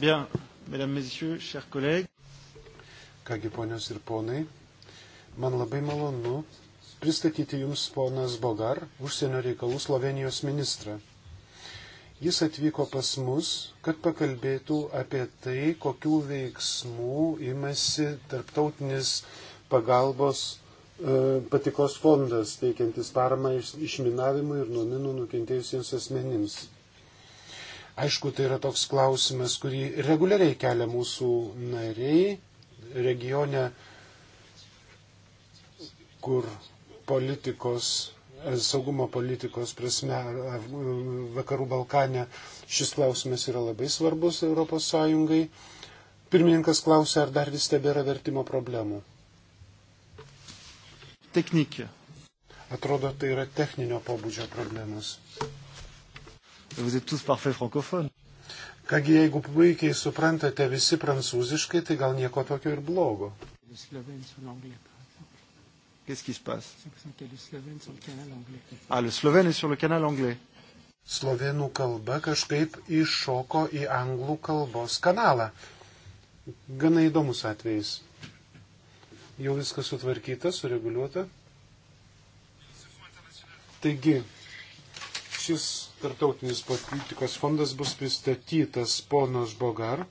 Bien, mesdames, messieurs, chers collègues. Kągi ponios ir ponai, man labai malonu pristatyti Jums ponas Bogar, užsienio reikalų Slovenijos ministrą. Jis atvyko pas mus, kad pakalbėtų apie tai, kokių veiksmų imasi tarptautinis pagalbos e, patikos fondas, teikiantis paramą iš, išminavimui ir nuo minų nukentėjusiems asmenims. Aišku, tai yra toks klausimas, kurį reguliariai kelia mūsų nariai regione, kur politikos, saugumo politikos prasme vakarų Balkane šis klausimas yra labai svarbus ES. Pirmininkas klausė, ar dar vis tebėra vertimo problemų. Technikė. Atrodo, tai yra techninio pobūdžio problemos. Vous êtes tous parfait francophone. Kągi, jeigu puikiai suprantate visi prancūziškai, tai gal nieko tokio ir blogo. Qu'est-ce qui se passe Ah, le slovène est sur le canal anglais. Slovenų kalba kažkaip iššoko į anglų kalbos kanalą. Gana įdomus atvejis. Jau viskas sutvarkyta, sureguliuota. Taigi, šis tarptautinis politikos fondas bus pristatytas ponos Bogar.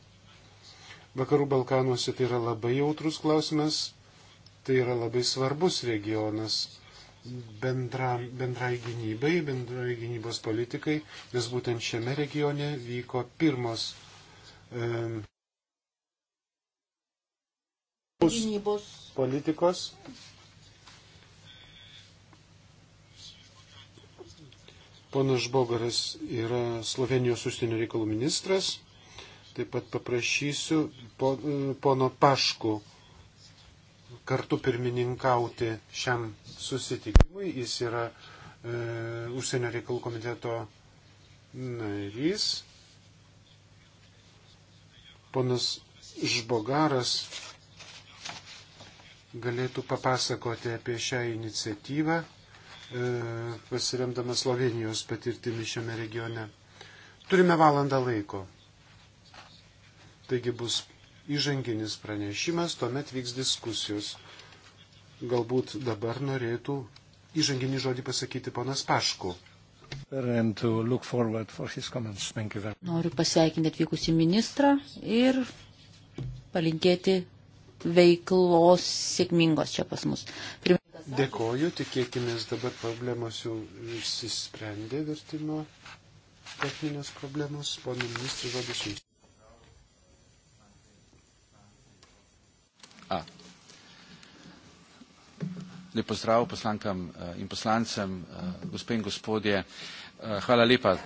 Vakarų Balkanuose tai yra labai jautrus klausimas, tai yra labai svarbus regionas bendra, bendrai gynybai, bendrai gynybos politikai, nes būtent šiame regione vyko pirmos. Um, e, gynybos politikos Ponas Žbogaras yra Slovenijos užsienio reikalų ministras. Taip pat paprašysiu e, pono Paškų kartu pirmininkauti šiam susitikimui. Jis yra e, užsienio reikalų komiteto narys. Ponas Žbogaras galėtų papasakoti apie šią iniciatyvą. E, pasiremdama Slovenijos patirtimi šiame regione. Turime valandą laiko. Taigi bus įžanginis pranešimas, tuomet vyks diskusijos. Galbūt dabar norėtų įžanginį žodį pasakyti ponas Pašku. Noriu pasveikinti atvykusi ministrą ir palinkėti veiklos sėkmingos čia pas mus. Pirmia, Dėkoju, tikėkime dabar problemos jau išsisprendė vertimo techninės problemos. Pone ministrė, žodis jums. A. Lep pozdrav poslankam eh, in poslancem, eh, gospe in gospodje. Eh, hvala lepa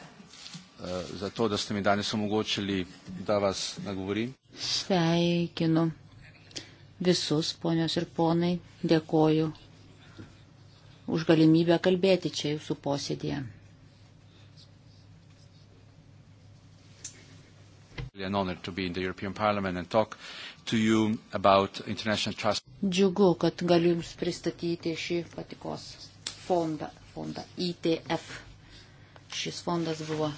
za to, da ste mi danes omogočili, da vas nagovorim. Sveikinu visus, ponios ir ponai, dėkoju už galimybę kalbėti čia jūsų posėdėje. Džiugu, kad galiu Jums pristatyti šį patikos fondą, fondą ITF. Šis fondas buvo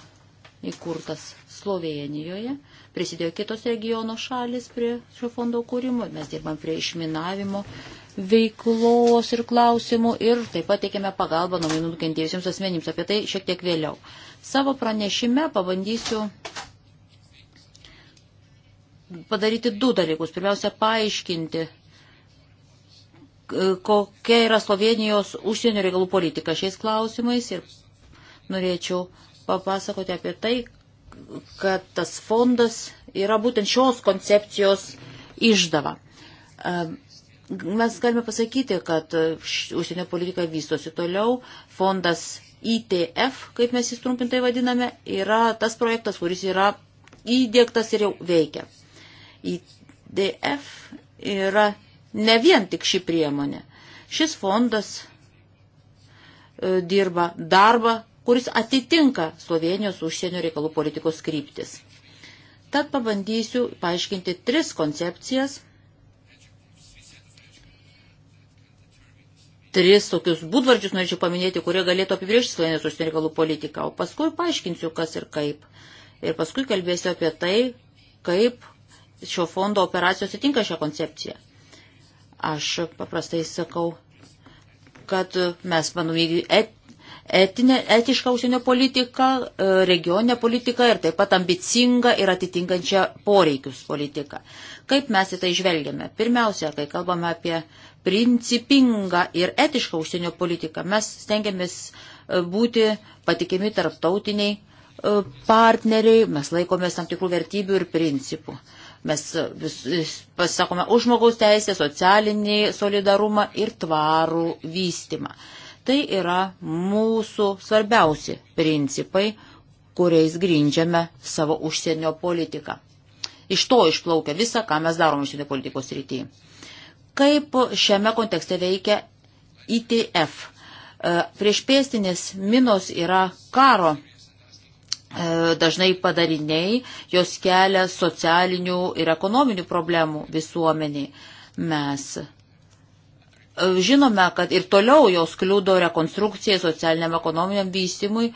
įkurtas Slovenijoje, prisidėjo kitos regiono šalis prie šio fondo kūrimo, mes dirbam prie išminavimo veiklos ir klausimų ir taip pat teikiame pagalbą nuo vienų nukentėjusiems asmenims. Apie tai šiek tiek vėliau. Savo pranešime pabandysiu padaryti du dalykus. Pirmiausia, paaiškinti, kokia yra Slovenijos užsienio reikalų politika šiais klausimais ir norėčiau papasakoti apie tai, kad tas fondas yra būtent šios koncepcijos išdava. Um, Mes galime pasakyti, kad e, užsienio politika vystosi toliau. Fondas ITF, kaip mes jis trumpintai vadiname, yra tas projektas, kuris yra įdėktas ir jau veikia. IDF yra ne vien tik ši priemonė. Šis fondas e, dirba darbą, kuris atitinka Slovenijos užsienio reikalų politikos kryptis. Tad pabandysiu paaiškinti tris koncepcijas, tris tokius būdvardžius norėčiau paminėti, kurie galėtų apibriežti Slovenijos užsienio reikalų politiką, o paskui paaiškinsiu, kas ir kaip. Ir paskui kalbėsiu apie tai, kaip šio fondo operacijos atitinka šią koncepciją. Aš paprastai sakau, kad mes, manau, et, etinė, etišką užsienio politiką, e, regioninę politiką ir taip pat ambicingą ir atitinkančią poreikius politiką. Kaip mes į tai žvelgiame? Pirmiausia, kai kalbame apie uh, principingą ir etišką užsienio politiką. Mes stengiamės e, būti patikimi tarptautiniai e, partneriai, mes laikomės tam tikrų vertybių ir principų. Mes e, vis, pasakome už žmogaus teisę, socialinį solidarumą ir tvarų vystimą. Tai yra mūsų svarbiausi principai, kuriais grindžiame savo užsienio politiką. Iš to išplaukia visa, ką mes darome užsienio politikos rytyje. Kaip šiame kontekste veikia ITF? E e, prieš pėstinės minos yra karo e, dažnai padariniai, jos kelia socialinių ir ekonominių problemų visuomeniai. Mes žinome, kad ir toliau jos kliūdo rekonstrukcijai, socialiniam ekonominiam vystimui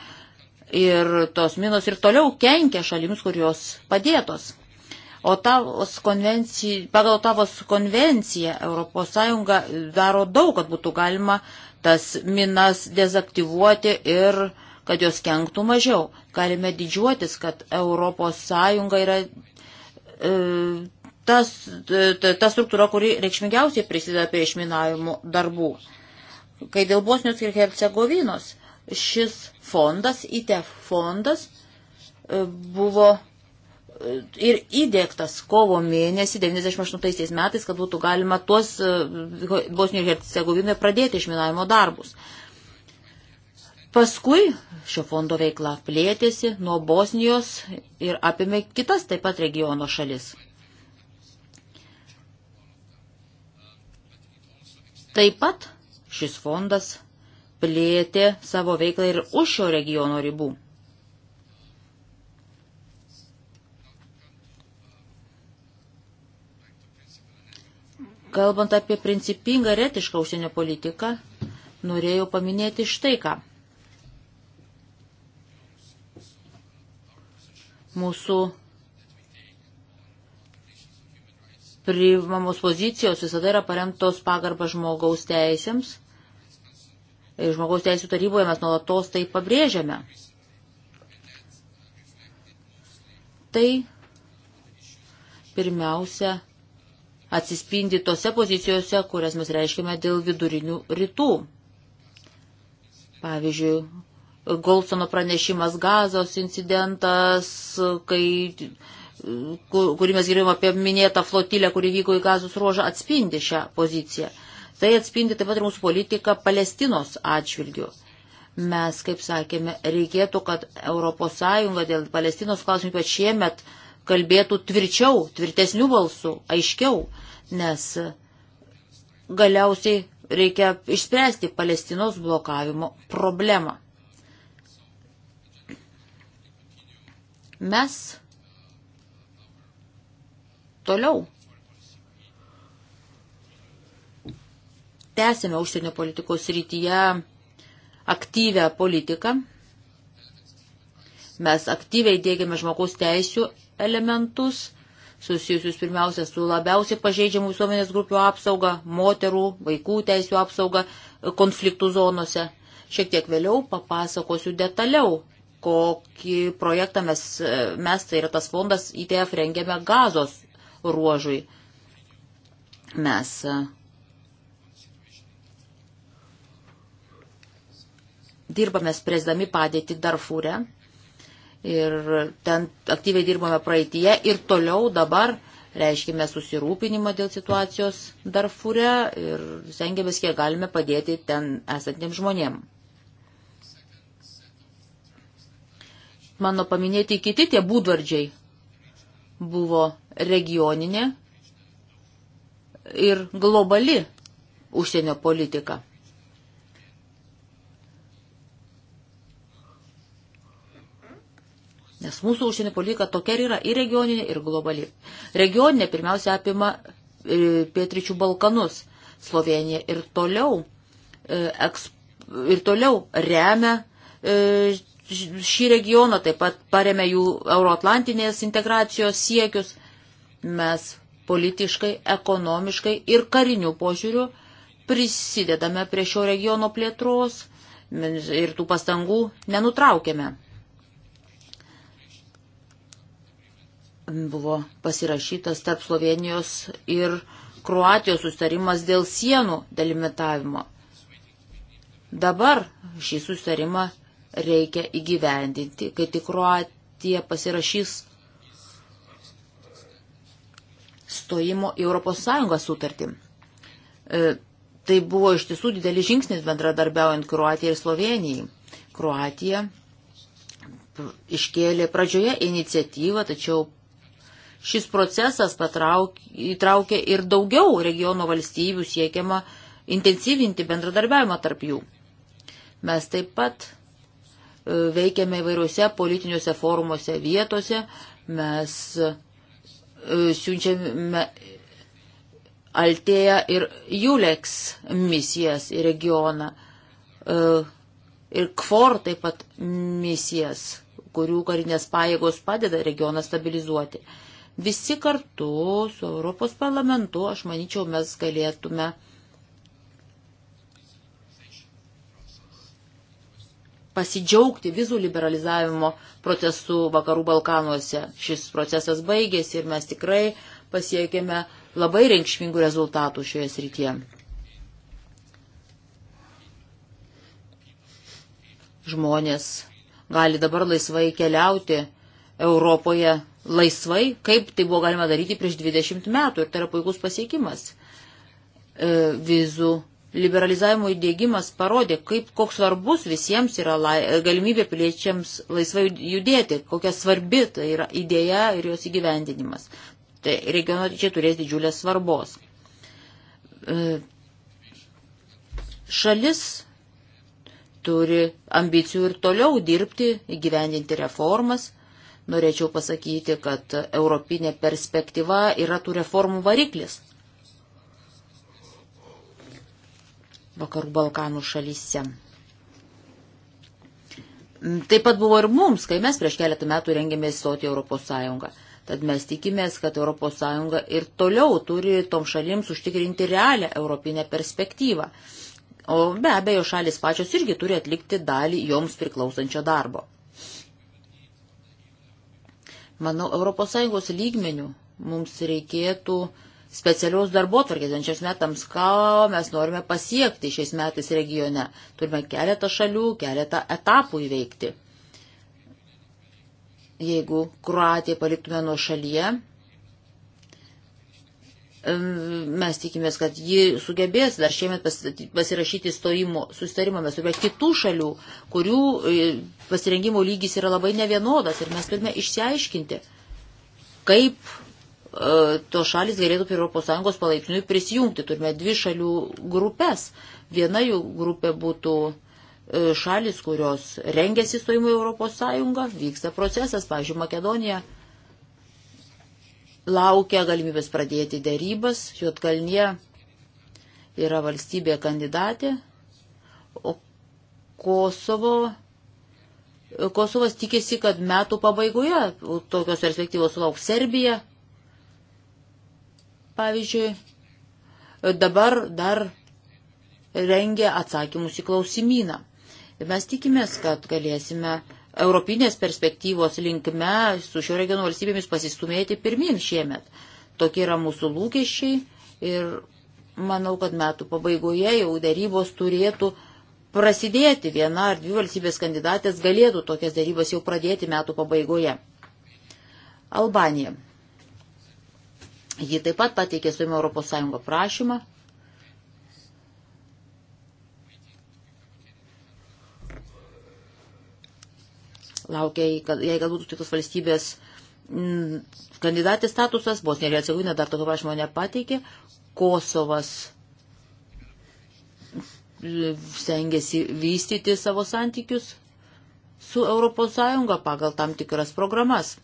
ir tos minos ir toliau kenkia šalims, kur jos padėtos. Otavos pagal Otavos konvenciją ES daro daug, kad būtų galima tas minas dezaktyvuoti ir kad jos kenktų mažiau. Galime didžiuotis, kad ES yra e, tas, ta, ta struktūra, kuri reikšmingiausiai prisideda prie išminavimo darbų. Kai dėl Bosnios ir Hercegovinos šis fondas, ITEF fondas, e, buvo ir įdėktas kovo mėnesį 98 metais, kad būtų galima tuos e, Bosnijoje ir Hercegovinoje pradėti išminavimo darbus. Paskui šio fondo veikla plėtėsi nuo Bosnijos ir apėmė kitas taip pat regiono šalis. Taip pat šis fondas plėtė savo veiklą ir už šio regiono ribų. Kalbant apie principingą ir etišką užsienio politiką, norėjau paminėti štai ką. Mūsų priimamos pozicijos visada yra paremtos pagarba žmogaus teisėms. Žmogaus teisų taryboje mes nuolatos tai pabrėžiame. Tai pirmiausia atsispindi tose pozicijose, kurias mes reiškime dėl vidurinių rytų. Pavyzdžiui, Golsono pranešimas gazos incidentas, kai, kurį mes girdėjome apie minėtą flotilę, kuri vyko į gazos ruožą, atspindi šią poziciją. Tai atspindi taip pat ir mūsų politiką Palestinos atžvilgių. Mes, kaip sakėme, reikėtų, kad ES dėl Palestinos klausimų, ypač šiemet, uh, kalbėtų tvirčiau, tvirtesnių balsų, aiškiau, nes galiausiai reikia išspręsti Palestinos blokavimo problemą. Mes toliau tęsime užsienio politikos rytyje aktyvę politiką. Mes aktyviai dėgiame žmogaus teisų elementus, susijusius pirmiausia su labiausiai pažeidžiamų visuomenės grupių apsauga, moterų, vaikų teisų apsauga e, konfliktų zonose. Šiek tiek vėliau papasakosiu detaliau, kokį projektą mes, e, mes tai yra tas fondas ITF rengėme gazos ruožui. Mes e, dirbame spręsdami padėti Darfūre ir ten aktyviai dirbome praeitie ir toliau dabar reiškime susirūpinimą dėl situacijos Darfūre ir stengiamės kiek galime padėti ten esantiems žmonėm. Mano paminėti kiti tie būdvardžiai buvo regioninė ir globali užsienio politika. Nes mūsų užsienio politika tokia ir yra ir regioninė, ir globali. Regioninė pirmiausia apima e, pietričių Balkanus. Slovenija ir toliau, e, eks, ir toliau remia e, šį regioną, taip pat paremia jų euroatlantinės integracijos siekius. Mes politiškai, ekonomiškai ir karinių požiūrių prisidedame prie šio regiono plėtros ir tų pastangų nenutraukėme. buvo pasirašytas tarp Slovenijos ir Kroatijos sustarimas dėl sienų delimitavimo. Dabar šį sustarimą reikia įgyvendinti, kai tik Kroatija pasirašys stojimo į ES sutartį. E, tai buvo iš tiesų didelis žingsnis bendradarbiaujant Kroatijai ir Slovenijai. Kroatija iškėlė pradžioje iniciatyvą, tačiau šis procesas patrauk, įtraukia ir daugiau regiono valstybių siekiama intensyvinti bendradarbiavimą tarp jų. Mes taip pat e, veikiame įvairiuose politiniuose forumuose vietose, mes e, siunčiame Altėja ir Juleks misijas į regioną e, ir KFOR taip pat misijas kurių karinės pajėgos padeda regioną stabilizuoti. Visi kartu su Europos parlamentu, aš manyčiau, mes galėtume pasidžiaugti vizų liberalizavimo procesu vakarų Balkanuose. Šis procesas baigėsi ir mes tikrai pasiekėme labai reikšmingų rezultatų šioje srityje. Žmonės gali dabar laisvai keliauti Europoje laisvai, kaip tai buvo galima daryti prieš 20 metų ir tai yra puikus pasiekimas. E, vizų liberalizavimo įdėgymas parodė, kaip, koks svarbus visiems yra lai, galimybė piliečiams laisvai judėti, kokia svarbi tai yra idėja ir jos įgyvendinimas. Tai regiono čia turės didžiulės svarbos. E, šalis turi ambicijų ir toliau dirbti, įgyvendinti reformas norėčiau pasakyti, kad europinė perspektyva yra tų reformų variklis. Vakarų Balkanų šalyse. Taip pat buvo ir mums, kai mes prieš keletą metų rengėmės stoti Europos Sąjungą. Tad mes tikimės, kad Europos Sąjunga ir toliau turi tom šalims užtikrinti realią europinę perspektyvą. O be abejo, šalis pačios irgi turi atlikti dalį joms priklausančio darbo. Manau, ES lygmenių mums reikėtų specialios darbo tvarkės šiems metams, ką mes norime pasiekti šiais metais regione. Turime keletą šalių, keletą etapų įveikti. Jeigu Kroatiją paliktume nuo šalyje, Mes tikimės, kad ji sugebės dar šiemet pasirašyti stojimo sustarimą. Mes turime kitų šalių, kurių e, pasirengimo lygis yra labai nevienodas ir mes turime išsiaiškinti, kaip e, tos šalis galėtų prie ES palaipsniui prisijungti. Turime dvi šalių grupės. Viena jų grupė būtų e, šalis, kurios rengiasi stojimui į ES, vyksta procesas, pavyzdžiui, Makedonija laukia galimybės pradėti dėrybas. Juotkalnie yra valstybė kandidatė, o Kosovo. Kosovas tikisi, kad metų pabaigoje tokios perspektyvos sulauks Serbija. Pavyzdžiui, dabar dar rengia atsakymus į klausimyną. Mes tikimės, kad galėsime europinės perspektyvos linkme su šio regiono valstybėmis pasistumėti pirmin šiemet. Tokie yra mūsų lūkesčiai ir manau, kad metų pabaigoje jau darybos turėtų prasidėti. Viena ar dvi valstybės kandidatės galėtų tokias darybas jau pradėti metų pabaigoje. Albanija. Ji taip pat pateikė su Europos Sąjungo prašymą laukia, jei galbūt kitos valstybės m, mm, kandidatės statusas, Bosnija ir Hercegovina dar tokio prašymo nepateikė, Kosovas stengiasi vystyti savo santykius su ES pagal tam tikras programas.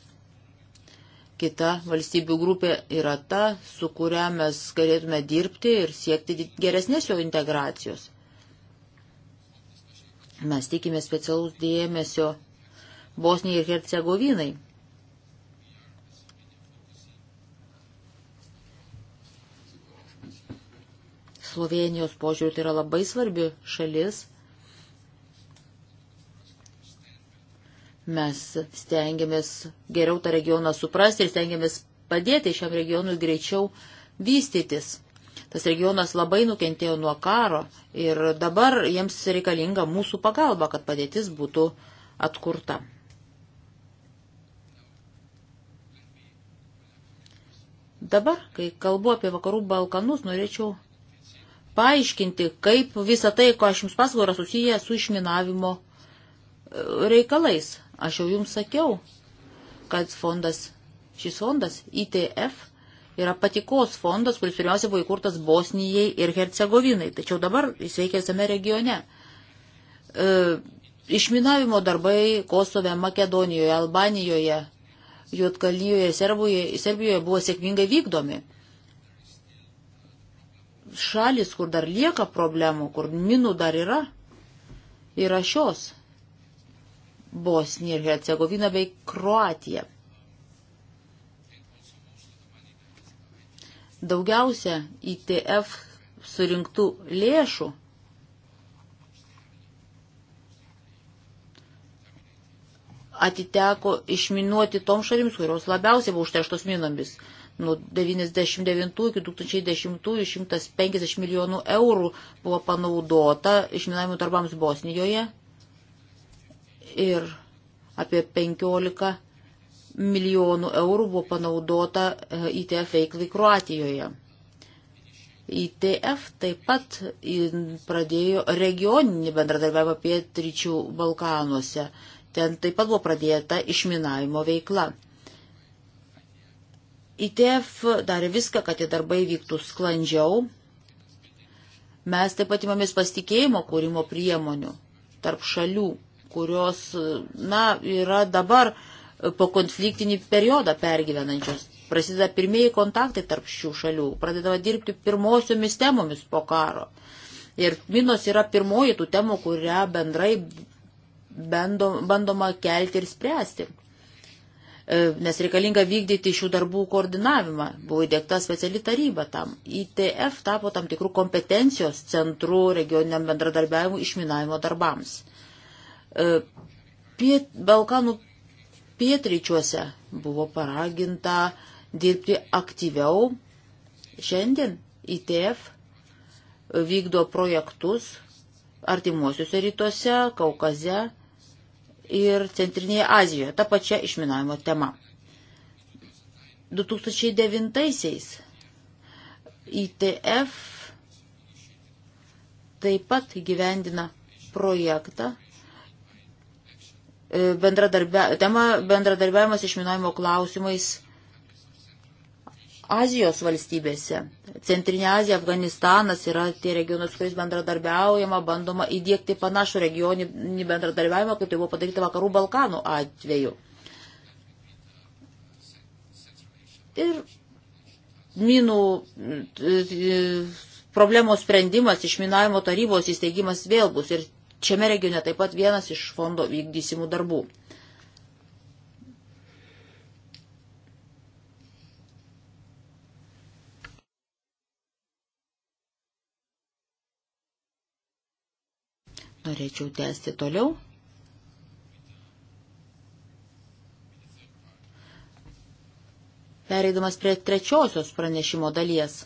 Kita valstybių grupė yra ta, su kuria mes galėtume dirbti ir siekti geresnės jo integracijos. Mes tikime specialus dėmesio Bosnijai ir Hercegovinai. Slovenijos požiūrį tai yra labai svarbi šalis. Mes stengiamės geriau tą regioną suprasti ir stengiamės padėti šiam regionui greičiau vystytis. Tas regionas labai nukentėjo nuo karo ir dabar jiems reikalinga mūsų pagalba, kad padėtis būtų atkurta. Dabar, kai kalbu apie vakarų Balkanus, norėčiau paaiškinti, kaip visa tai, ko aš jums pasakau, yra susiję su išminavimo e, reikalais. Aš jau jums sakiau, kad fondas, šis fondas, ITF, yra patikos fondas, kuris pirmiausia buvo įkurtas Bosnijai ir Hercegovinai, tačiau dabar jis veikia visame regione. E, išminavimo darbai Kosove, Makedonijoje, Albanijoje Juotkalijoje, Serbijoje, Serbijoje buvo sėkmingai vykdomi. Šalis, kur dar lieka problemų, kur minų dar yra, yra šios. Bosnija ir Hercegovina bei Kroatija. Daugiausia ITF surinktų lėšų atiteko išminuoti tom šalims, kurios labiausiai buvo užterštos minomis. Nuo 1999 iki 2010 150 milijonų eurų buvo panaudota išminavimo darbams Bosnijoje ir apie 15 milijonų eurų buvo panaudota e, ITF veiklai Kroatijoje. ITF taip pat pradėjo regioninį bendradarbiavimą pietryčių Balkanuose. Ten taip pat buvo pradėta išminavimo veikla. ITF darė viską, kad tie darbai vyktų sklandžiau. Mes taip pat imamės pasitikėjimo kūrimo priemonių tarp šalių, kurios, na, yra dabar po konfliktinį periodą pergyvenančios. Prasideda pirmieji kontaktai tarp šių šalių, pradedama dirbti pirmosiomis temomis po karo. Ir minos yra pirmoji tų temų, kurią bendrai bandoma kelti ir spręsti. E, nes reikalinga vykdyti šių darbų koordinavimą. Buvo įdėkta speciali taryba tam. ITF tapo tam tikrų kompetencijos centrų regioniniam bendradarbiavimui išminavimo darbams. E, piet, Balkanų pietryčiuose buvo paraginta dirbti aktyviau. Šiandien ITF vykdo projektus artimuosiuose rytuose, Kaukaze ir Centrinėje Azijoje, ta pačia išminavimo tema. 2009-aisiais ITF taip pat gyvendina projektą e, bendradarbia, tema bendradarbiavimas išminavimo klausimais Azijos valstybėse. Centrinė Azija, Afganistanas yra tie regionai, su kuriais bendradarbiaujama, bandoma įdėkti panašų regioninį bendradarbiavimą, kaip tai buvo padaryta Vakarų Balkanų atveju. Ir minų problemos sprendimas, išminavimo tarybos įsteigimas vėl bus ir šiame regione taip pat vienas iš fondo vykdysimų darbų. norėčiau tęsti toliau. Pereidamas prie trečiosios pranešimo dalies,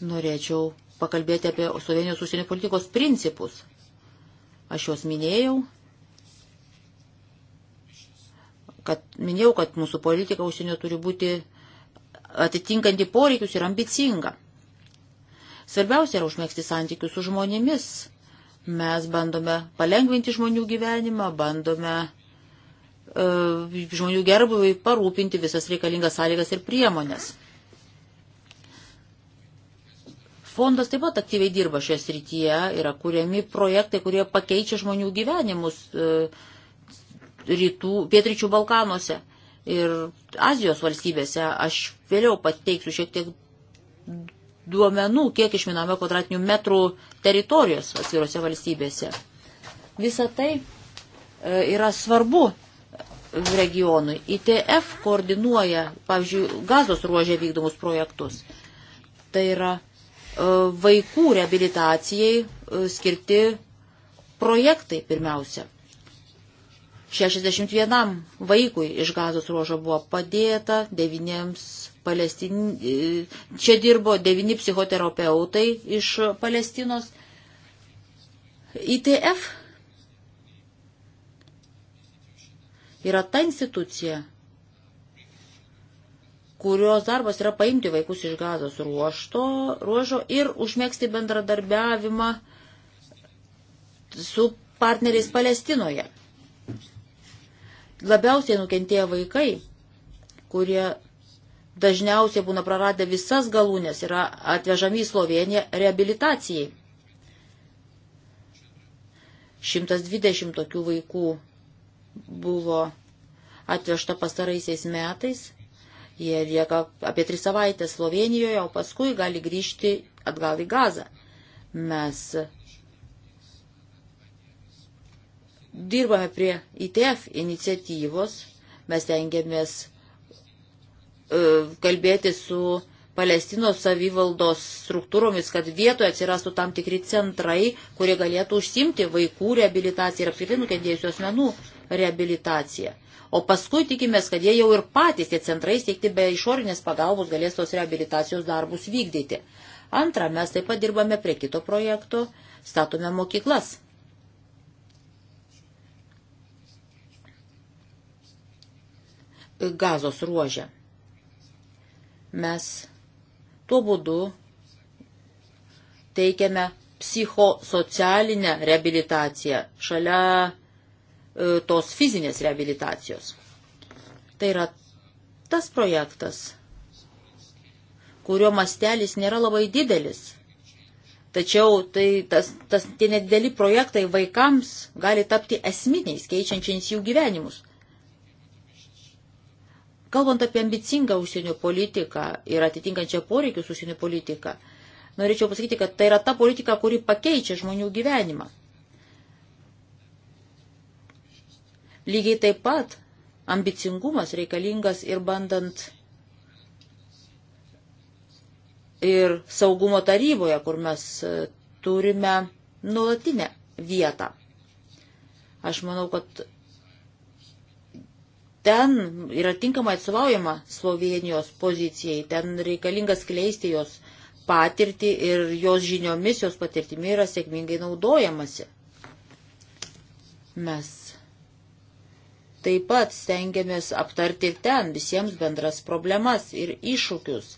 norėčiau pakalbėti apie Slovenijos užsienio politikos principus. Aš juos minėjau, kad minėjau, kad mūsų politika užsienio turi būti atitinkanti poreikius ir ambicinga. Svarbiausia yra užmėgsti santykius su žmonėmis. Mes bandome palengvinti žmonių gyvenimą, bandome uh, žmonių gerbuvai parūpinti visas reikalingas sąlygas ir priemonės. Fondas taip pat aktyviai dirba šioje srityje, yra kuriami projektai, kurie pakeičia žmonių gyvenimus e, rytų, pietryčių Balkanuose ir Azijos valstybėse. Aš vėliau pateiksiu šiek tiek duomenų, kiek išminame kvadratinių metrų teritorijos atskirose valstybėse. Visa tai e, yra svarbu e, regionui. ITF koordinuoja, pavyzdžiui, gazos ruožė vykdomus projektus. Tai yra e, vaikų reabilitacijai skirti projektai pirmiausia. 61 vaikui iš gazos ruožo buvo padėta, 9 Palestin... E, čia dirbo devini psichoterapeutai iš Palestinos. ITF yra ta institucija, kurios darbas yra paimti vaikus iš gazos ruošto, ruožo ir užmėgsti bendradarbiavimą su partneriais Palestinoje. Labiausiai nukentėjo vaikai, kurie dažniausiai būna praradę visas galūnės, yra atvežami į Sloveniją reabilitacijai. 120 tokių vaikų buvo atvežta pastaraisiais metais. Jie lieka apie tris savaitės Slovenijoje, o paskui gali grįžti atgal į gazą. Mes dirbame prie ITF iniciatyvos, mes tengiamės E, kalbėti su Palestinos savivaldos struktūromis, kad vietoje atsirastų tam tikri centrai, kurie galėtų užsimti vaikų reabilitaciją ir apskritai nukentėjusių asmenų reabilitaciją. O paskui tikimės, kad jie jau ir patys tie centrai steigti be išorinės pagalbos galės tos reabilitacijos darbus vykdyti. Antra, mes taip pat dirbame prie kito projekto, statome mokyklas. Gazos ruožė. Mes tuo būdu teikiame psichosocialinę reabilitaciją šalia e, tos fizinės reabilitacijos. Tai yra tas projektas, kurio mastelis nėra labai didelis. Tačiau tai, tas, tas, tie nedideli projektai vaikams gali tapti esminiais, keičiančiais jų gyvenimus. Kalbant apie ambicingą užsienio politiką ir atitinkančią poreikius užsienio politiką, norėčiau pasakyti, kad tai yra ta politika, kuri pakeičia žmonių gyvenimą. Lygiai taip pat ambicingumas reikalingas ir bandant ir saugumo taryboje, kur mes e, turime nuolatinę vietą. Aš manau, kad ten yra tinkamai atstovaujama Slovenijos pozicijai, ten reikalingas kleisti jos patirtį ir jos žiniomis, jos patirtimi yra sėkmingai naudojamasi. Mes taip pat stengiamės aptarti ir ten visiems bendras problemas ir iššūkius.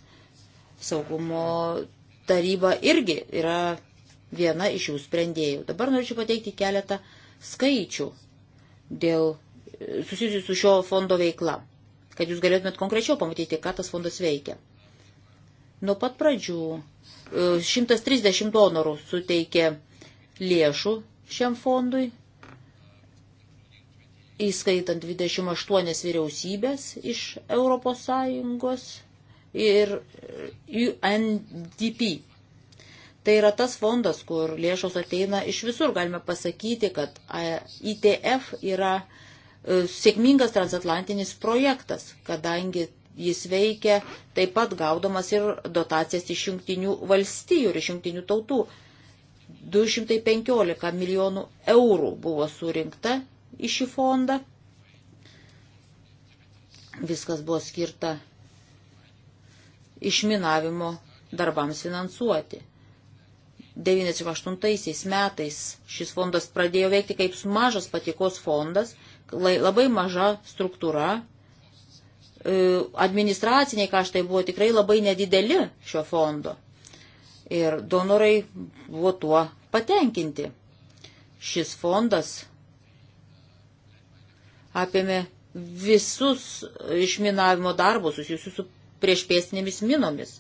Saugumo taryba irgi yra viena iš jų sprendėjų. Dabar norėčiau pateikti keletą skaičių dėl susijusių su šio fondo veikla, kad jūs galėtumėt konkrečiau pamatyti, ką tas fondas veikia. Nuo pat pradžių 130 e, donorų suteikė lėšų šiam fondui, įskaitant 28 vyriausybės iš ES ir UNDP. Tai yra tas fondas, kur lėšos ateina iš visur. Galime pasakyti, kad e, ITF yra E, sėkmingas transatlantinis projektas, kadangi jis veikia taip pat gaudamas ir dotacijas iš jungtinių valstijų ir iš jungtinių tautų. 215 milijonų eurų buvo surinkta į šį fondą. Viskas buvo skirta išminavimo darbams finansuoti. 98 metais šis fondas pradėjo veikti kaip mažas patikos fondas labai maža struktūra. E, administraciniai kaštai buvo tikrai labai nedideli šio fondo. Ir donorai buvo tuo patenkinti. Šis fondas apėmė visus išminavimo darbus susijusius su priešpėstinėmis minomis.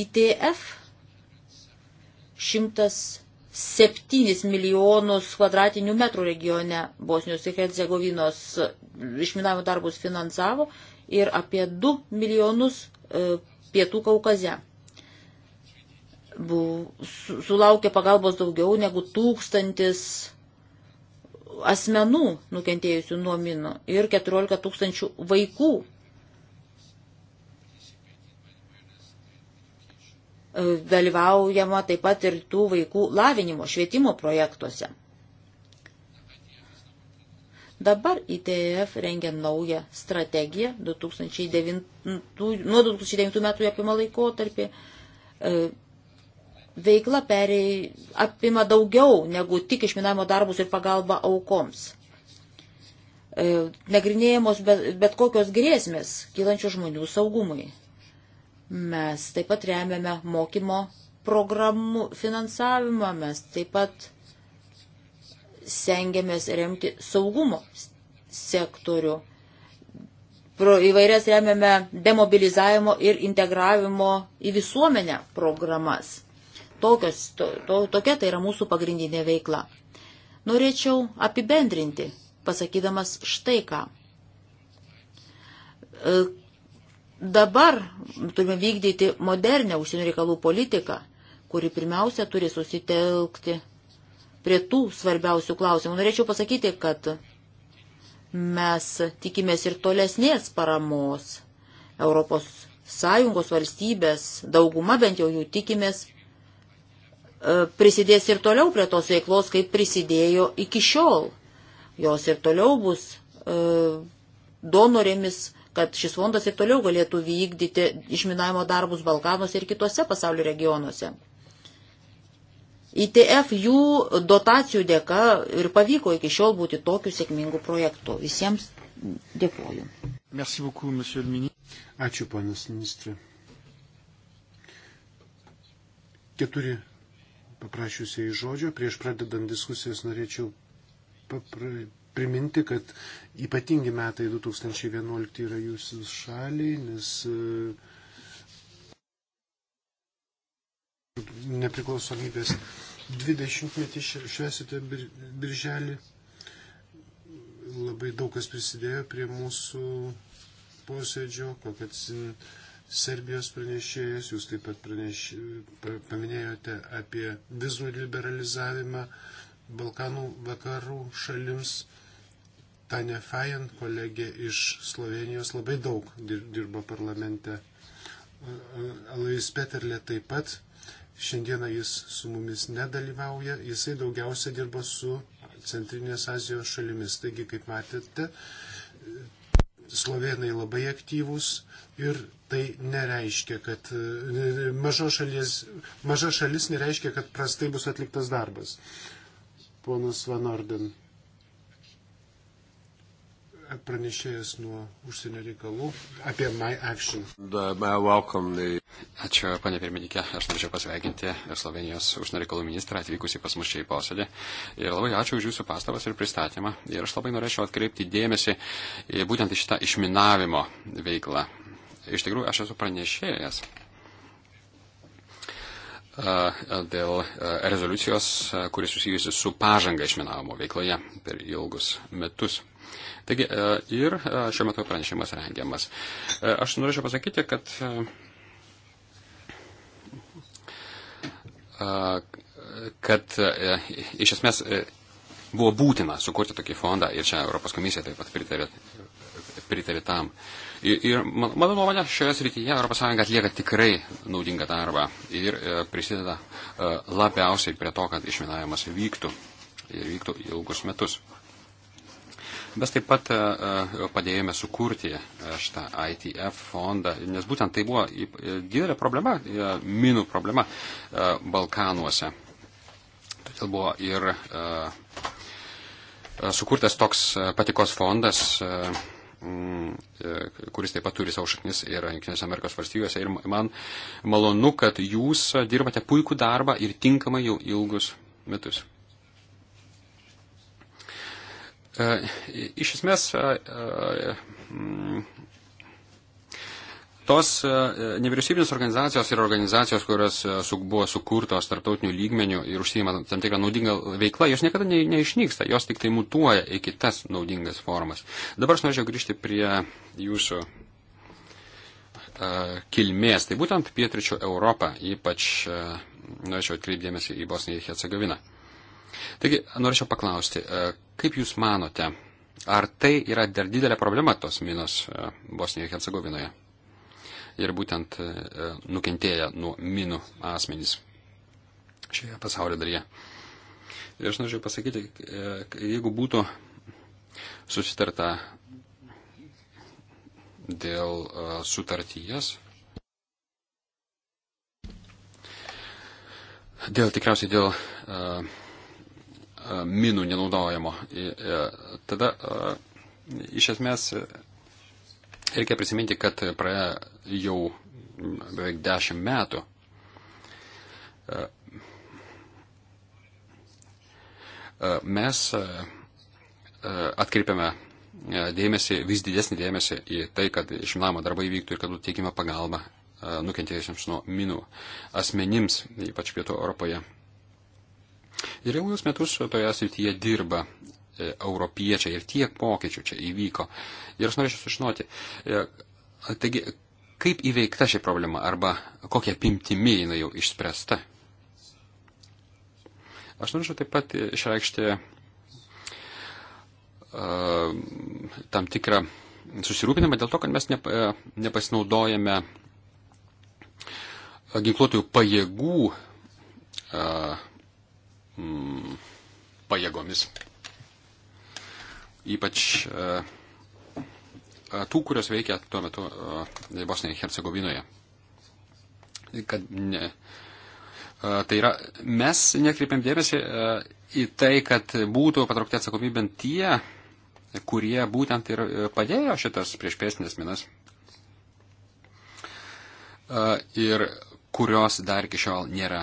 ITF 100 7 milijonus kvadratinių metrų regione Bosnijos ir Hercegovinos e, išminavimo darbus finansavo ir apie 2 milijonus e, pietų Kaukaze. Bu, su, sulaukė pagalbos daugiau negu tūkstantis asmenų nukentėjusių nuo minų ir 14 tūkstančių vaikų E, dalyvaujama taip pat ir tų vaikų lavinimo, švietimo projektuose. Dabar ITF rengia naują strategiją 2009, nuo 2009 metų apima laikotarpį. E, veikla perėj, apima daugiau negu tik išminavimo darbus ir pagalba aukoms. E, nagrinėjamos bet, bet kokios grėsmės kylančių žmonių saugumui. Mes taip pat remiame mokymo programų finansavimą, mes taip pat sengiamės remti saugumo sektorių. Pro įvairias remiame demobilizavimo ir integravimo į visuomenę programas. Tokios, to, to, tokia tai yra mūsų pagrindinė veikla. Norėčiau apibendrinti, pasakydamas štai ką. E, Dabar turime vykdyti modernę užsienio reikalų politiką, kuri pirmiausia turi susitelkti prie tų svarbiausių klausimų. Norėčiau pasakyti, kad mes tikimės ir tolesnės paramos Europos Sąjungos valstybės, dauguma bent jau jų tikimės, e, prisidės ir toliau prie tos veiklos, kaip prisidėjo iki šiol. Jos ir toliau bus e, donorėmis kad šis fondas ir toliau galėtų vykdyti išminavimo darbus Balkanuose ir kitose pasaulio regionuose. ITF jų dotacijų dėka ir pavyko iki šiol būti tokiu sėkmingu projektu. Visiems dėkoju. Merci beaucoup, monsieur le ministre. Ačiū, panas ministrė. Keturi paprašiusiai žodžio. Prieš pradedant diskusijas norėčiau papra priminti, kad ypatingi metai 2011 yra jūsų šaliai, nes e, nepriklausomybės 20 metį švesite bir, birželį. Labai daug kas prisidėjo prie mūsų posėdžio, kokią Serbijos pranešėjas, jūs taip pat praneš, paminėjote apie vizų liberalizavimą Balkanų vakarų šalims Tanja Fajan, kolegė iš Slovenijos, labai daug dirbo parlamente. Alois Peterle taip pat. Šiandieną jis su mumis nedalyvauja, jisai daugiausia dirba su Centrinės Azijos šalimis. Taigi, kaip matėte, slovenai labai aktyvūs ir tai nereiškia, kad maža šalis, maža šalis nereiškia, kad prastai bus atliktas darbas. Ponas Van Orden pranešėjas nuo užsienio reikalų apie My Action. Uh, ačiū, panė pirmininkė. Aš norėčiau pasveikinti Slovenijos užsienio reikalų ministrą atvykusi pas mus čia į posėdį. Ir labai ačiū už jūsų pastabas ir pristatymą. Ir aš labai norėčiau atkreipti dėmesį būtent į šitą išminavimo veiklą. Iš tikrųjų, aš esu pranešėjas uh, dėl uh, rezoliucijos, kuris susijusi su pažanga išminavimo veikloje per ilgus metus. Taigi e, ir e, šiuo metu pranešimas rengiamas. E, aš norėčiau pasakyti, kad kad iš esmės buvo būtina sukurti tokį fondą ir čia Europos komisija taip pat pritarė, pritarė tam. Ir, ir mano nuomonė, šioje srityje ES atlieka tikrai naudingą darbą ir prisideda labiausiai prie to, kad išminavimas vyktų ir vyktų ilgus metus. Mes taip pat e, e, padėjome sukurti e, šitą ITF fondą, nes būtent tai buvo didelė problema, minų problema Balkanuose. Todėl buvo ir sukurtas toks patikos fondas, kuris taip pat turi savo šaknis ir Junktinėse Amerikos valstijose. Ir man malonu, kad jūs dirbate puikų darbą ir tinkamai jau ilgus metus. Iš esmės, tos nevyriausybinės organizacijos ir organizacijos, kurios buvo sukurtos tarptautinių lygmenių ir užsijima tam tikrą naudingą veiklą, jos niekada ne, neišnyksta, jos tik tai mutuoja į kitas naudingas formas. Dabar aš norėčiau grįžti prie jūsų kilmės. Tai būtent pietričių Europą, ypač norėčiau atkreipdėmėsi į Bosniją ir Hercegoviną. Taigi, norėčiau paklausti, e, kaip Jūs manote, ar tai yra dar didelė problema tos minos e, Bosnijoje ir Hercegovinoje? Ir būtent e, nukentėję nuo minų asmenys šioje pasaulio dalyje. Ir aš norėčiau pasakyti, jeigu būtų susitarta dėl sutarties, dėl tikriausiai dėl uh, E, minų nenaudojimo. E, tada e, iš esmės reikia prisiminti, kad praėjo jau beveik dešimt metų. Mes atkreipiame dėmesį, vis didesnį dėmesį į tai, kad išminavimo darbai vyktų ir kad būtų teikiama pagalba nukentėjusiems nuo minų asmenims, ypač pietų Europoje. Ir jau jūs metus toje srityje dirba e, europiečiai ir tiek pokyčių čia įvyko. Ir aš norėčiau sužinoti, e, taigi, kaip įveikta ši problema arba kokia pimtimi jinai jau išspręsta. Aš norėčiau taip pat išreikšti uh, tam tikrą susirūpinimą dėl to, kad mes ne, uh, nepasinaudojame ginkluotųjų pajėgų uh, mm, pajėgomis. Ypač uh, tų, kurios veikia tuo metu uh, Bosnijoje ir Hercegovinoje. Kad ne. Uh, tai yra, mes nekreipiam dėmesį uh, į tai, kad būtų patraukti atsakomybėn tie, kurie būtent ir padėjo šitas priešpėsnės minas ir kurios dar iki šiol nėra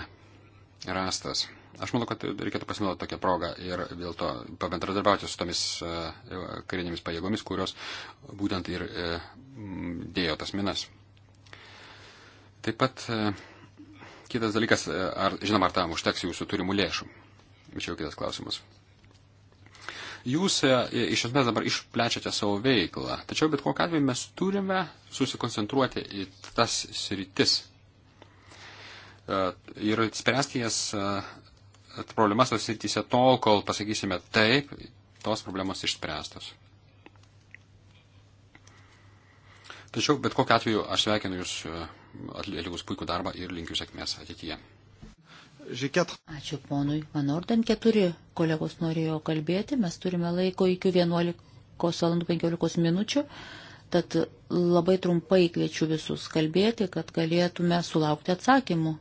rastas. Aš manau, kad reikėtų pasinaudoti tokią progą ir dėl to pabendradarbiauti su tomis e, e, karinėmis pajėgomis, kurios būtent ir e, dėjo tas minas. Taip pat kitas dalykas, ar, žinoma, ar tam užteks jūsų turimų lėšų. Čia jau kitas klausimas. Jūs iš esmės dabar išplečiate savo veiklą, tačiau bet kokiu atveju mes turime susikoncentruoti į tas sritis ir spręsti jas problemas tos srityse tol, kol pasakysime taip, tos problemos išspręstos. Tačiau bet kokiu atveju aš sveikinu Jūs e, atlikus puikų darbą ir linkiu sėkmės ateityje. Ačiū ponui. Manau, ten keturi kolegos norėjo kalbėti. Mes turime laiko iki 11 valandų 15 minučių. Tad labai trumpai kviečiu visus kalbėti, kad galėtume sulaukti atsakymų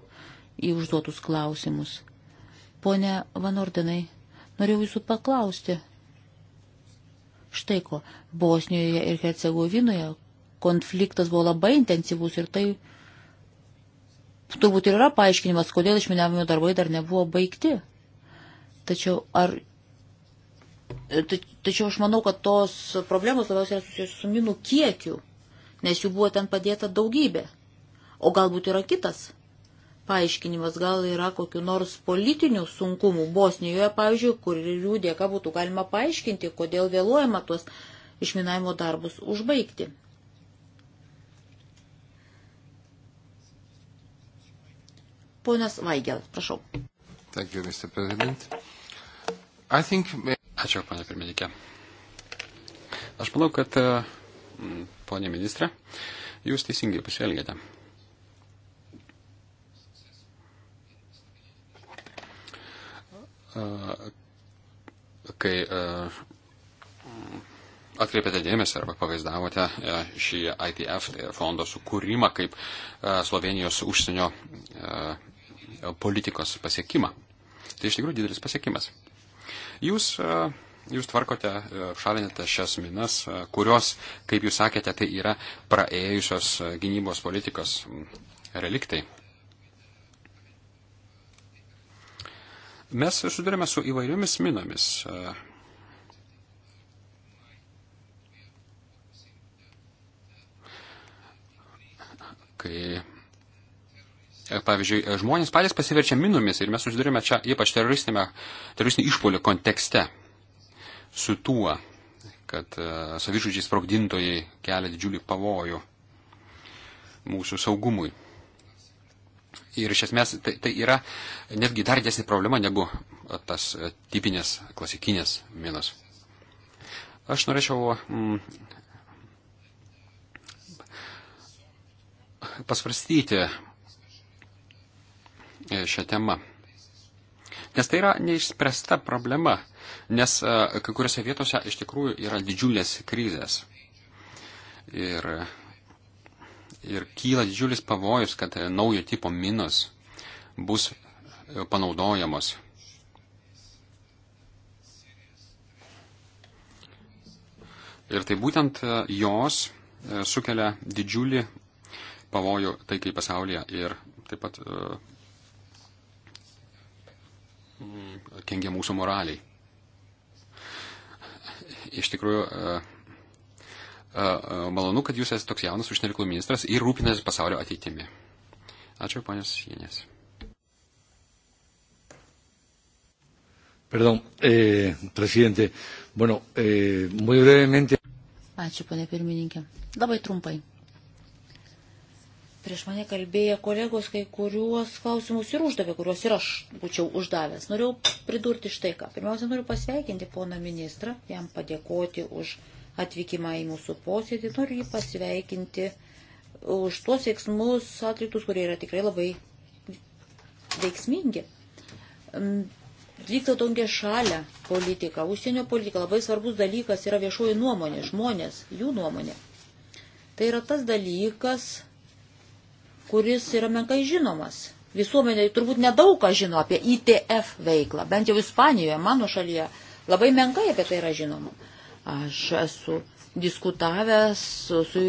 į užduotus klausimus. Pone Vanordinai, norėjau jūsų paklausti. Štai ko, Bosnijoje ir Hercegovinoje konfliktas buvo labai intensyvus ir tai turbūt ir yra paaiškinimas, kodėl išminavimo darbai dar nebuvo baigti. Tačiau ar Tačiau aš manau, kad tos problemos labiausiai yra susijusios su minų kiekiu, nes jų buvo ten padėta daugybė. O galbūt yra kitas paaiškinimas. Gal yra kokiu nors politinių sunkumų Bosnijoje, pavyzdžiui, kurių dėka būtų galima paaiškinti, kodėl vėluojama tuos išminavimo darbus užbaigti. Ponas Vaigel, prašau. Thank you, Mr. President. I think... Ačiū, ponė pirmininkė. Aš manau, kad, mm, ponė ministrė, jūs teisingai pasielgėte. kai atkreipėte dėmesį arba pavaizdavote šį ITF tai fondo sukūrimą kaip Slovenijos užsienio politikos pasiekimą. Tai iš tikrųjų didelis pasiekimas. Jūs, jūs tvarkote, šalinate šias minas, kurios, kaip jūs sakėte, tai yra praėjusios gynybos politikos reliktai. Mes sudarėme su įvairiomis minomis. Kai, pavyzdžiui, žmonės patys pasiverčia minomis ir mes susidurime čia ypač teroristinio išpolio kontekste su tuo, kad e, savižudžiai sprogdintojai kelia didžiulį pavojų mūsų saugumui. Ir iš esmės tai, tai yra netgi dar didesnė problema negu tas e, tipinės klasikinės minos. Aš norėčiau mm, pasvarstyti e, šią temą. Nes tai yra neišspręsta problema, nes e, kai kuriuose vietose iš tikrųjų yra didžiulės krizės. Ir ir kyla didžiulis pavojus, kad e, naujo tipo minos bus e, panaudojamos. Ir tai būtent e, jos sukelia didžiulį pavojų taikai pasaulyje ir taip pat kengia mūsų moraliai. Iš tikrųjų, malonu, kad jūs esate toks jaunas užsienio reikalų ministras ir rūpinasi pasaulio ateitimi. Ačiū, ponios Jienės. Perdón, eh, presidente. Bueno, eh, muy brevemente. Ačiū, ponė pirmininkė. Labai trumpai. Prieš mane kalbėjo kolegos, kai kuriuos klausimus ir uždavė, kuriuos ir aš būčiau uždavęs. Noriu pridurti štai ką. Pirmiausia, noriu pasveikinti poną ministrą, jam padėkoti už atvykimą į mūsų posėdį. Noriu jį pasveikinti už tuos veiksmus atliktus, kurie yra tikrai labai veiksmingi. Vyksta tokia šalia politika, užsienio politika, labai svarbus dalykas yra viešoji nuomonė, žmonės, jų nuomonė. Tai yra tas dalykas, kuris yra menkai žinomas. Visuomenė turbūt nedaug ką žino apie ITF veiklą, bent jau Ispanijoje, mano šalyje, labai menkai apie tai yra žinoma. Aš esu diskutavęs su, su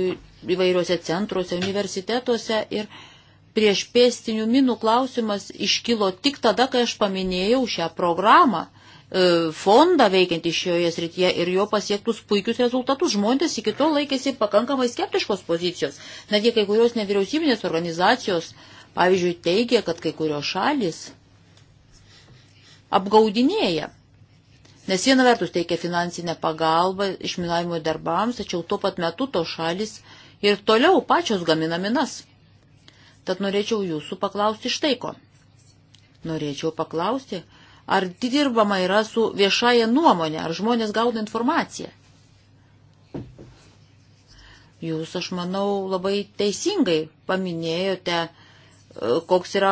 įvairiuose centruose, universitetuose ir prieš pėstinių minų klausimas iškilo tik tada, kai aš paminėjau šią programą, e, fondą veikiantį šioje srityje ir jo pasiektus puikius rezultatus. Žmonės iki to laikėsi pakankamai skeptiškos pozicijos. Netgi kai kurios nevyriausybinės organizacijos, pavyzdžiui, teigia, kad kai kurios šalis apgaudinėja Nes viena vertus teikia finansinę pagalbą išminavimo darbams, tačiau tuo pat metu to šalis ir toliau pačios gamina minas. Tad norėčiau jūsų paklausti štai ko. Norėčiau paklausti, ar dirbama yra su viešaja nuomonė, ar žmonės gauna informaciją. Jūs, aš manau, labai teisingai paminėjote, e, koks yra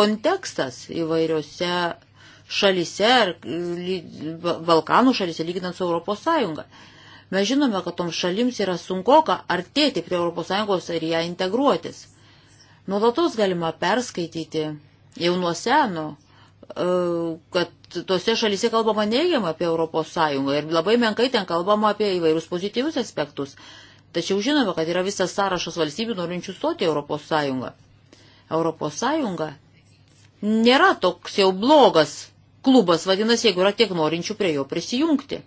kontekstas įvairiose šalise, ar mm, Balkanų šalise, lyginant su Europos Sąjunga. Mes žinome, kad toms šalims yra sunkoka artėti prie Europos Sąjungos ir ją integruotis. Nuolatos galima perskaityti jau nuo seno, e, kad tose šalise kalbama neigiamą apie Europos Sąjungą ir labai menkai ten kalbama apie įvairius pozityvius aspektus. Tačiau žinome, kad yra visas sąrašas valstybių norinčių stoti Europos Sąjungą. Europos Sąjunga nėra toks jau blogas klubas, vadinasi, jeigu yra tiek norinčių prie jo prisijungti.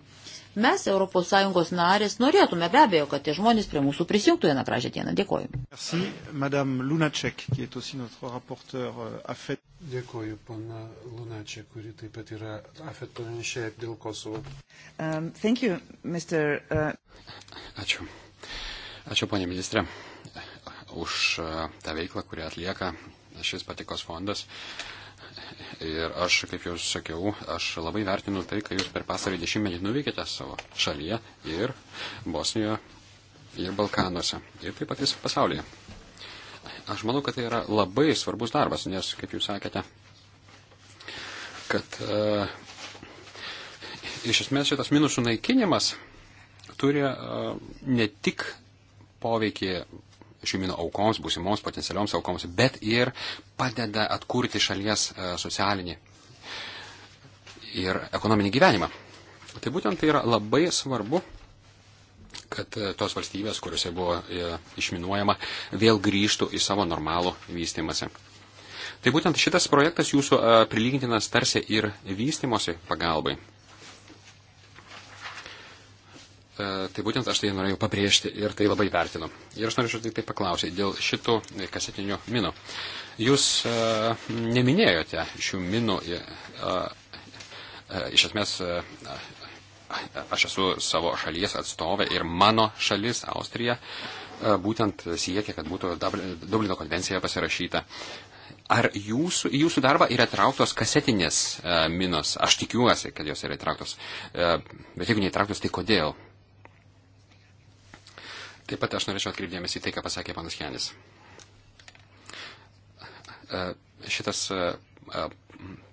Mes, ES narės, norėtume be abejo, kad tie žmonės prie mūsų prisijungtų vieną gražią dieną. Dėkoju. Merci, Madame Lunacek, qui est aussi notre rapporteur euh, AFET. Dėkoju, pana Lunacek, kuri taip pat yra AFET pranešė dėl Kosovo. Um, thank you, Mr. Uh... Ačiū. Ačiū, ponė ministrė, už uh, tą veiklą, kurią atlieka šis patikos fondas. Uh, Ir aš, kaip jau sakiau, aš labai vertinu tai, ką jūs per pasarį dešimtmetį nuveikėte savo šalyje ir Bosnijoje ir Balkanuose ir taip pat visą pasaulyje. Aš manau, kad tai yra labai svarbus darbas, nes, kaip jūs sakėte, kad uh, iš esmės šitas minusų naikinimas turi uh, ne tik poveikį šių minų aukoms, būsimos potencialioms aukoms, bet ir padeda atkurti šalies e, socialinį ir ekonominį gyvenimą. Tai būtent tai yra labai svarbu, kad e, tos valstybės, kuriuose buvo e, išminuojama, vėl grįžtų į savo normalų vystimąsi. Tai būtent šitas projektas jūsų prilygintinas tarsi ir vystimosi pagalbai. E, tai būtent aš tai norėjau pabrėžti ir tai labai vertinu. Ir aš norėčiau tik tai paklausyti dėl šitų kasetinių minų. Jūs uh, neminėjote šių minų, uh, uh, iš esmės uh, aš esu savo šalies atstovė ir mano šalis, Austrija, uh, būtent siekia, kad būtų Dublino konvencija pasirašyta. Ar jūsų, jūsų darbą yra trauktos kasetinės uh, minos? Aš tikiuosi, kad jos yra įtrauktos. Uh, bet jeigu neįtrauktos, tai kodėl? Taip pat aš norėčiau atkreipdėmės į tai, ką pasakė panas Janis. E, šitas e, e,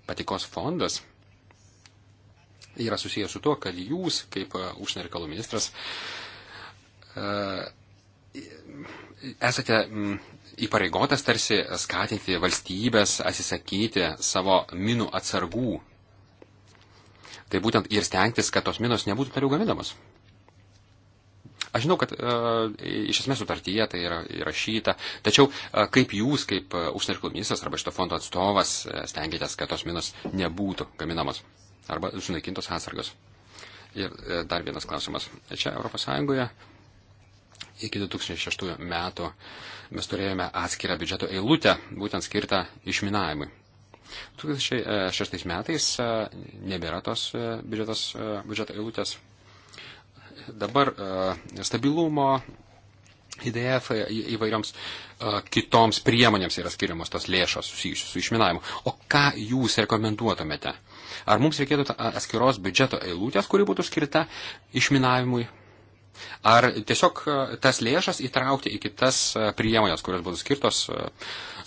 patikos fondas yra susijęs su to, kad jūs, kaip užsienio reikalų ministras, esate įpareigotas tarsi skatinti valstybės atsisakyti savo minų atsargų. Tai būtent ir stengtis, kad tos minos nebūtų toliau gaminamos. Aš žinau, kad uh, iš esmės sutartyje tai yra įrašyta, tačiau uh, kaip jūs, kaip uh, užsienio reikalų ministras arba šito fondo atstovas, uh, stengiatės, kad tos minos nebūtų gaminamos arba sunaikintos atsargos. Ir uh, dar vienas klausimas. Čia ES iki 2006 metų mes turėjome atskirą biudžeto eilutę, būtent skirtą išminavimui. 2006 metais nebėra tos biudžetos, biudžeto eilutės dabar e, stabilumo IDF e, įvairioms e, kitoms priemonėms yra skiriamos tos lėšos susijusios su išminavimu. O ką jūs rekomenduotumėte? Ar mums reikėtų atskiros biudžeto eilutės, kuri būtų skirta išminavimui? Ar tiesiog tas lėšas įtraukti į kitas priemonės, kurios būtų skirtos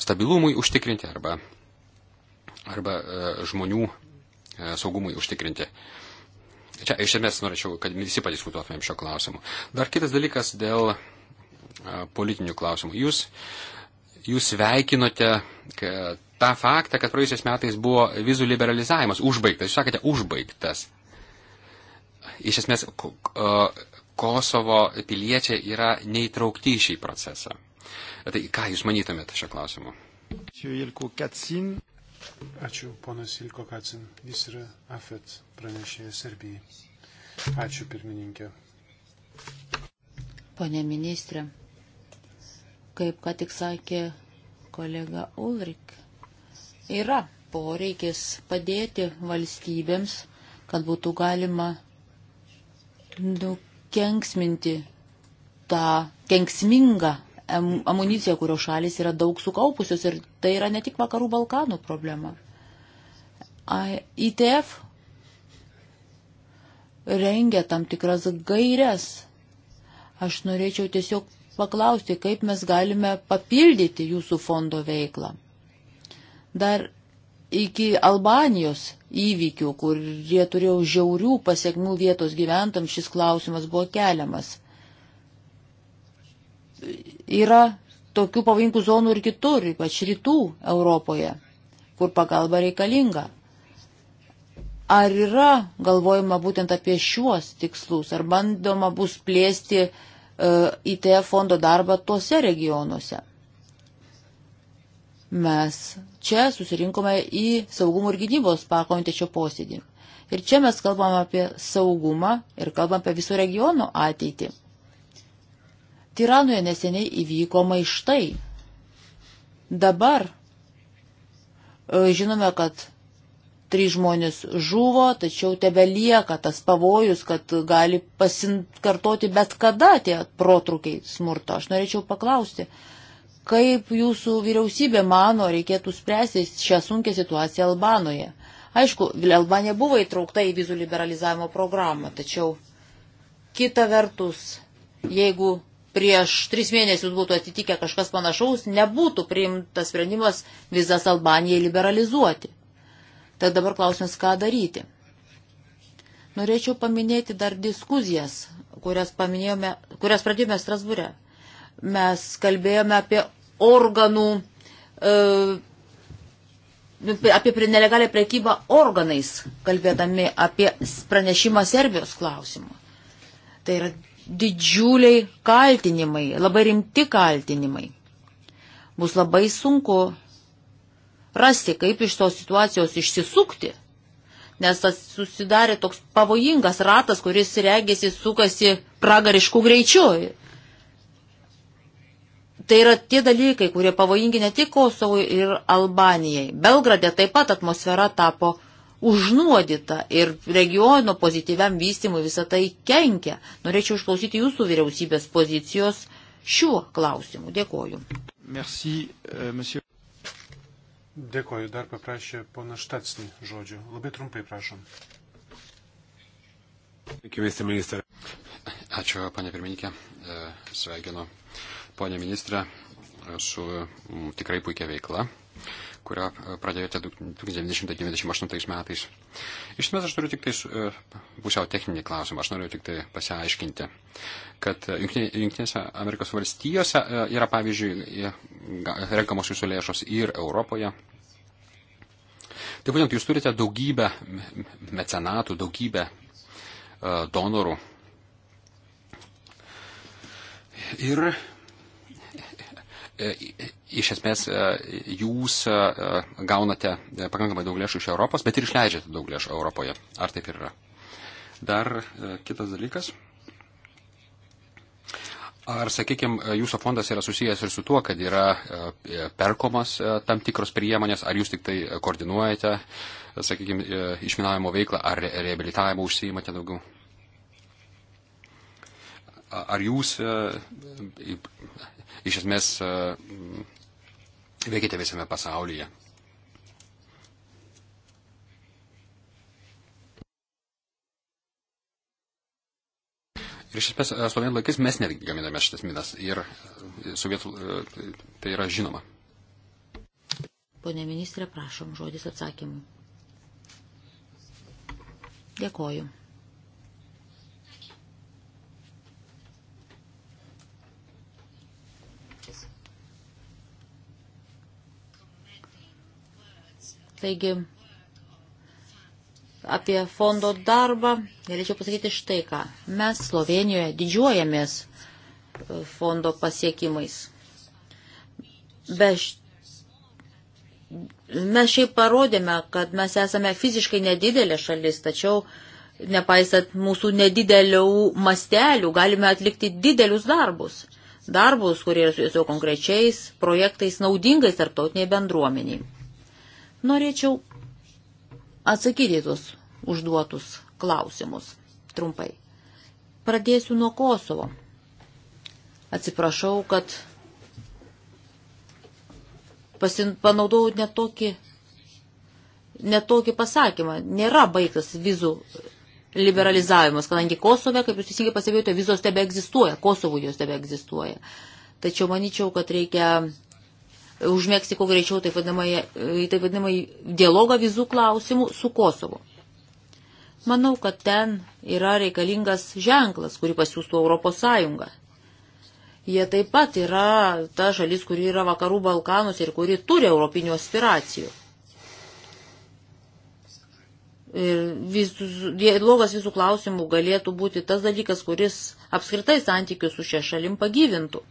stabilumui užtikrinti arba, arba žmonių saugumui užtikrinti? Uh, Čia iš esmės norėčiau, kad visi padiskutuotumėm šio klausimu. Dar kitas dalykas dėl politinių klausimų. Jūs, jūs veikinote tą faktą, kad praėjusiais metais buvo vizų liberalizavimas užbaigtas. Jūs sakėte, užbaigtas. Iš esmės, Kosovo piliečiai yra neįtraukti į šį procesą. Tai ką Jūs manytumėte šio klausimu? Ačiū, ponas Ilko Kacin. Jis yra AFET pranešėjas Serbijai. Ačiū, pirmininkė. Pone ministrė, kaip ką tik sakė kolega Ulrik, yra poreikis padėti valstybėms, kad būtų galima nukenksminti tą kenksmingą amuniciją, kurio šalis yra daug sukaupusios ir tai yra ne tik vakarų Balkanų problema. ITF rengia tam tikras gairias. Aš norėčiau tiesiog paklausti, kaip mes galime papildyti jūsų fondo veiklą. Dar iki Albanijos įvykių, kurie turėjo žiaurių pasiekmių vietos gyventams, šis klausimas buvo keliamas yra tokių pavojingų zonų ir kitur, ypač rytų Europoje, kur pagalba reikalinga. Ar yra galvojama būtent apie šiuos tikslus, ar bandoma bus plėsti uh, e, ITF fondo darbą tuose regionuose? Mes čia susirinkome į saugumo ir gynybos pakomitečio posėdį. Ir čia mes kalbam apie saugumą ir kalbam apie viso regiono ateitį. Tiranoje neseniai įvyko maištai. Dabar e, žinome, kad trys žmonės žuvo, tačiau tebe lieka tas pavojus, kad gali pasikartoti bet kada tie protrukiai smurto. Aš norėčiau paklausti, kaip jūsų vyriausybė mano reikėtų spręsti šią sunkę situaciją Albanoje. Aišku, Albanija buvo įtraukta į vizų liberalizavimo programą, tačiau kita vertus, jeigu prieš tris mėnesius būtų atitikę kažkas panašaus, nebūtų priimtas sprendimas vizas Albanijai liberalizuoti. Tad dabar klausimas, ką daryti. Norėčiau paminėti dar diskusijas, kurias, kurias pradėjome Strasbūre. Mes kalbėjome apie organų, e, apie nelegalią prekybą organais, kalbėdami apie pranešimą Serbijos klausimą. Tai yra didžiuliai kaltinimai, labai rimti kaltinimai. Bus labai sunku rasti, kaip iš tos situacijos išsisukti, nes tas susidarė toks pavojingas ratas, kuris regėsi sukasi pragariškų greičių. Tai yra tie dalykai, kurie pavojingi ne tik Kosovui ir Albanijai. Belgrade taip pat atmosfera tapo užnuodita ir regiono pozityviam vystimui visą tai kenkia. Norėčiau išklausyti jūsų vyriausybės pozicijos šiuo klausimu. Dėkoju. Merci, euh, monsieur. Dėkoju, dar paprašė pana Štatsni žodžio. Labai trumpai prašom. Sveiki, viceministrė. Ačiū, panė pirmininkė. E, sveikinu, ponė ministrė, su tikrai puikia veikla kurią e, pradėjote 1998 metais. Iš esmės aš turiu tik tai e, pusiau techninį klausimą, aš noriu tik tai pasiaiškinti, kad e, Junktinėse Amerikos valstijose yra, pavyzdžiui, renkamos jūsų lėšos ir Europoje. Tai būtent jūs turite daugybę mecenatų, daugybę donorų. Ir E, iš esmės e, jūs e, gaunate pakankamai daug lėšų iš Europos, bet ir išleidžiate daug lėšų Europoje. Ar taip ir yra? Dar kitas dalykas. Ar, sakykime, jūsų fondas yra susijęs ir su tuo, kad yra perkomas tam tikros priemonės, ar jūs tik tai koordinuojate, sakykime, išminavimo veiklą, ar reabilitavimo užsiimate daugiau? Ar jūs iš esmės e, veikite visame pasaulyje. Ir iš esmės, e, sovietų laikais mes netgi gaminame šitas minas ir e, sovietų tai yra žinoma. Pone ministrė, prašom žodis atsakymų. Dėkoju. Taigi, apie fondo darbą galėčiau pasakyti štai ką. Mes Slovenijoje didžiuojamės e, fondo pasiekimais. Be mes šiaip parodėme, kad mes esame fiziškai nedidelė šalis, tačiau nepaisant mūsų nedidelių mastelių, galime atlikti didelius darbus. Darbus, kurie yra su konkrečiais projektais naudingais tarptautiniai bendruomeniai. Norėčiau atsakyti tuos užduotus klausimus trumpai. Pradėsiu nuo Kosovo. Atsiprašau, kad pasin, panaudojau netokį, netokį pasakymą. Nėra baigtas vizų liberalizavimas, kadangi Kosove, kaip jūs teisingai pastebėjote, vizos tebe egzistuoja, Kosovų jos tebe egzistuoja. Tačiau manyčiau, kad reikia užmėgsti kuo greičiau taip vadinamąjį taip vadinamą dialogą vizų klausimų su Kosovu. Manau, kad ten yra reikalingas ženklas, kurį pasiūstų Europos Sąjunga. Jie taip pat yra ta šalis, kuri yra vakarų Balkanus ir kuri turi europinių aspiracijų. Ir visus, dialogas visų klausimų galėtų būti tas dalykas, kuris apskritai santykius su šia šalim pagyvintų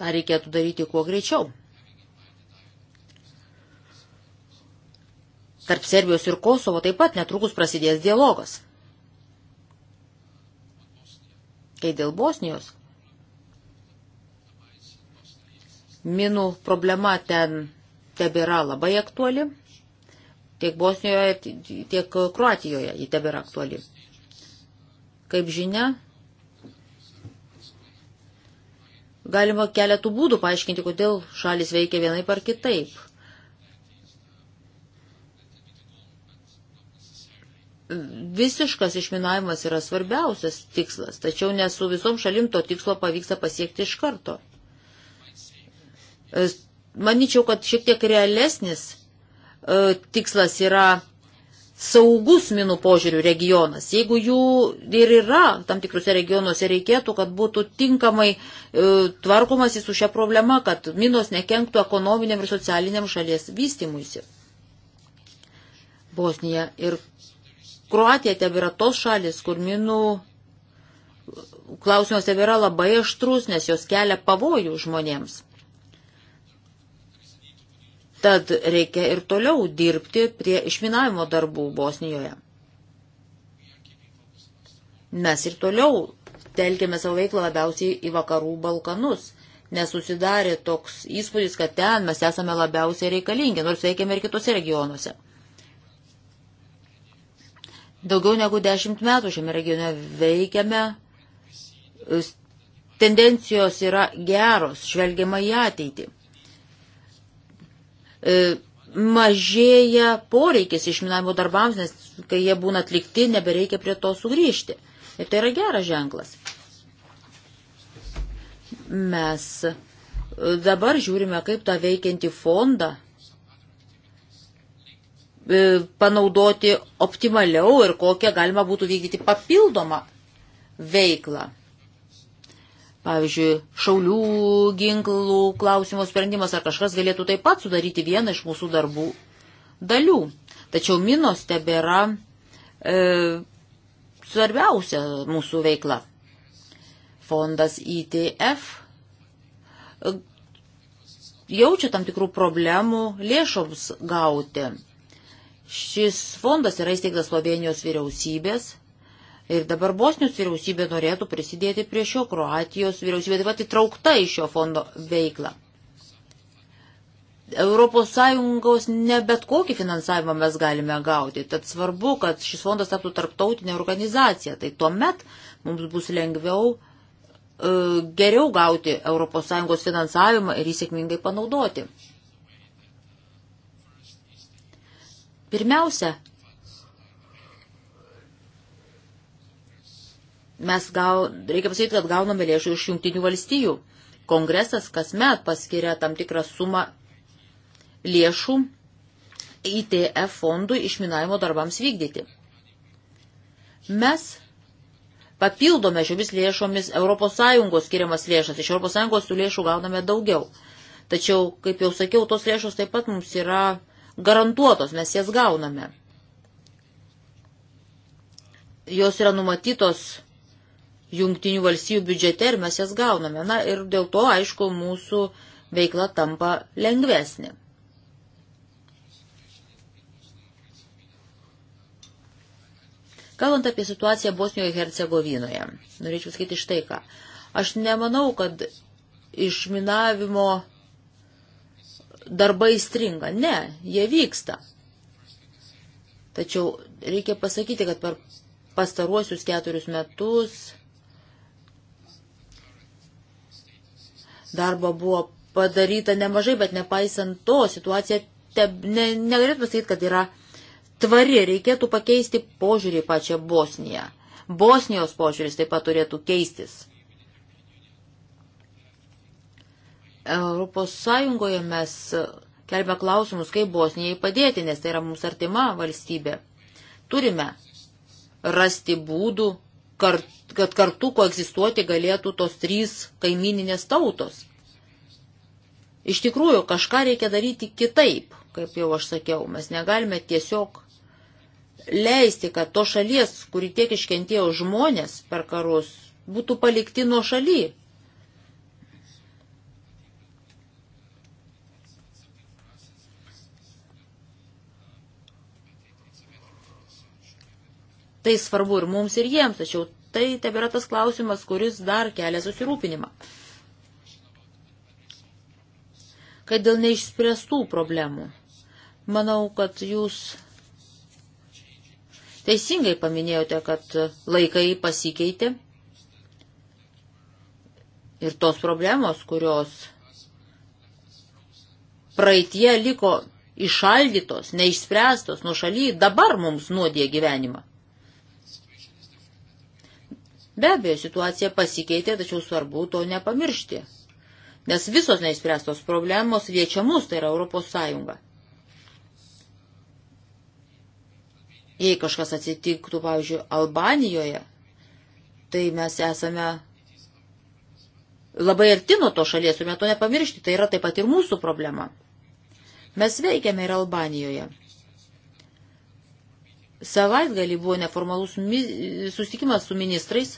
tą reikėtų daryti kuo greičiau. Tarp Serbijos ir Kosovo taip pat netrukus prasidės dialogas. Kai dėl Bosnijos, minų problema ten tebėra labai aktuali, tiek Bosnijoje, tiek Kroatijoje ji tebėra aktuali. Kaip žinia, Galima keletų būdų paaiškinti, kodėl šalis veikia vienai par kitaip. Visiškas išminavimas yra svarbiausias tikslas, tačiau nesu visom šalim to tikslo pavyksta pasiekti iš karto. Maničiau, kad šiek tiek realesnis e, tikslas yra saugus minų požiūrių regionas. Jeigu jų ir yra tam tikrose regionuose, reikėtų, kad būtų tinkamai e, tvarkomasi su šia problema, kad minos nekenktų ekonominiam ir socialiniam šalies vystimuisi. Bosnija ir Kroatija tebėra tos šalis, kur minų klausimas tebėra labai aštrus, nes jos kelia pavojų žmonėms. Tad reikia ir toliau dirbti prie išminavimo darbų Bosnijoje. Mes ir toliau telkėme savo veiklą labiausiai į vakarų Balkanus, nes susidarė toks įspūdis, kad ten mes esame labiausiai reikalingi, nors veikiame ir kitose regionuose. Daugiau negu dešimt metų šiame regione veikiame. Tendencijos yra geros, žvelgiama į ateitį. E, mažėja poreikis išminavimo darbams, nes kai jie būna atlikti, nebereikia prie to sugrįžti. Ir tai yra geras ženklas. Mes e, dabar žiūrime, kaip tą veikiantį fondą e, panaudoti optimaliau ir kokią galima būtų vykdyti papildomą veiklą. Pavyzdžiui, šaulių ginklų klausimo sprendimas ar kažkas galėtų taip pat sudaryti vieną iš mūsų darbų dalių. Tačiau minos tebėra e, svarbiausia mūsų veikla. Fondas ITF e, jaučia tam tikrų problemų lėšoms gauti. Šis fondas yra įsteigtas Slovenijos vyriausybės Ir dabar Bosnius vyriausybė norėtų prisidėti prie šio, Kroatijos vyriausybė taip pat įtraukta į šio fondo veiklą. Europos Sąjungos ne bet kokį finansavimą mes galime gauti, tad svarbu, kad šis fondas taptų tarptautinė organizacija, tai tuomet mums bus lengviau e, geriau gauti ES finansavimą ir jį sėkmingai panaudoti. Pirmiausia, mes gau, reikia pasakyti, kad gauname lėšų iš jungtinių valstijų. Kongresas kasmet paskiria tam tikrą sumą lėšų ITF fondų išminavimo darbams vykdyti. Mes papildome šiomis lėšomis ES skiriamas lėšas. Iš ES tų lėšų gauname daugiau. Tačiau, kaip jau sakiau, tos lėšos taip pat mums yra garantuotos, mes jas gauname. Jos yra numatytos jungtinių valstybių biudžete ir mes jas gauname. Na ir dėl to, aišku, mūsų veikla tampa lengvesnė. Kalbant apie situaciją Bosnijoje ir Hercegovinoje, norėčiau sakyti štai ką. Aš nemanau, kad išminavimo darbai stringa. Ne, jie vyksta. Tačiau reikia pasakyti, kad per pastaruosius keturis metus Darbo buvo padaryta nemažai, bet nepaisant to situacija te, ne, negalėtų pasakyti, kad yra tvari. Reikėtų pakeisti požiūrį pačią Bosniją. Bosnijos požiūris taip pat turėtų keistis. Europos Sąjungoje mes kelbė klausimus, kaip Bosnijai padėti, nes tai yra mums artima valstybė. Turime rasti būdų, kart, kad kartu koegzistuoti galėtų tos trys kaimininės tautos. Iš tikrųjų, kažką reikia daryti kitaip, kaip jau aš sakiau. Mes negalime tiesiog leisti, kad to šalies, kuri tiek iškentėjo žmonės per karus, būtų palikti nuo šaly. Tai svarbu ir mums, ir jiems, tačiau tai taip yra tas klausimas, kuris dar kelia susirūpinimą. Kad dėl neišspręstų problemų, manau, kad jūs teisingai paminėjote, kad laikai pasikeitė ir tos problemos, kurios praeitie liko išaldytos, neišspręstos, nušaly, dabar mums nuodė gyvenimą. Be abejo, situacija pasikeitė, tačiau svarbu to nepamiršti, nes visos neįspręstos problemos viečiamus, tai yra Europos Sąjunga. Jei kažkas atsitiktų, pavyzdžiui, Albanijoje, tai mes esame labai arti nuo to šalies, turime to nepamiršti, tai yra taip pat ir mūsų problema. Mes veikiame ir Albanijoje. Savaitgalį buvo neformalus susitikimas su ministrais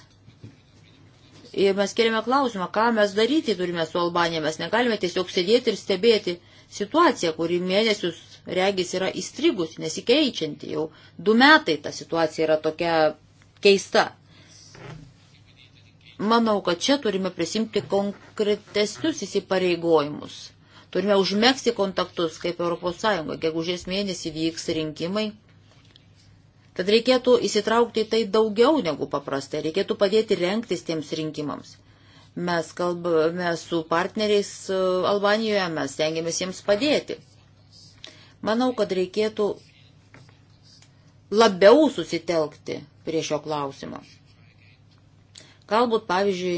Ir mes kėlėme klausimą, ką mes daryti turime su Albanija. Mes negalime tiesiog sėdėti ir stebėti situaciją, kuri mėnesius regis yra įstrigus, nesikeičianti. Jau du metai ta situacija yra tokia keista. Manau, kad čia turime prisimti konkretesnius įsipareigojimus. Turime užmėgsti kontaktus, kaip ES. Gegužės mėnesį vyks rinkimai Tad reikėtų įsitraukti į tai daugiau negu paprastai, reikėtų padėti renktis tiems rinkimams. Mes kalbame su partneriais e, Albanijoje, mes tengiamės jiems padėti. Manau, kad reikėtų labiau susitelkti prie šio klausimo. Galbūt, pavyzdžiui,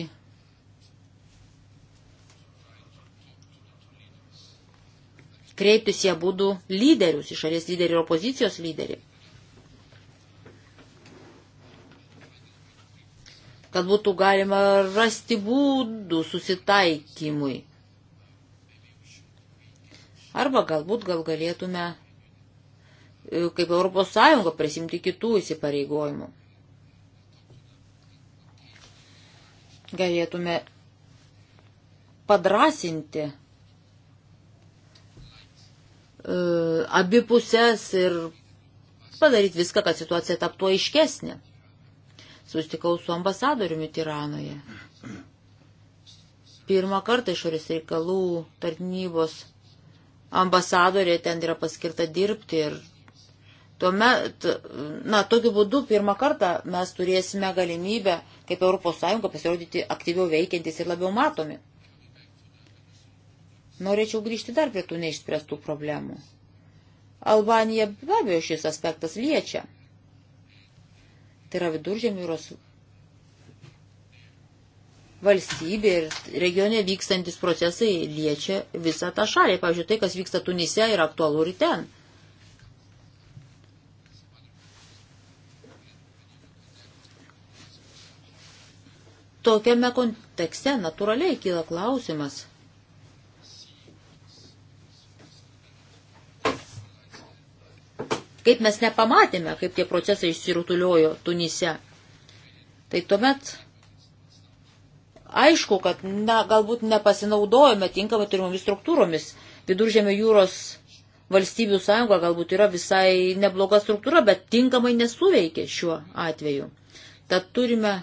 kreiptis į būdų lyderius, išorės lyderį ir opozicijos lyderį. kad būtų galima rasti būdų susitaikymui. Arba galbūt gal galėtume e, kaip Europos Sąjunga prisimti kitų įsipareigojimų. Galėtume padrasinti e, abipusės ir padaryti viską, kad situacija taptų aiškesnė. Sustikau su ambasadoriumi Tiranoje. Pirmą kartą išorės reikalų tarnybos ambasadorė ten yra paskirta dirbti ir tuomet, na, tokiu būdu pirmą kartą mes turėsime galimybę kaip ES pasirodyti aktyviau veikiantis ir labiau matomi. Norėčiau grįžti dar prie tų neišspręstų problemų. Albanija be abejo šis aspektas liečia. Tai yra viduržėmių jūros valstybė ir regione vykstantis procesai liečia visą tą šalį. Pavyzdžiui, tai, kas vyksta Tunise, yra aktualu ir ten. Tokiame kontekste natūraliai kyla klausimas – kaip mes nepamatėme, kaip tie procesai išsirutuliojo Tunise, tai tuomet aišku, kad na, galbūt nepasinaudojame tinkamai turimomis struktūromis. Viduržėmio jūros valstybių sąjunga galbūt yra visai nebloga struktūra, bet tinkamai nesuveikė šiuo atveju. Tad turime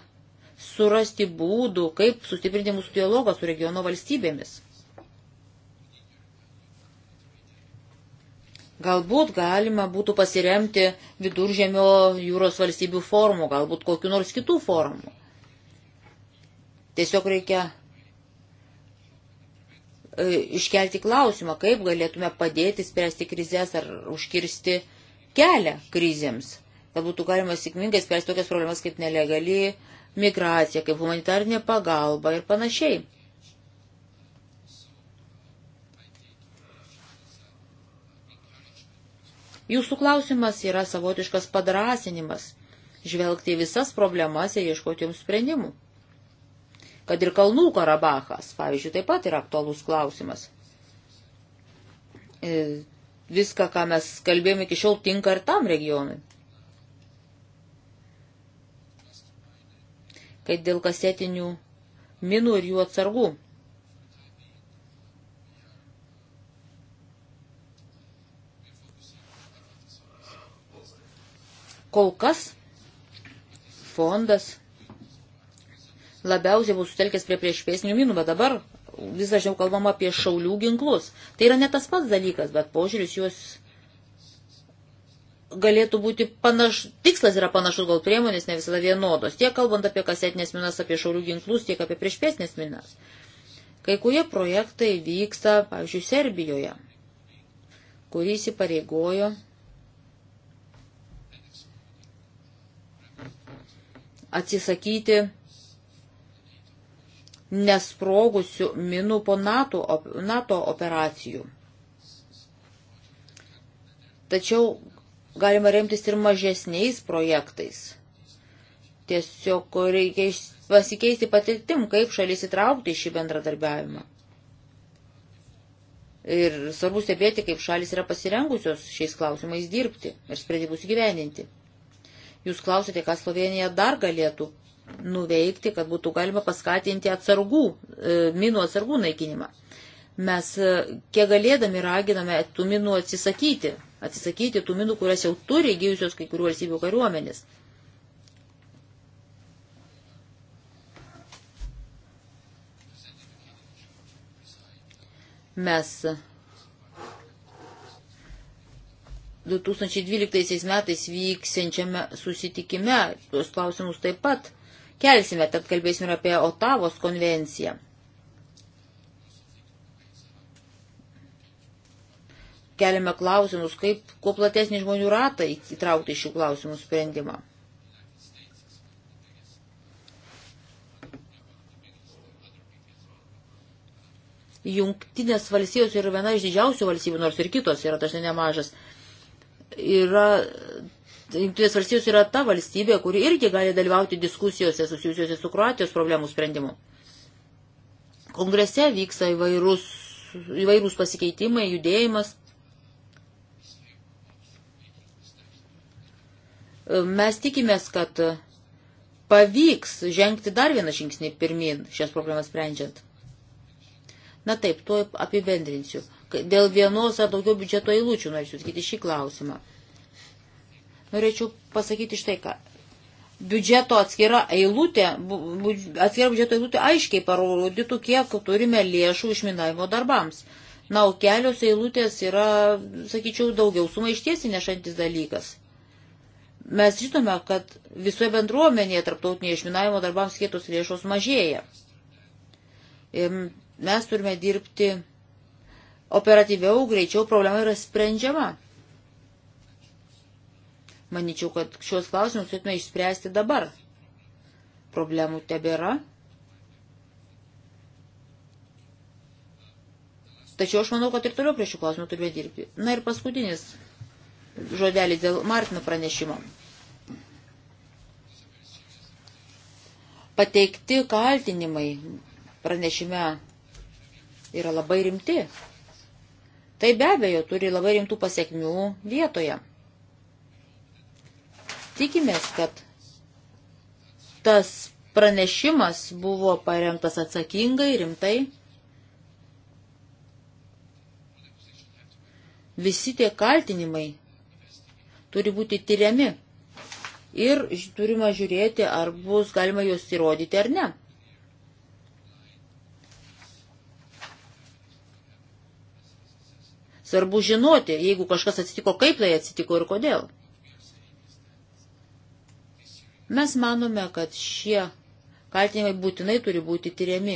surasti būdų, kaip sustiprinti mūsų dialogą su regiono valstybėmis. Galbūt galima būtų pasiremti viduržėmio jūros valstybių formų, galbūt kokiu nors kitų formų. Tiesiog reikia e, iškelti klausimą, kaip galėtume padėti spręsti krizės ar užkirsti kelią krizėms, kad būtų galima sėkmingai spręsti tokias problemas kaip nelegali migracija, kaip humanitarinė pagalba ir panašiai. Jūsų klausimas yra savotiškas padrasinimas – žvelgti visas problemas ir ieškoti jums sprendimų. Kad ir Kalnų Karabachas, pavyzdžiui, taip pat yra aktualus klausimas. E, viską, ką mes kalbėjome iki šiol, tinka ir tam regionui. Kai dėl kasetinių minų ir jų atsargų – Kol kas fondas labiausiai bus sutelkęs prie priešpėsnių minų, bet dabar vis dažniau kalbam apie šaulių ginklus. Tai yra ne tas pats dalykas, bet požiūris juos galėtų būti panašus, tikslas yra panašus, gal priemonės ne visada vienodos, tiek kalbant apie kasetinės minas, apie šaulių ginklus, tiek apie priešpėsnės minas. Kai kurie projektai vyksta, pavyzdžiui, Serbijoje, kurį įsipareigojo atsisakyti nesprogusių minų po NATO, NATO operacijų. Tačiau galima remtis ir mažesniais projektais. Tiesiog reikia pasikeisti patirtim, kaip šalis įtraukti šį bendradarbiavimą. Ir svarbu stebėti, kaip šalis yra pasirengusios šiais klausimais dirbti ir sprendimus gyveninti. Jūs klausite, ką Slovenija dar galėtų nuveikti, kad būtų galima paskatinti atsargų, e, minų atsargų naikinimą. Mes e, kiek galėdami raginame tų minų atsisakyti, atsisakyti tų minų, kurias jau turi gyvusios kai kurių valstybių kariuomenės. Mes 2012 metais vyksiančiame susitikime tuos klausimus taip pat kelsime, tad kalbėsime ir apie Otavos konvenciją. Keliame klausimus, kaip kuo platesnį žmonių ratą įtraukti šių klausimų sprendimą. Jungtinės valstijos yra viena iš didžiausių valstybių, nors ir kitos yra dažnai nemažas yra, Junktinės valstijos yra ta valstybė, kuri irgi gali dalyvauti diskusijose susijusiuose su Kroatijos problemų sprendimu. Kongrese vyksta įvairūs, įvairūs pasikeitimai, judėjimas. Mes tikimės, kad pavyks žengti dar vieną žingsnį pirmin šias problemas sprendžiant. Na taip, tuo apibendrinsiu dėl vienos ar daugiau biudžeto eilučių, norėčiau atsakyti šį klausimą. Norėčiau pasakyti štai ką. Biudžeto atskira eilutė, atskira biudžeto eilutė aiškiai parodytų, kiek turime lėšų išminavimo darbams. Na, o kelios eilutės yra, sakyčiau, daugiau sumaišties įnešantis dalykas. Mes žinome, kad visoje bendruomenėje tarptautinėje išminavimo darbams skėtos lėšos mažėja. Ir mes turime dirbti operatyviau, greičiau problema yra sprendžiama. Maničiau, kad šios klausimus turėtume išspręsti dabar. Problemų tebėra. Tačiau aš manau, kad ir toliau prie šių klausimų turime dirbti. Na ir paskutinis žodelis dėl Martino pranešimo. Pateikti kaltinimai pranešime yra labai rimti. Tai be abejo turi labai rimtų pasiekmių vietoje. Tikimės, kad tas pranešimas buvo paremtas atsakingai, rimtai. Visi tie kaltinimai turi būti tyriami ir turima žiūrėti, ar bus galima juos įrodyti ar ne. Svarbu žinoti, jeigu kažkas atsitiko, kaip tai atsitiko ir kodėl. Mes manome, kad šie kaltinimai būtinai turi būti tyriami,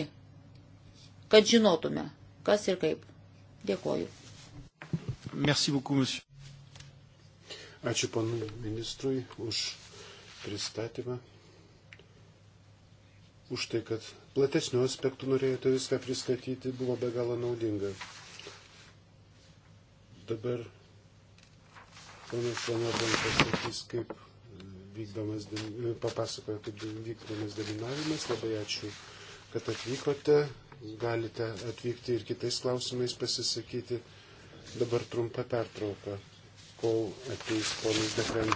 kad žinotume, kas ir kaip. Dėkoju. Merci beaucoup, monsieur. Ačiū panui ministrui už pristatymą, už tai, kad platesnių aspektų norėjote viską pristatyti, buvo be galo naudinga. Dabar ponas Flanagan pasakys, kaip e, vykdomas, e, papasakoja, kaip vykdomas dalyvavimas. Labai ačiū, kad atvykote. Galite atvykti ir kitais klausimais pasisakyti. Dabar trumpa pertrauka, kol ateis ponas Dekren.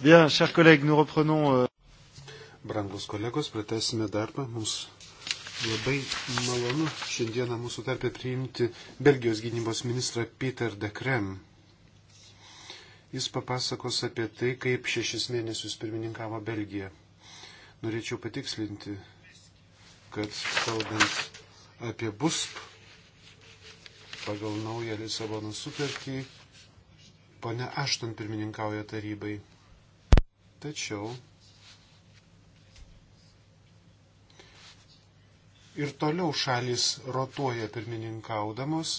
Bien, chers collègues, nous reprenons. Euh, Brangus kolegos, pratesime darbą. Mums labai malonu šiandieną mūsų tarpę priimti Belgijos gynybos ministrą Peter de Krem. Jis papasakos apie tai, kaip šešis mėnesius pirmininkavo Belgija. Norėčiau patikslinti, kad kalbant apie BUSP pagal naują Lisabono sutartį, ponia Ašton pirmininkauja tarybai. Tačiau ir toliau šalis rotuoja pirmininkaudamos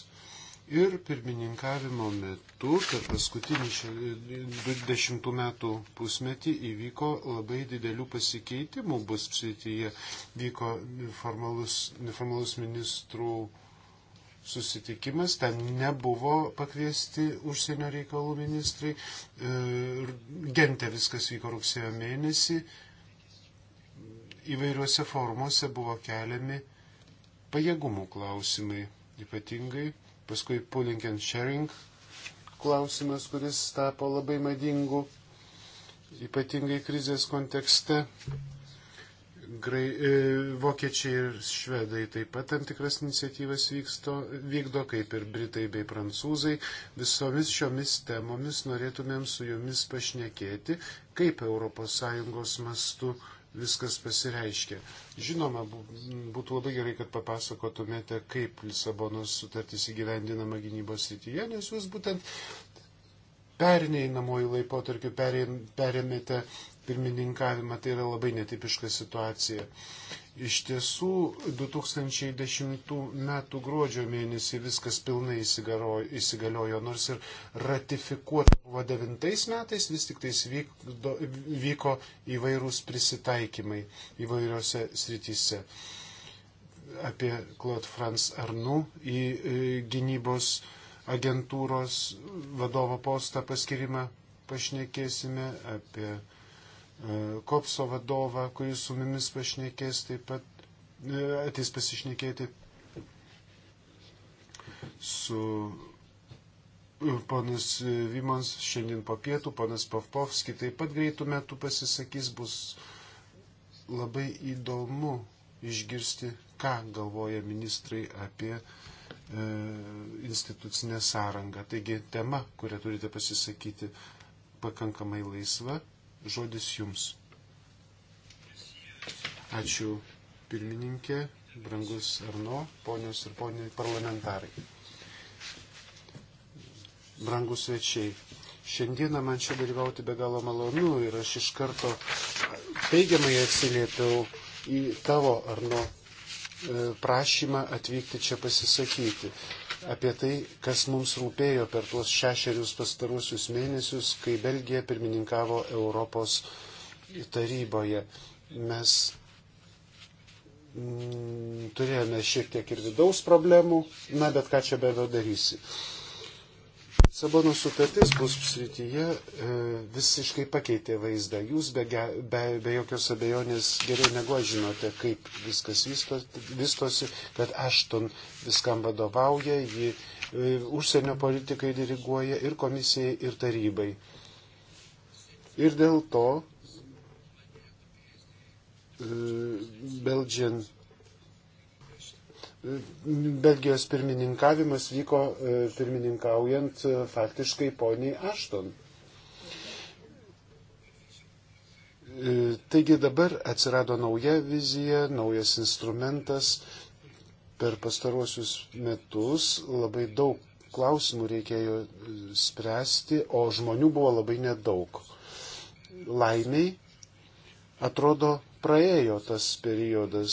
ir pirmininkavimo metu per paskutinį 20 metų pusmetį įvyko labai didelių pasikeitimų bus srityje. Vyko neformalus, neformalus ministrų susitikimas, ten nebuvo pakviesti užsienio reikalų ministrai. E, Gente viskas vyko rugsėjo mėnesį. Įvairiuose formuose buvo keliami pajėgumų klausimai, ypatingai. Paskui pulling and sharing klausimas, kuris tapo labai madingu, ypatingai krizės kontekste grai, e, vokiečiai ir švedai taip pat tam tikras iniciatyvas vyksto, vykdo, kaip ir britai bei prancūzai. Visomis šiomis temomis norėtumėm su jumis pašnekėti, kaip ES mastu viskas pasireiškia. Žinoma, būtų labai gerai, kad papasakotumėte, kaip Lisabonos sutartys įgyvendinama gynybos rytyje, nes jūs būtent perinėjinamoji laikotarpiu perėmėte pirmininkavimą. Tai yra labai netipiška situacija. Iš tiesų, 2010 m. gruodžio mėnesį viskas pilnai įsigaliojo, nors ir ratifikuota buvo 9 metais, vis tik tais vyko, vyko įvairūs prisitaikymai įvairiose srityse. Apie Claude France Arnu į gynybos agentūros vadovo postą paskirimą pašnekėsime, apie E, kopso vadovą, kuris su mumis pašnekės taip pat, e, ateis pasišnekėti su e, ponas Vimans šiandien po pietų, ponas Pavpovski taip pat greitų metų pasisakys, bus labai įdomu išgirsti, ką galvoja ministrai apie e, institucinę sąrangą. Taigi tema, kurią turite pasisakyti, pakankamai laisva žodis jums. Ačiū pirmininkė, brangus Arno, ponios ir poniai parlamentarai. Brangus svečiai, šiandieną man čia dalyvauti be galo malonu ir aš iš karto teigiamai atsiliepiau į tavo Arno e, prašymą atvykti čia pasisakyti apie tai, kas mums rūpėjo per tuos šešerius pastaruosius mėnesius, kai Belgija pirmininkavo Europos taryboje. Mes mm, turėjome šiek tiek ir vidaus problemų, na bet ką čia be to darysi. Sabono sutartis bus srityje e, visiškai pakeitė vaizdą. Jūs be, be, be jokios abejonės geriau negu aš žinote, kaip viskas vysto, vystosi, kad Ašton viskam vadovauja, ji e, užsienio politikai diriguoja ir komisijai, ir tarybai. Ir dėl to e, Belgian Belgijos pirmininkavimas vyko e, pirmininkaujant e, faktiškai poniai Ašton. E, taigi dabar atsirado nauja vizija, naujas instrumentas. Per pastaruosius metus labai daug klausimų reikėjo spręsti, o žmonių buvo labai nedaug. Laimiai, atrodo, praėjo tas periodas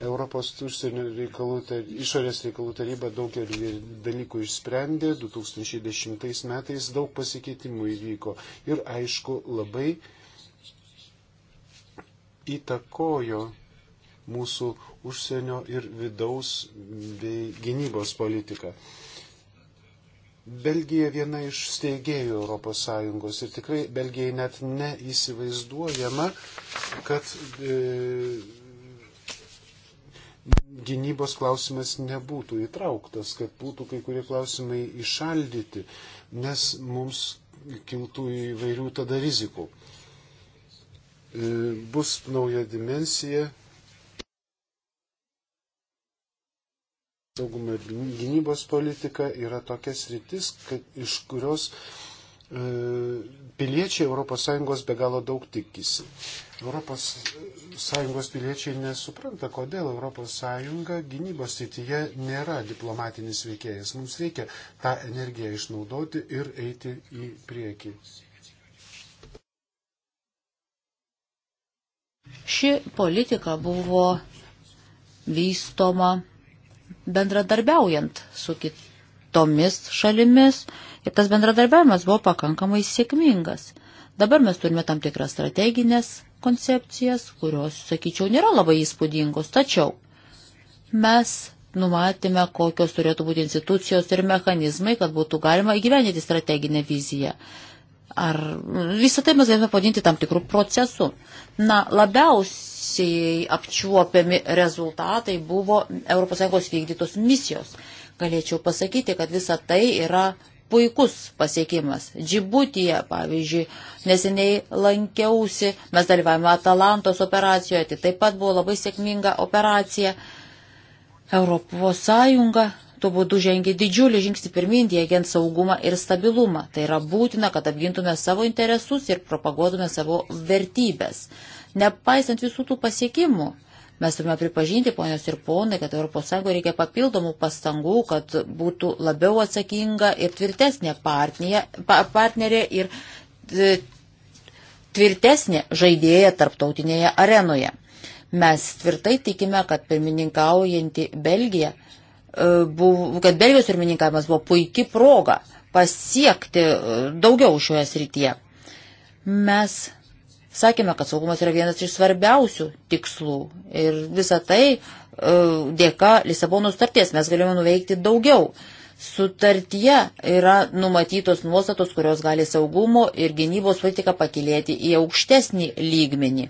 Europos užsienio reikalų, išorės reikalų taryba daugelį dalykų išsprendė, 2010 metais daug pasikeitimų įvyko ir aišku labai įtakojo mūsų užsienio ir vidaus bei gynybos politiką. Belgija viena iš steigėjų ES ir tikrai Belgijai net neįsivaizduojama, kad e, gynybos klausimas nebūtų įtrauktas, kad būtų kai kurie klausimai išaldyti, nes mums kiltų įvairių tada rizikų. E, bus nauja dimensija. Saugumo ir gynybos politika yra tokia sritis, kad, iš kurios E, piliečiai ES be galo daug tikisi. ES piliečiai nesupranta, kodėl ES gynybos srityje nėra diplomatinis veikėjas. Mums reikia tą energiją išnaudoti ir eiti į priekį. Ši politika buvo vystoma bendradarbiaujant su kitomis šalimis Ir tas bendradarbiavimas buvo pakankamai sėkmingas. Dabar mes turime tam tikras strateginės koncepcijas, kurios, sakyčiau, nėra labai įspūdingos, tačiau mes numatėme, kokios turėtų būti institucijos ir mechanizmai, kad būtų galima įgyvenyti strateginę viziją. Ar visą tai mes galime padinti tam tikrų procesų. Na, labiausiai apčiuopiami rezultatai buvo ES vykdytos misijos. Galėčiau pasakyti, kad visa tai yra puikus pasiekimas. Džibutyje, pavyzdžiui, neseniai lankiausi, mes dalyvavome Atalantos operacijoje, tai taip pat buvo labai sėkminga operacija. Europos Sąjunga tuo būdu žengia didžiulį žingsnį pirmin, diegiant saugumą ir stabilumą. Tai yra būtina, kad apgintume savo interesus ir propaguotume savo vertybės. Nepaisant visų tų pasiekimų, Mes turime pripažinti, ponios ir ponai, kad ES reikia papildomų pastangų, kad būtų labiau atsakinga ir tvirtesnė partnerė, partnerė ir e, tvirtesnė žaidėja tarptautinėje arenoje. Mes tvirtai tikime, kad pirmininkaujanti Belgija, e, kad Belgijos pirmininkavimas buvo puikia proga pasiekti e, daugiau šioje srityje. Mes Sakėme, kad saugumas yra vienas iš svarbiausių tikslų ir visą tai e, dėka Lisabono sutarties mes galime nuveikti daugiau. Sutartyje yra numatytos nuostatos, kurios gali saugumo ir gynybos politiką pakilėti į aukštesnį lygmenį.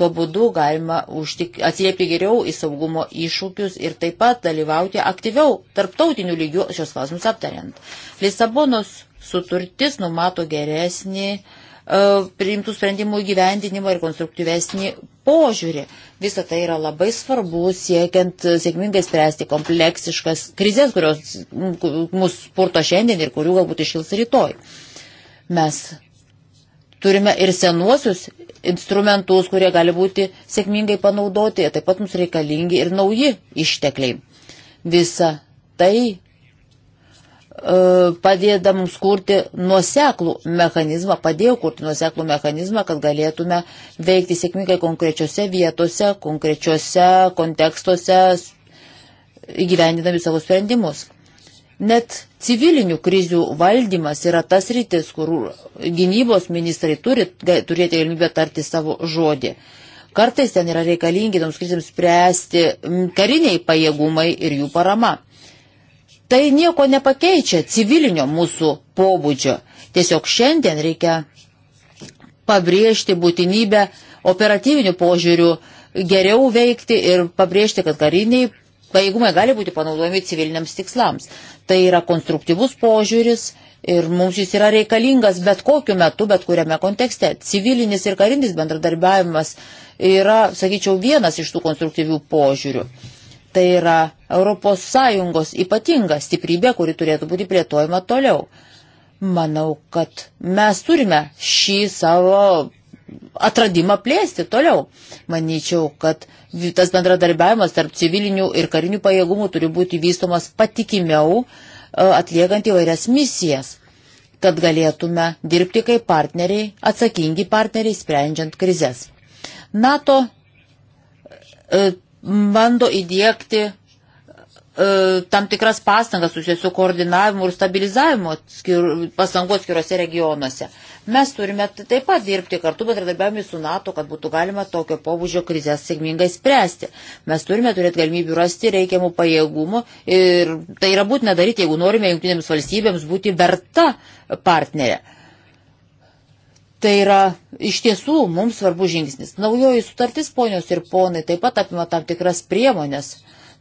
Tuo būdu galima užtik, atsiliepti geriau į saugumo iššūkius ir taip pat dalyvauti aktyviau tarptautinių lygių šios klausimus aptariant. Lisabonos sutartis numato geresnį uh, E, priimtų sprendimų įgyvendinimą ir konstruktyvesnį požiūrį. Visą tai yra labai svarbu siekiant sėkmingai spręsti kompleksiškas krizės, kurios mus spurto šiandien ir kurių galbūt išils rytoj. Mes turime ir senuosius instrumentus, kurie gali būti sėkmingai panaudoti, taip pat mums reikalingi ir nauji ištekliai. Visa tai E, padėda mums kurti nuoseklų mechanizmą, padėjo kurti nuoseklų mechanizmą, kad galėtume veikti sėkmingai konkrečiose vietose, konkrečiose kontekstuose, įgyvendinami savo sprendimus. Net civilinių krizių valdymas yra tas rytis, kur gynybos ministrai turi turėti galimybę tarti savo žodį. Kartais ten yra reikalingi toms krizėms spręsti kariniai pajėgumai ir jų parama tai nieko nepakeičia civilinio mūsų pobūdžio. Tiesiog šiandien reikia pabrėžti būtinybę operatyvinių požiūrių geriau veikti ir pabrėžti, kad kariniai pajėgumai gali būti panaudojami civiliniams tikslams. Tai yra konstruktyvus požiūris ir mums jis yra reikalingas bet kokiu metu, bet kuriame kontekste. Civilinis ir karinis bendradarbiavimas yra, sakyčiau, vienas iš tų konstruktyvių požiūrių. Tai yra ES ypatinga stiprybė, kuri turėtų būti plėtojama toliau. Manau, kad mes turime šį savo atradimą plėsti toliau. Manyčiau, kad tas bendradarbiavimas tarp civilinių ir karinių pajėgumų turi būti vystomas patikimiau, e, atliekant įvairias misijas, kad galėtume dirbti kaip partneriai, atsakingi partneriai, sprendžiant krizės. NATO e, bando įdėkti e, tam tikras pastangas susijęs su koordinavimu ir stabilizavimu atskir, pastangų atskiruose regionuose. Mes turime taip pat dirbti kartu bendradarbiavimui su NATO, kad būtų galima tokio pobūdžio krizės sėkmingai spręsti. Mes turime turėti galimybių rasti reikiamų pajėgumų ir tai yra būtina daryti, jeigu norime jungtinėms valstybėms būti verta partnerė. Tai yra iš tiesų mums svarbus žingsnis. Naujoji sutartis, ponios ir ponai, taip pat apima tam tikras priemonės,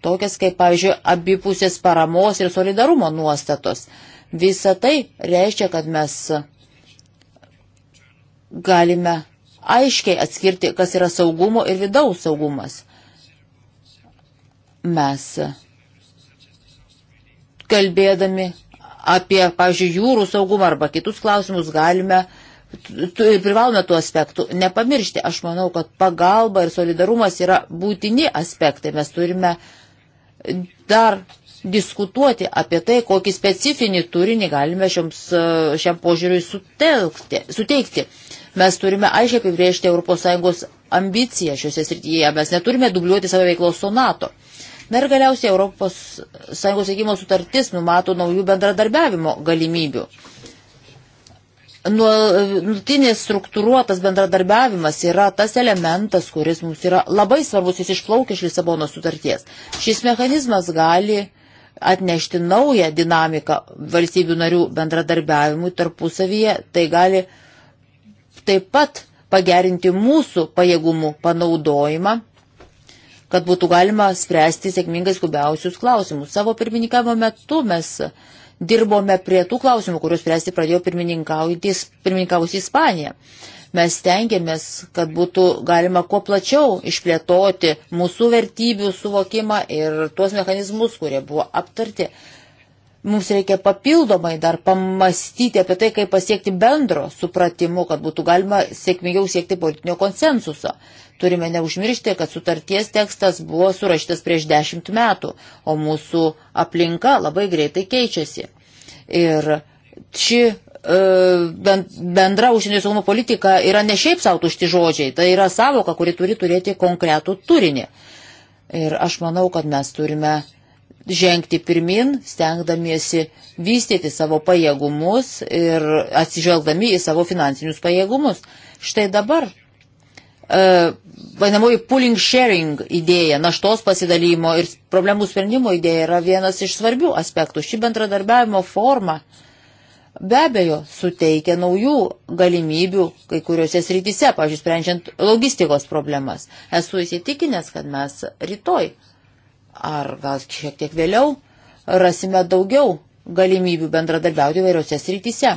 tokias kaip, pavyzdžiui, abipusės paramos ir solidarumo nuostatos. Visa tai reiškia, kad mes galime aiškiai atskirti, kas yra saugumo ir vidaus saugumas. Mes kalbėdami apie, pavyzdžiui, jūrų saugumą arba kitus klausimus galime uh, privalome tų aspektų nepamiršti. Aš manau, kad pagalba ir solidarumas yra būtini aspektai. Mes turime dar diskutuoti apie tai, kokį specifinį turinį galime šioms, šiam požiūriui sutelkti, suteikti. Mes turime aiškiai apibriežti ES ambiciją šiuose srityje. Mes neturime dubliuoti savo veiklos su NATO. Na ir galiausiai ES veikimo sutartis numato naujų bendradarbiavimo galimybių Nutinis struktūruotas bendradarbiavimas yra tas elementas, kuris mums yra labai svarbus, jis išplaukia iš Lisabono sutarties. Šis mechanizmas gali atnešti naują dinamiką valstybių narių bendradarbiavimui tarpusavyje, tai gali taip pat pagerinti mūsų pajėgumų panaudojimą kad būtų galima spręsti sėkmingai skubiausius klausimus. Savo pirmininkavimo metu mes dirbome prie tų klausimų, kuriuos spręsti pradėjo pirmininkavusi Ispanija. Mes tengiamės, kad būtų galima kuo plačiau išplėtoti mūsų vertybių suvokimą ir tuos mechanizmus, kurie buvo aptarti mums reikia papildomai dar pamastyti apie tai, kaip pasiekti bendro supratimo, kad būtų galima sėkmingiau siekti politinio konsensuso. Turime neužmiršti, kad sutarties tekstas buvo surašytas prieš dešimt metų, o mūsų aplinka labai greitai keičiasi. Ir ši e, bendra užsienio saugumo politika yra ne šiaip savo tušti žodžiai, tai yra savoka, kuri turi turėti konkretų turinį. Ir aš manau, kad mes turime žengti pirmin, stengdamiesi vystyti savo pajėgumus ir atsižvelgdami į savo finansinius pajėgumus. Štai dabar e, vadinamoji pooling sharing idėja, naštos pasidalymo ir problemų sprendimo idėja yra vienas iš svarbių aspektų. Ši bendradarbiavimo forma be abejo suteikia naujų galimybių kai kuriuose srityse, pažiūrėjus, sprendžiant logistikos problemas. Esu įsitikinęs, kad mes rytoj ar gal šiek tiek vėliau rasime daugiau galimybių bendradarbiauti vairiose srityse.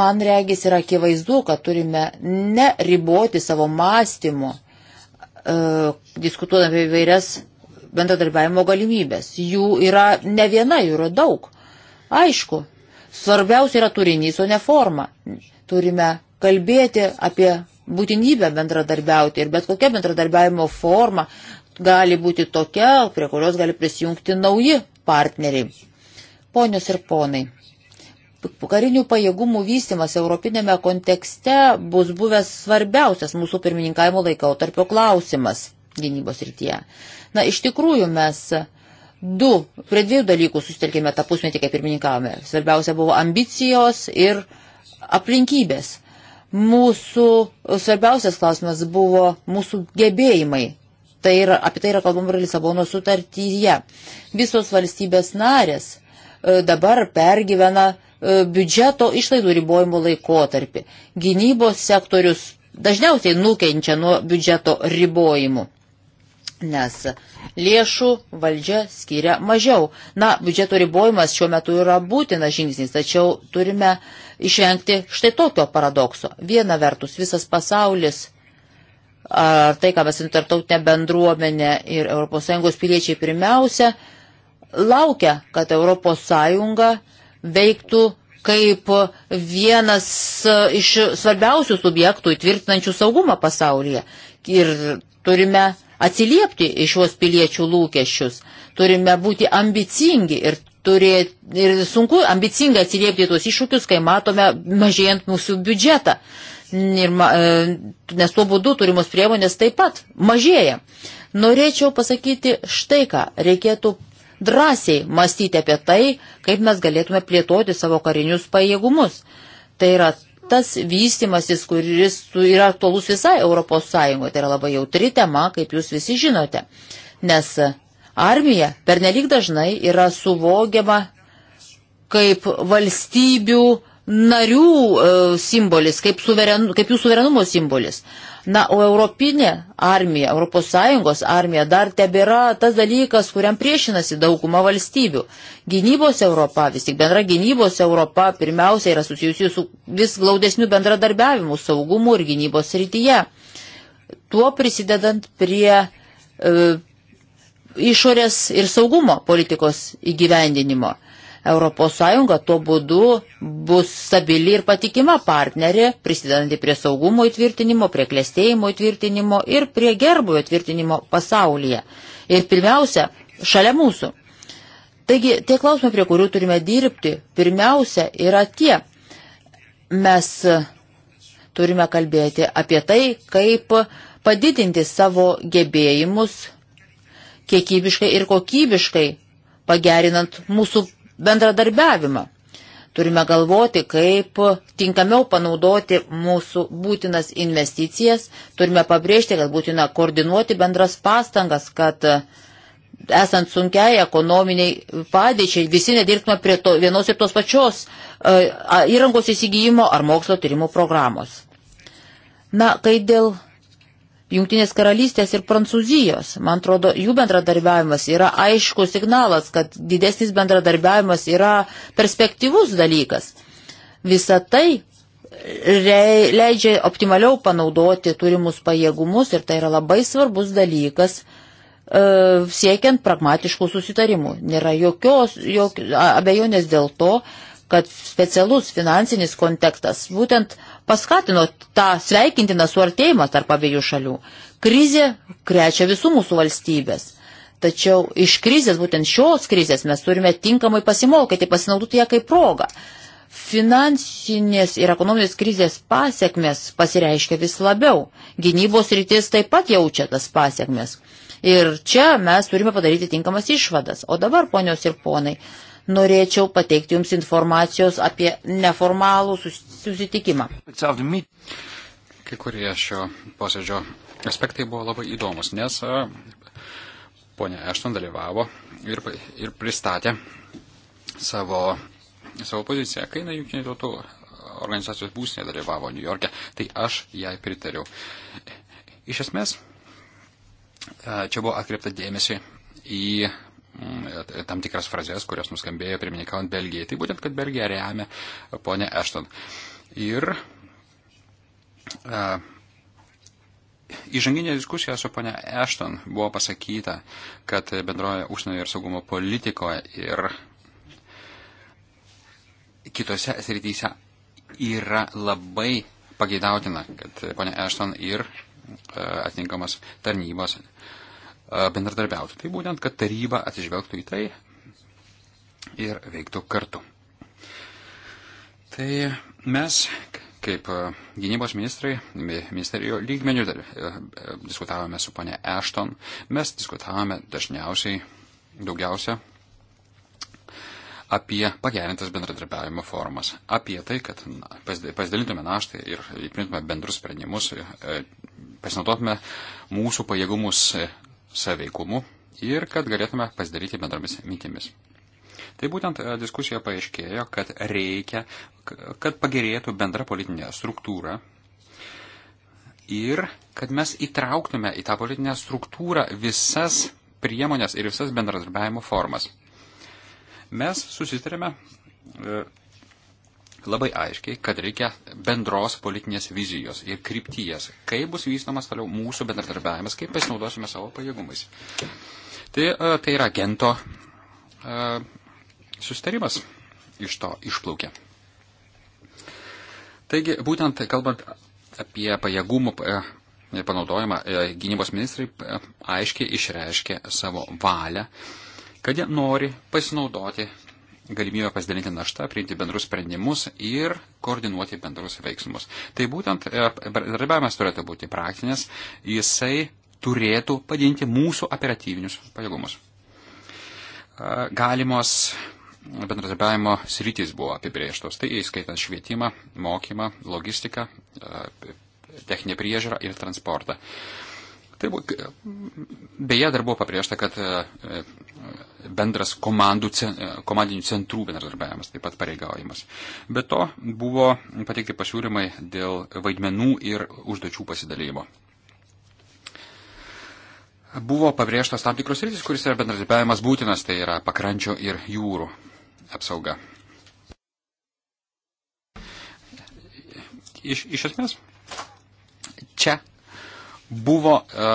Man regis yra akivaizdu, kad turime neriboti savo mąstymo, e, diskutuodami apie vairias bendradarbiavimo galimybės. Jų yra ne viena, jų yra daug. Aišku, svarbiausia yra turinys, o ne forma. Turime kalbėti apie būtinybę bendradarbiauti ir bet kokia bendradarbiavimo forma gali būti tokia, prie kurios gali prisijungti nauji partneriai. Ponios ir ponai, karinių pajėgumų vystimas europinėme kontekste bus buvęs svarbiausias mūsų pirmininkavimo laikotarpio klausimas gynybos rytyje. Na, iš tikrųjų mes du, prie dviejų dalykų susitelkėme tą pusmetį, kai pirmininkavome. Svarbiausia buvo ambicijos ir aplinkybės. Mūsų svarbiausias klausimas buvo mūsų gebėjimai Tai yra, apie tai yra kalbama ir Lisabono sutartyje. Visos valstybės narės e, dabar pergyvena e, biudžeto išlaidų ribojimo laikotarpį. Gynybos sektorius dažniausiai nukenčia nuo biudžeto ribojimų, nes lėšų valdžia skiria mažiau. Na, biudžeto ribojimas šiuo metu yra būtinas žingsnis, tačiau turime išvengti štai tokio paradokso. Viena vertus, visas pasaulis ar tai, ką mes tarptautinė bendruomenė ir ES piliečiai pirmiausia, laukia, kad ES veiktų kaip vienas iš svarbiausių subjektų įtvirtinančių saugumą pasaulyje. Ir turime atsiliepti iš juos piliečių lūkesčius, turime būti ambicingi ir, turėti, ir sunku ambicingai atsiliepti tuos iššūkius, kai matome mažėjant mūsų biudžetą. Uh, E, nes tuo būdu turimos priemonės taip pat mažėja. Norėčiau pasakyti štai ką, reikėtų drąsiai mąstyti apie tai, kaip mes galėtume plėtoti savo karinius pajėgumus. Tai yra tas vystimasis, kuris yra aktualus visai Europos Sąjungoje. Tai yra labai jautri tema, kaip jūs visi žinote. Nes armija pernelyg dažnai yra suvogiama kaip valstybių narių e, simbolis, kaip, suveren, kaip jų suverenumo simbolis. Na, o Europinė armija, ES armija dar tebėra tas dalykas, kuriam priešinasi dauguma valstybių. Gynybos Europa, vis tik bendra gynybos Europa pirmiausia yra susijusi su vis glaudesniu bendradarbiavimu saugumu ir gynybos rytyje. Tuo prisidedant prie e, išorės ir saugumo politikos įgyvendinimo. E, ES tuo būdu bus stabili ir patikima partnerė, prisidedanti prie saugumo įtvirtinimo, prie klėstėjimo įtvirtinimo ir prie gerbojo įtvirtinimo pasaulyje. Ir pirmiausia, šalia mūsų. Taigi, tie klausimai, prie kurių turime dirbti, pirmiausia yra tie. Mes turime kalbėti apie tai, kaip padidinti savo gebėjimus kiekybiškai ir kokybiškai, pagerinant mūsų bendradarbiavimą. Turime galvoti, kaip tinkamiau panaudoti mūsų būtinas investicijas, turime pabrėžti, kad būtina koordinuoti bendras pastangas, kad esant sunkiai ekonominiai padėčiai, visi nedirbtume prie to, vienos ir tos pačios e, įrangos įsigijimo ar mokslo tyrimų programos. Na, kai dėl Jungtinės karalystės ir Prancūzijos. Man atrodo, jų bendradarbiavimas yra aiškus signalas, kad didesnis bendradarbiavimas yra perspektyvus dalykas. Visa tai leidžia optimaliau panaudoti turimus pajėgumus ir tai yra labai svarbus dalykas e, siekiant pragmatiškų susitarimų. Nėra jokios jok, abejonės dėl to, kad specialus finansinis kontekstas būtent uh, paskatino tą sveikintiną suartėjimą tarp abiejų šalių. Krizė krečia visų mūsų valstybės. Tačiau iš krizės, būtent šios krizės, mes turime tinkamai pasimokyti, pasinaudoti ją kaip progą. Finansinės ir ekonominės krizės pasiekmes pasireiškia vis labiau. Gynybos rytis taip pat jaučia tas pasiekmes. Ir čia mes turime padaryti tinkamas išvadas. O dabar, ponios ir ponai, uh, norėčiau pateikti Jums informacijos apie neformalų susitikimą. Kai kurie šio posėdžio aspektai buvo labai įdomus, nes ponia Ešton dalyvavo ir, ir pristatė savo, savo poziciją, kai jinai jungtinių tautų organizacijos būsnė dalyvavo New York'e, tai aš jai pritariau. Iš esmės, čia buvo atkreipta dėmesį į Mm, tam tikras frazes, kurios nuskambėjo pirmininkant Belgijai. Tai būtent, kad Belgija remia ponę Ešton. Ir a, Įžanginė diskusija su ponia Ešton buvo pasakyta, kad bendroje užsienio ir saugumo politikoje ir kitose srityse yra labai pageidautina, kad ponia Ešton ir atitinkamas tarnybos uh, bendradarbiauti. Tai būtent, kad taryba atsižvelgtų į tai ir veiktų kartu. Tai mes, kaip gynybos ministrai, ministerijų lygmenių diskutavome su ponė Ešton, mes diskutavome dažniausiai daugiausia apie pagerintas bendradarbiavimo formas, apie tai, kad pasidalintume naštą ir priimtume bendrus sprendimus, pasinaudotume mūsų pajėgumus saveikumu ir kad galėtume pasidaryti bendromis mintimis. Tai būtent e, diskusija paaiškėjo, kad reikia, kad pagerėtų bendra politinė struktūra ir kad mes įtrauktume į tą politinę struktūrą visas priemonės ir visas bendradarbiavimo formas. Mes susitarėme e, labai aiškiai, kad reikia bendros politinės vizijos ir krypties, kaip bus vystomas toliau mūsų bendradarbiavimas, kaip pasinaudosime savo pajėgumais. Tai, e, tai yra gento e, sustarimas iš to išplaukė. Taigi, būtent kalbant apie pajėgumų e, panaudojimą, gynybos ministrai aiškiai išreiškė savo valią, kad jie nori pasinaudoti galimybę pasidalinti naštą, priimti bendrus sprendimus ir koordinuoti bendrus veiksmus. Tai būtent e, bendradarbiavimas turėtų būti praktinis, jisai turėtų padinti mūsų operatyvinius pajėgumus. E, galimos bendradarbiavimo sritys buvo apibrėžtos, tai įskaitant švietimą, mokymą, logistiką, e, techninę priežiūrą ir transportą. Uh, Tai buvo, beje, dar buvo pabrėžta, kad e, e, bendras komandų, e, komandinių centrų bendradarbiavimas taip pat pareigaujamas. Be to buvo pateikti pasiūlymai dėl vaidmenų ir užduočių pasidalymo. Buvo pabrėžtas tam tikros rytis, kuris yra bendradarbiavimas būtinas, tai yra pakrančio ir jūrų apsauga. Iš, iš esmės, čia buvo e,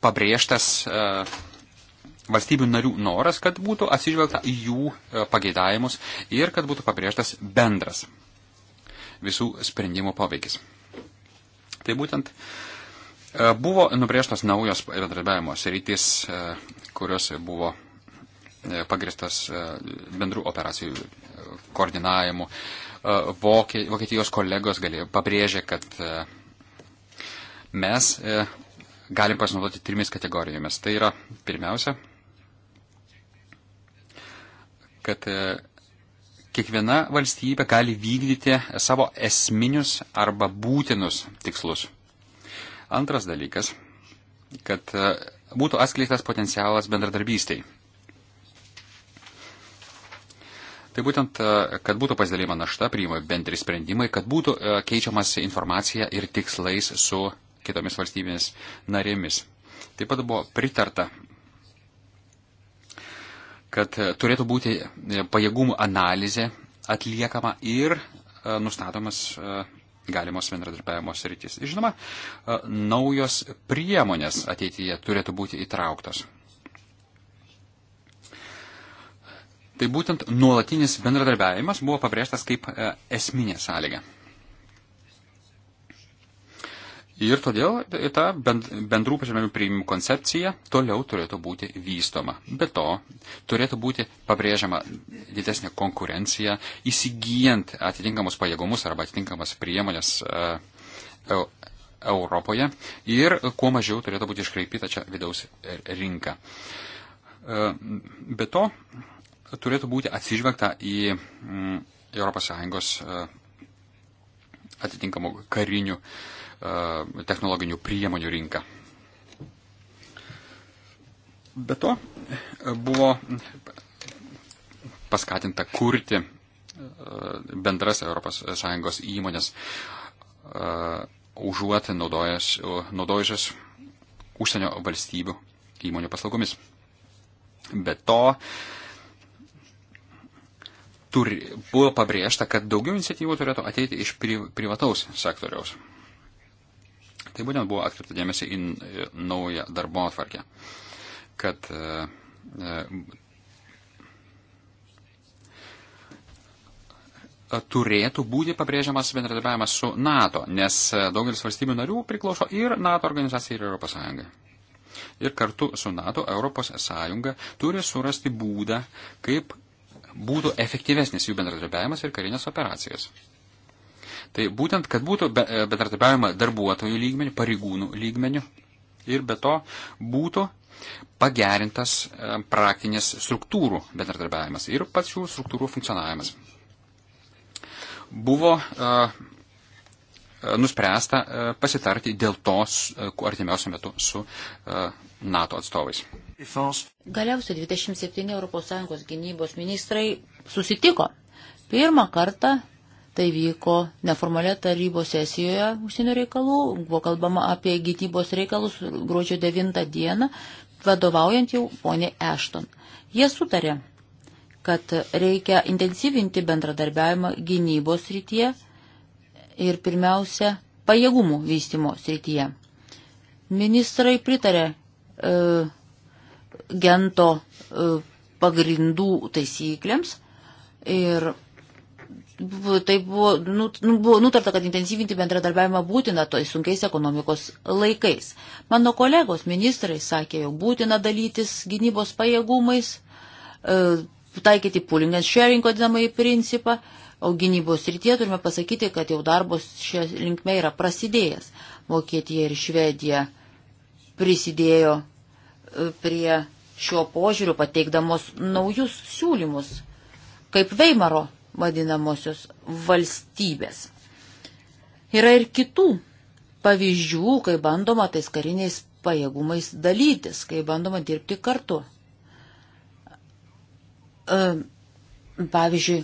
pabrėžtas e, valstybių narių noras, kad būtų atsižvelgta į jų e, pageidavimus ir kad būtų pabrėžtas bendras visų sprendimų poveikis. Tai būtent e, buvo nubrėžtos naujos bendradarbiavimo sritis, e, kurios buvo e, pagristas e, bendrų operacijų e, koordinavimu. E, Vokietijos kolegos galėjo pabrėžė, kad e, mes e, galim pasinaudoti trimis kategorijomis. Tai yra pirmiausia, kad e, kiekviena valstybė gali vykdyti savo esminius arba būtinus tikslus. Antras dalykas, kad e, būtų atskleistas potencialas bendradarbystiai. Tai būtent, kad būtų pasidalyma našta, priimami bendri sprendimai, kad būtų keičiamas informacija ir tikslais su kitomis valstybėmis narėmis. Taip pat buvo pritarta, kad turėtų būti e, pajėgumų analizė atliekama ir e, nustatomas e, galimos bendradarbiavimo sritis. Žinoma, naujos priemonės ateityje turėtų būti įtrauktos. Tai būtent nuolatinis bendradarbiavimas buvo pabrėžtas kaip esminė sąlyga. Ir todėl ta bendrų pažemėlių priimimų koncepcija toliau turėtų būti vystoma. Be to, turėtų būti pabrėžiama didesnė konkurencija, įsigijant atitinkamus pajėgumus arba atitinkamas priemonės e, Europoje ir kuo mažiau turėtų būti iškreipyta čia vidaus rinka. E, be to, turėtų būti atsižvelgta į mm, ES e, atitinkamų karinių uh, E, technologinių priemonių rinką. Be to e, buvo paskatinta kurti e, bendras ES įmonės užuot naudojusios užsienio valstybių įmonių paslaugomis. Be to, turi, buvo pabrėžta, kad daugiau iniciatyvų turėtų ateiti iš pri, privataus sektoriaus. Tai būtent buvo atkreipta dėmesį į naują darbo atvarkę, kad e, e, turėtų būti pabrėžiamas bendradarbiavimas su NATO, nes e, daugelis valstybių narių priklauso ir NATO organizacijai, ir Europos Sąjungai. Ir kartu su NATO Europos Sąjunga turi surasti būdą, kaip būtų efektyvesnis jų bendradarbiavimas ir karinės operacijos. Tai būtent, kad būtų e, bendratarpiavimo darbuotojų lygmenių, pareigūnų lygmenių ir be to būtų pagerintas e, praktinės struktūrų bendradarbiavimas ir pačių struktūrų funkcionavimas. Buvo uh, nuspręsta uh, pasitarti dėl tos uh, artimiausiu metu su NATO atstovais. Galiausiai 27 ES gynybos ministrai susitiko. Pirmą kartą Tai vyko neformalė tarybos sesijoje užsienio reikalų, buvo kalbama apie gytybos reikalus gruodžio 9 dieną, vadovaujant jau poniai Ešton. Jie sutarė, kad reikia intensyvinti bendradarbiavimą gynybos rytyje ir pirmiausia pajėgumų vystimo srityje. Ministrai pritarė e, gento e, pagrindų taisyklėms ir tai buvo, nu, nu, buvo nutarta, kad intensyvinti bendradarbiavimą būtina toj sunkiais ekonomikos laikais. Mano kolegos ministrai sakė, jau būtina dalytis gynybos pajėgumais, e, taikyti pooling and sharing vadinamąjį principą, o gynybos rytie turime pasakyti, kad jau darbos šią linkmę yra prasidėjęs. Vokietija ir Švedija prisidėjo e, prie šio požiūrių pateikdamos naujus siūlymus, kaip Veimaro vadinamosios valstybės. Yra ir kitų pavyzdžių, kai bandoma tais kariniais pajėgumais dalytis, kai bandoma dirbti kartu. E, pavyzdžiui,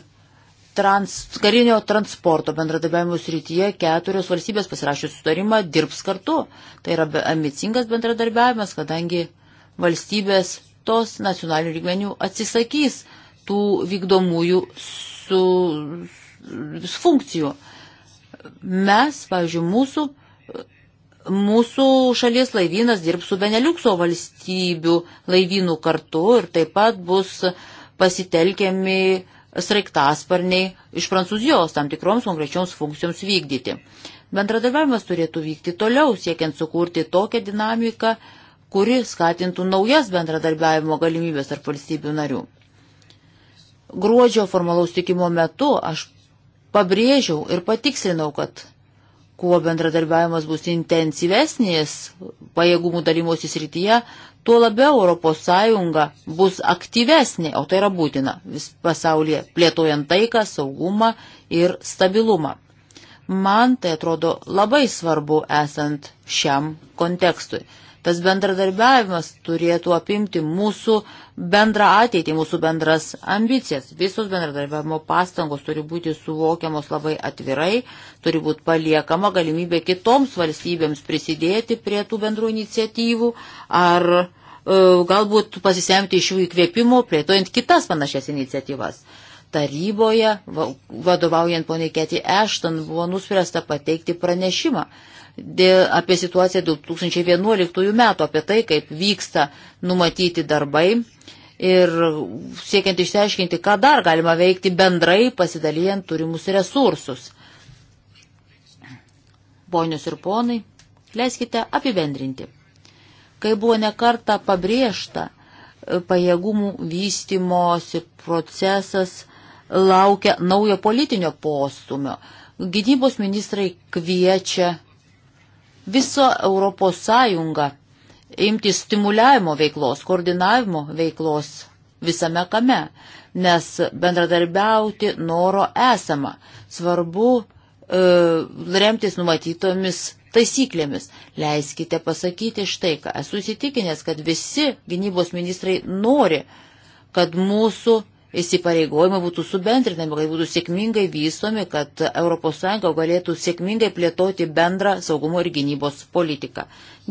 trans, karinio transporto bendradarbiavimo srityje keturios valstybės pasirašė sutarimą dirbs kartu. Tai yra ambicingas bendradarbiavimas, kadangi valstybės tos nacionalinių lygmenių atsisakys tų vykdomųjų su funkcijų. Mes, pavyzdžiui, mūsų, mūsų šalies laivynas dirbs su Beneliukso valstybių laivynų kartu ir taip pat bus pasitelkiami sraigtasparniai iš Prancūzijos tam tikroms konkrečioms funkcijoms vykdyti. Bendradarbiavimas turėtų vykti toliau, siekiant sukurti tokią dinamiką, kuri skatintų naujas bendradarbiavimo galimybės tarp valstybių narių. Gruodžio formalaus tikimo metu aš pabrėžiau ir patikslinau, kad kuo bendradarbiavimas bus intensyvesnės pajėgumų dalymosi srityje, tuo labiau ES bus aktyvesnė, o tai yra būtina vis pasaulyje, plėtojant taiką, saugumą ir stabilumą. Man tai atrodo labai svarbu esant šiam kontekstui. Tas bendradarbiavimas turėtų apimti mūsų bendrą ateitį, mūsų bendras ambicijas. Visos bendradarbiavimo pastangos turi būti suvokiamos labai atvirai, turi būti paliekama galimybė kitoms valstybėms prisidėti prie tų bendrų iniciatyvų ar e, galbūt pasisemti iš jų įkvėpimo, plėtojant kitas panašias iniciatyvas taryboje, vadovaujant poniai Keti Ešton, buvo nuspręsta pateikti pranešimą dėl, apie situaciją 2011 metų, apie tai, kaip vyksta numatyti darbai ir siekiant išsiaiškinti, ką dar galima veikti bendrai pasidalijant turimus resursus. Ponios ir ponai, leiskite apibendrinti. Kai buvo nekarta pabrėžta, e, pajėgumų vystimosi procesas laukia naujo politinio postumio. Gynybos ministrai kviečia visą Europos Sąjungą imti stimuliavimo veiklos, koordinavimo veiklos visame kame, nes bendradarbiauti noro esama. Svarbu e, remtis numatytomis taisyklėmis. Leiskite pasakyti štai ką. Esu įsitikinęs, kad visi gynybos ministrai nori, kad mūsų įsipareigojimai būtų subendrinami, kad būtų sėkmingai vystomi, kad ES galėtų sėkmingai plėtoti bendrą saugumo ir gynybos politiką.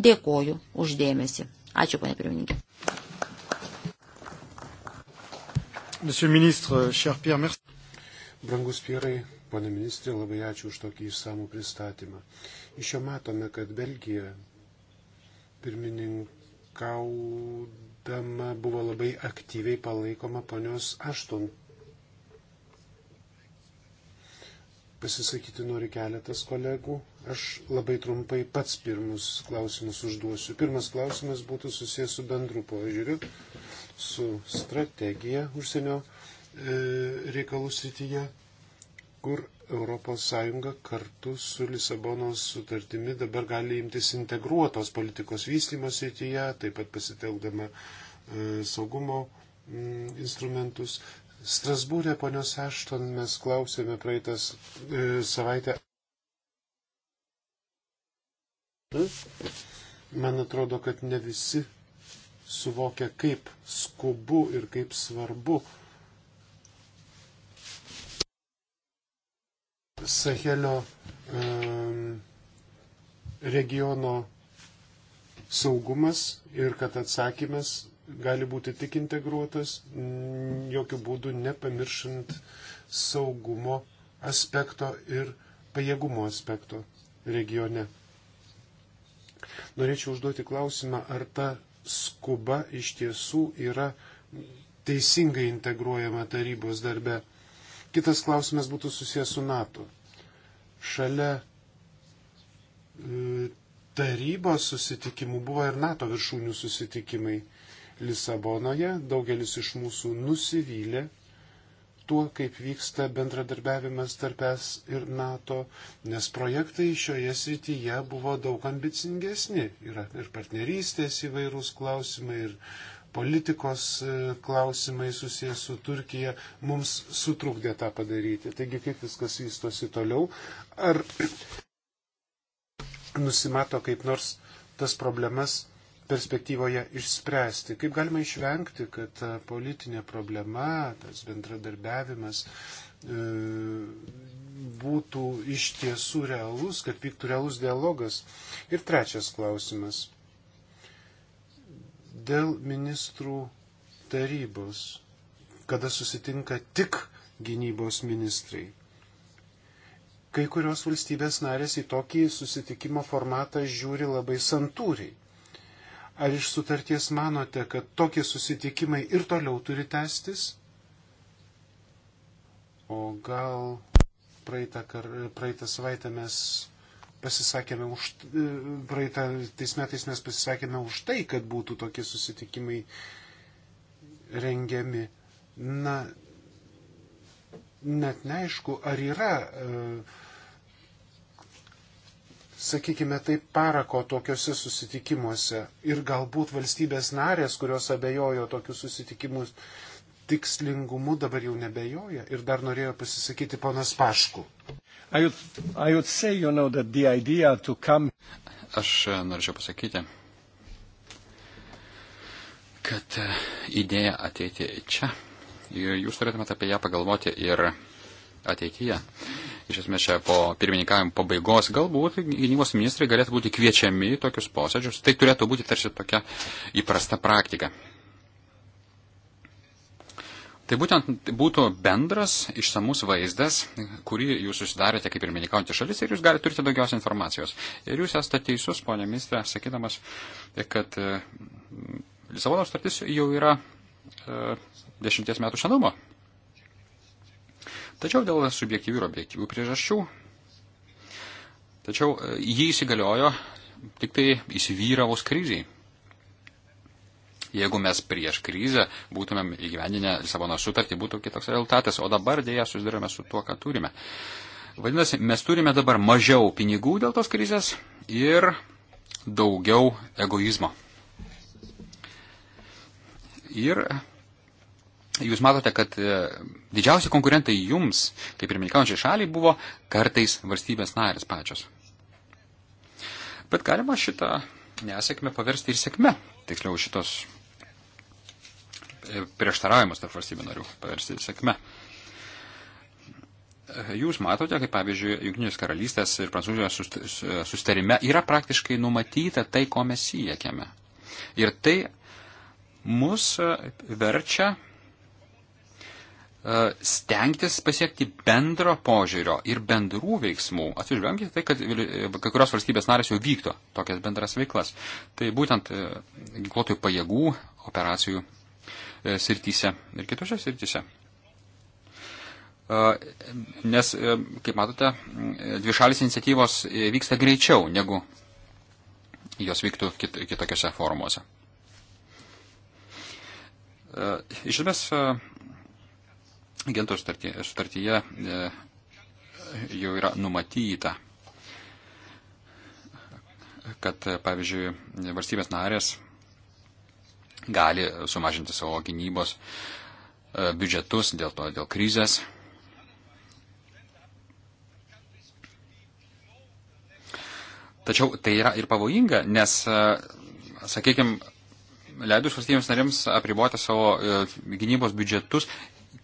Dėkoju uždėmesi. Ačiū, panė pirmininkė. Brangus Pierai, pane ministrė, labai ačiū už tokį išsamų pristatymą. Iš jo matome, kad Belgija pirmininkaud dirbama, buvo labai aktyviai palaikoma ponios Ašton. Pasisakyti nori keletas kolegų. Aš labai trumpai pats pirmus klausimus užduosiu. Pirmas klausimas būtų susijęs su bendru požiūriu, su strategija užsienio e, reikalų srityje, kur ES kartu su Lisabonos sutartimi dabar gali imtis integruotos politikos vystymo srityje, taip pat pasitelkdama e, saugumo mm, instrumentus. Strasbūrė ponios Ašton mes klausėme praeitas e, savaitę. Man atrodo, kad ne visi suvokia, kaip skubu ir kaip svarbu uh, Sahelio regiono saugumas ir kad atsakymas gali būti tik integruotas, jokių būdų nepamiršant saugumo aspekto ir pajėgumo aspekto regione. Norėčiau užduoti klausimą, ar ta skuba iš tiesų yra teisingai integruojama tarybos darbe. Kitas klausimas būtų susijęs su NATO. Šalia e, tarybos susitikimų buvo ir NATO viršūnių susitikimai Lisabonoje. Daugelis iš mūsų nusivylė tuo, kaip vyksta bendradarbiavimas tarp es ir NATO, nes projektai šioje srityje buvo daug ambicingesni. Yra ir partnerystės įvairūs klausimai, ir politikos e, klausimai susijęs su Turkija mums sutrukdė tą padaryti. Taigi kaip viskas vystosi toliau? Ar nusimato kaip nors tas problemas perspektyvoje išspręsti? Kaip galima išvengti, kad ta politinė problema, tas bendradarbiavimas e, būtų iš tiesų realus, kad vyktų realus dialogas? Ir trečias klausimas Dėl ministrų tarybos, kada susitinka tik gynybos ministrai. Kai kurios valstybės narės į tokį susitikimo formatą žiūri labai santūriai. Ar iš sutarties manote, kad tokie susitikimai ir toliau turi tęstis? O gal praeitą, kar... praeitą savaitę mes pasisakėme už, e, praeitą tais metais mes pasisakėme už tai, kad būtų tokie susitikimai rengiami. Na, net neaišku, ar yra, e, sakykime, taip parako tokiuose susitikimuose. Ir galbūt valstybės narės, kurios abejojo tokius susitikimus tikslingumu, dabar jau nebejoja. Ir dar norėjo pasisakyti ponas Pašku. I would, I would say, you know, come... Aš e, norėčiau pasakyti, kad e, idėja ateiti čia, jūs turėtumėte apie ją pagalvoti ir ateityje. Iš esmės čia po pirmininkavimo pabaigos galbūt gynybos ministrai galėtų būti kviečiami į tokius posėdžius. Tai turėtų būti tarsi tokia įprasta praktika. Tai būtent būtų bendras išsamus vaizdas, kurį jūs susidarėte kaip ir minikaujantys šalis ir jūs galite turite daugiausia informacijos. Ir jūs esate teisus, ponė ministrė, sakydamas, kad e, Lisabono sutartis jau yra e, dešimties metų senumo. Tačiau dėl subjektyvių ir objektyvių priežasčių. Tačiau e, jį įsigaliojo tik tai įsivyravus kriziai. Jeigu mes prieš krizę būtumėm įgyvendinę Lisabono sutartį, būtų kitoks rezultatas, o dabar dėja susidurime su tuo, ką turime. Vadinasi, mes turime dabar mažiau pinigų dėl tos krizės ir daugiau egoizmo. Ir jūs matote, kad e, didžiausi konkurentai jums, kaip ir minkaujančiai šaliai, buvo kartais valstybės narės pačios. Bet galima šitą nesėkmę paversti ir sėkme. Tiksliau šitos E, prieštaravimas tarp valstybių narių paversti sėkme. Jūs matote, kaip pavyzdžiui, Junktinės karalystės ir Prancūzijos sustarime yra praktiškai numatyta tai, ko mes siekiame. Ir tai mus e, verčia e, stengtis pasiekti bendro požiūrio ir bendrų veiksmų. Atsižvelgiant tai, kad kai kurios valstybės narės jau vykdo tokias bendras veiklas. Tai būtent ginkluotojų pajėgų operacijų E, srityse ir kitose srityse. E, nes, e, kaip matote, dvišalis iniciatyvos vyksta greičiau, negu jos vyktų kit kitokiose formuose. Iš esmės, agentūros sutartyje jau yra numatyta, kad, pavyzdžiui, valstybės narės gali sumažinti savo gynybos e, biudžetus dėl to, dėl krizės. Tačiau tai yra ir pavojinga, nes, e, sakykime, leidus valstybėms narėms apriboti savo e, gynybos biudžetus,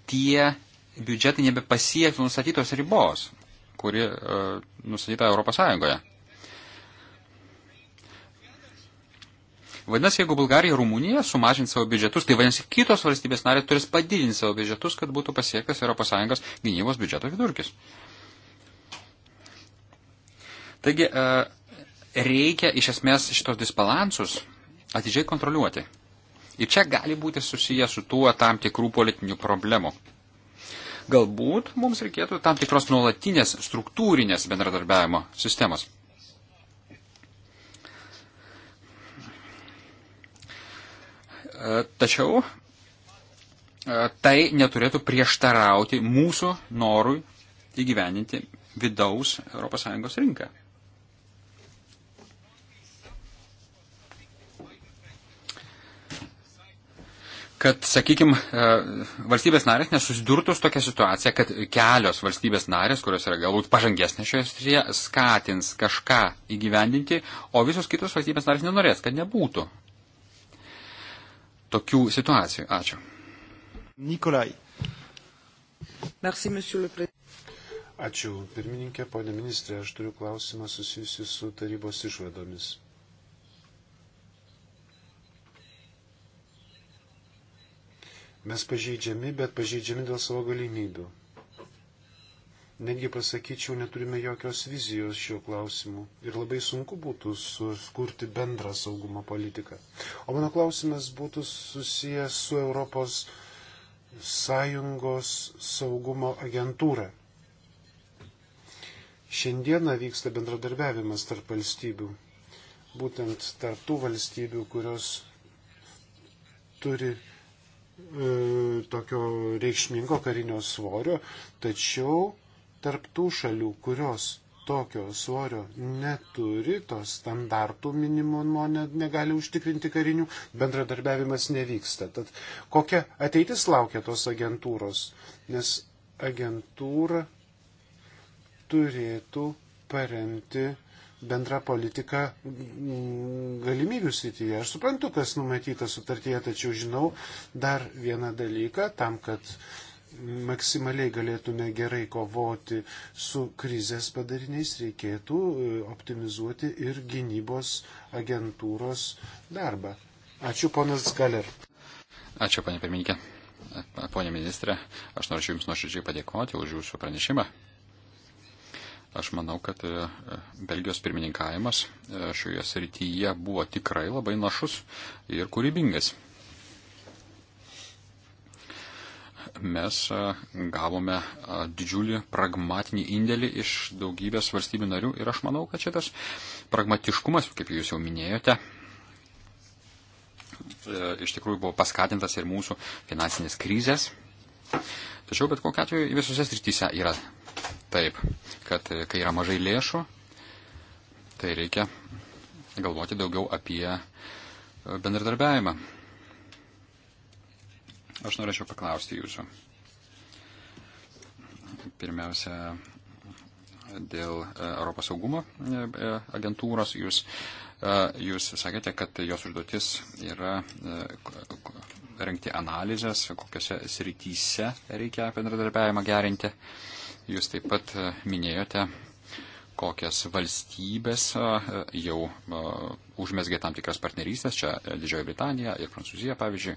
tie biudžetai nebepasiektų nustatytos ribos, kuri nustatyta Europos Sąjungoje. Vadinasi, jeigu Bulgarija ir Rumunija sumažins savo biudžetus, tai vadinasi, kitos valstybės narės turės padidinti savo biudžetus, kad būtų pasiektas ES gynybos biudžeto vidurkis. Taigi, e, reikia iš esmės šitos disbalansus atidžiai kontroliuoti. Ir čia gali būti susiję su tuo tam tikrų politinių problemų. Galbūt mums reikėtų tam tikros nuolatinės struktūrinės bendradarbiavimo sistemos. E, tačiau e, tai neturėtų prieštarauti mūsų norui įgyveninti vidaus ES rinką. kad, sakykime, valstybės narės nesusidurtų su tokia situacija, kad kelios valstybės narės, kurios yra galbūt pažangesnės šioje srityje, skatins kažką įgyvendinti, o visos kitos valstybės narės nenorės, kad nebūtų tokių situacijų. Ačiū. Nikolai. Merci, Ačiū, pirmininkė, ponė ministrė, aš turiu klausimą susijusi su tarybos išvadomis. Mes pažeidžiami, bet pažeidžiami dėl savo galimybių netgi pasakyčiau, neturime jokios vizijos šiuo klausimu ir labai sunku būtų skurti bendrą saugumo politiką. O mano klausimas būtų susijęs su Europos Sąjungos saugumo agentūra. Šiandieną vyksta bendradarbiavimas tarp valstybių, būtent tarp tų valstybių, kurios turi e, tokio reikšmingo karinio svorio, tačiau tarptų šalių, kurios tokio svorio neturi, tos standartų minimumo negali užtikrinti karinių, bendradarbiavimas nevyksta. Tad kokia ateitis laukia tos agentūros? Nes agentūra turėtų paremti bendrą politiką mm, galimybių srityje. Aš suprantu, kas numatyta sutartyje, tačiau žinau dar vieną dalyką, tam, kad maksimaliai galėtume gerai kovoti su krizės padariniais, reikėtų e, optimizuoti ir gynybos agentūros darbą. Ačiū, ponas Galer. Ačiū, ponė pirmininkė. Pone ministrė, aš noriu Jums nuoširdžiai padėkoti už Jūsų pranešimą. Aš manau, kad e, Belgijos pirmininkavimas e, šioje srityje buvo tikrai labai našus ir kūrybingas. mes gavome didžiulį pragmatinį indėlį iš daugybės valstybių narių ir aš manau, kad šitas pragmatiškumas, kaip jūs jau minėjote, e, iš tikrųjų buvo paskatintas ir mūsų finansinės krizės. Tačiau bet kokiu atveju visose srityse yra taip, kad e, kai yra mažai lėšų, tai reikia galvoti daugiau apie e, bendradarbiavimą Aš norėčiau paklausti jūsų. Pirmiausia, dėl e, Europos saugumo e, e, agentūros. Jūs, jūs sakėte, kad jos užduotis yra rengti analizės, kokiuose srityse reikia bendradarbiavimą gerinti. Jūs taip pat minėjote, kokias valstybės jau užmesgė tam tikras partnerystės, čia Didžioji Britanija ir Prancūzija, pavyzdžiui.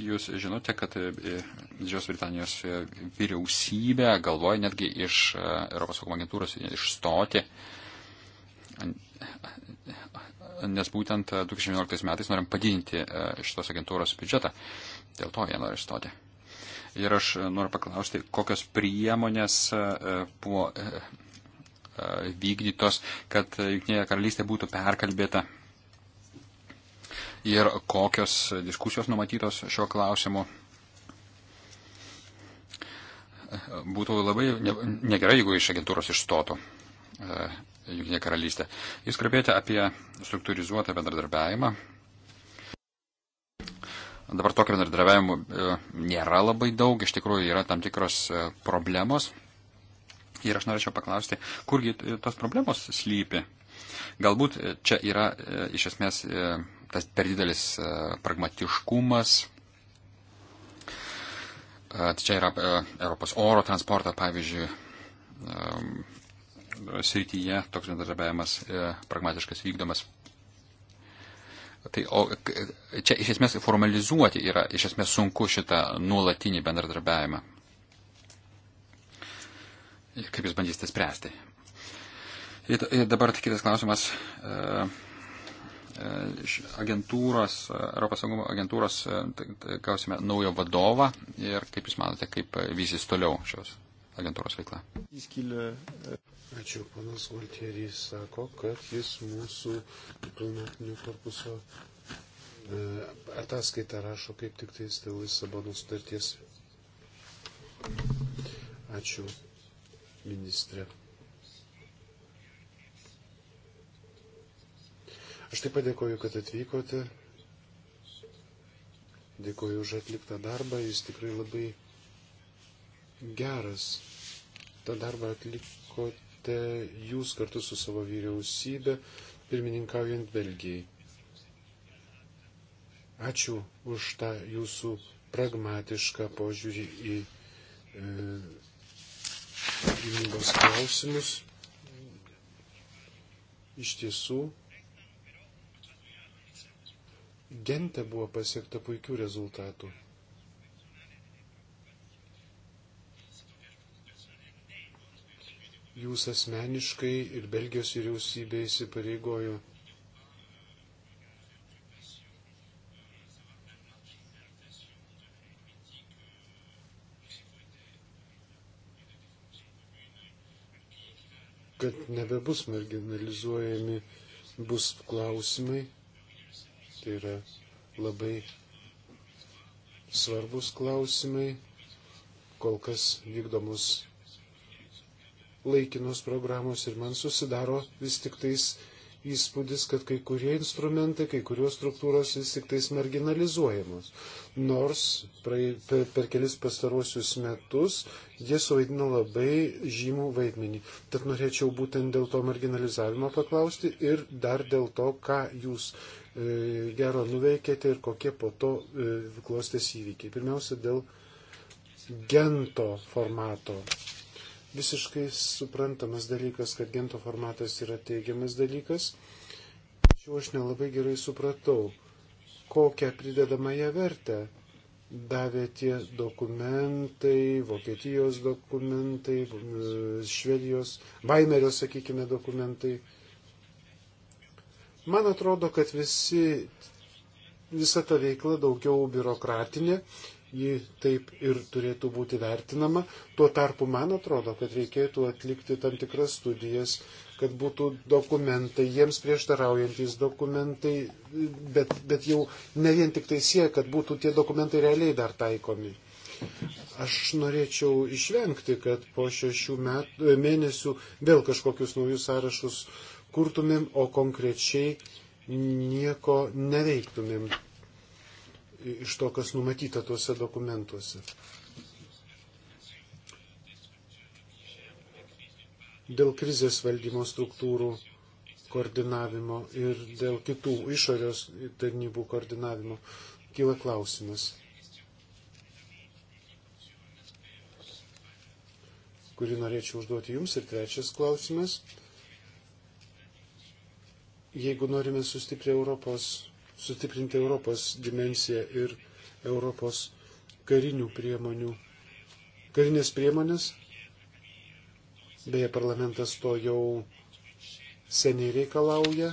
Jūs žinote, kad e, Didžiosios Britanijos e, vyriausybė galvoja netgi iš e, Europos saugumo agentūros išstoti, nes būtent 2011 metais norim padidinti šitos agentūros biudžetą. Dėl to jie nori išstoti. Ir aš noriu paklausti, kokios priemonės buvo vykdytos, kad Junktinėje karalystė būtų perkalbėta ir kokios diskusijos numatytos šio klausimu. Būtų labai negerai, jeigu iš agentūros išstotų e, Junktinė karalystė. Jūs kalbėjote apie struktūrizuotą bendradarbiavimą. Dabar tokio bendradarbiavimo e, nėra labai daug, iš tikrųjų yra tam tikros e, problemos. Ir aš norėčiau paklausti, kurgi tos problemos slypi. Galbūt čia yra iš esmės tas per didelis e, pragmatiškumas. E, tai čia yra e, Europos oro transporto, pavyzdžiui, srityje toks bendradarbiavimas pragmatiškas vykdomas. Tai o, čia iš esmės formalizuoti yra iš esmės sunku šitą nuolatinį bendradarbiavimą. Ir kaip jūs bandysite spręsti? Ir dabar kitas klausimas. E, iš agentūros, Europos saugumo agentūros e, tai, tai gausime naują vadovą ir kaip Jūs manote, kaip vysis toliau šios agentūros veikla? Ačiū, panas Valtierijas sako, kad jis mūsų diplomatinio korpuso e, ataskaitą rašo kaip tik tais dėl Lisabono sutarties. Ačiū, ministrė. Aš taip pat dėkoju, kad atvykote. Dėkoju už atliktą darbą. Jis tikrai labai geras. Ta darbą atlikote jūs kartu su savo vyriausybė, pirmininkaujant Belgijai. Ačiū už tą jūsų pragmatišką požiūrį į e, gynybos klausimus. Iš tiesų, Gente buvo pasiekta puikių rezultatų. Jūs asmeniškai ir Belgijos vyriausybė įsipareigojo kad nebebus marginalizuojami bus klausimai Tai yra labai svarbus klausimai. Kol kas vykdomus laikinos programos ir man susidaro vis tik tais įspūdis, kad kai kurie instrumentai, kai kurios struktūros vis tik tais marginalizuojamos. Nors prae, per, per kelis pastaruosius metus jie suvaidino labai žymų vaidmenį. Tad norėčiau būtent dėl to marginalizavimo paklausti ir dar dėl to, ką jūs E, gero nuveikėte ir kokie po to e, klostės įvykiai. Pirmiausia, dėl gento formato. Visiškai suprantamas dalykas, kad gento formatas yra teigiamas dalykas. Tačiau aš nelabai gerai supratau, kokią pridedamąją vertę davė tie dokumentai, Vokietijos dokumentai, e, Švedijos, Vaimerio, sakykime, dokumentai. Man atrodo, kad visi, visa ta veikla daugiau biurokratinė, ji taip ir turėtų būti vertinama. Tuo tarpu man atrodo, kad reikėtų atlikti tam tikras studijas, kad būtų dokumentai, jiems prieštaraujantis dokumentai, bet, bet jau ne vien tik tai sie, kad būtų tie dokumentai realiai dar taikomi. Aš norėčiau išvengti, kad po šešių metų, mėnesių vėl kažkokius naujus sąrašus uh, kurtumėm, o konkrečiai nieko neveiktumėm iš to, kas numatyta tuose dokumentuose. Dėl krizės valdymo struktūrų koordinavimo ir dėl kitų išorės tarnybų koordinavimo kyla klausimas, kurį norėčiau užduoti jums. Ir trečias klausimas jeigu norime Europos, sustiprinti Europos dimensiją ir Europos karinių priemonių, karinės priemonės, beje, parlamentas to jau seniai reikalauja,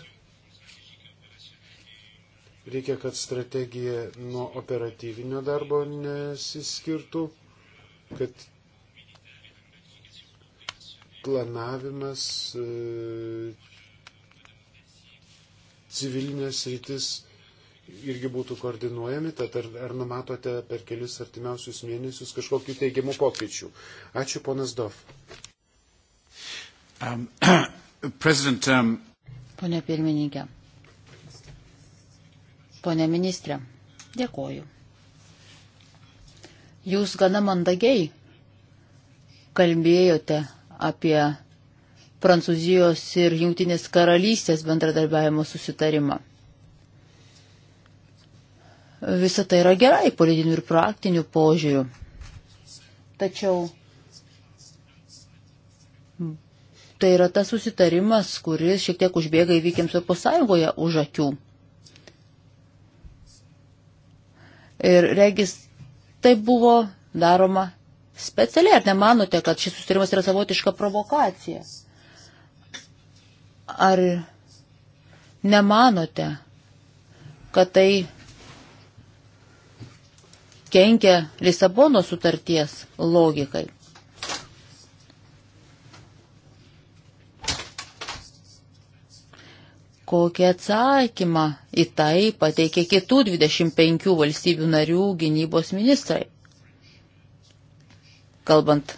reikia, kad strategija nuo operatyvinio darbo nesiskirtų, kad planavimas, e, civilinės rytis irgi būtų koordinuojami, tad ar, ar numatote per kelis artimiausius mėnesius kažkokių teigiamų pokyčių? Ačiū, ponas Dov. Um, um... Pone pirmininkė, pone ministrė, dėkoju. Jūs gana mandagiai kalbėjote apie Prancūzijos ir Jungtinės karalystės bendradarbiavimo susitarimą. Visa tai yra gerai politinių ir praktinių požiūrių. Tačiau tai yra tas susitarimas, kuris šiek tiek užbėga įvykiams Europos Sąjungoje už akių. Ir regis tai buvo daroma specialiai. Ar nemanote, kad šis susitarimas yra savotiška provokacija? Ar nemanote, kad tai kenkia Lisabono sutarties logikai? Kokį atsakymą į tai pateikė kitų 25 valstybių narių gynybos ministrai? Kalbant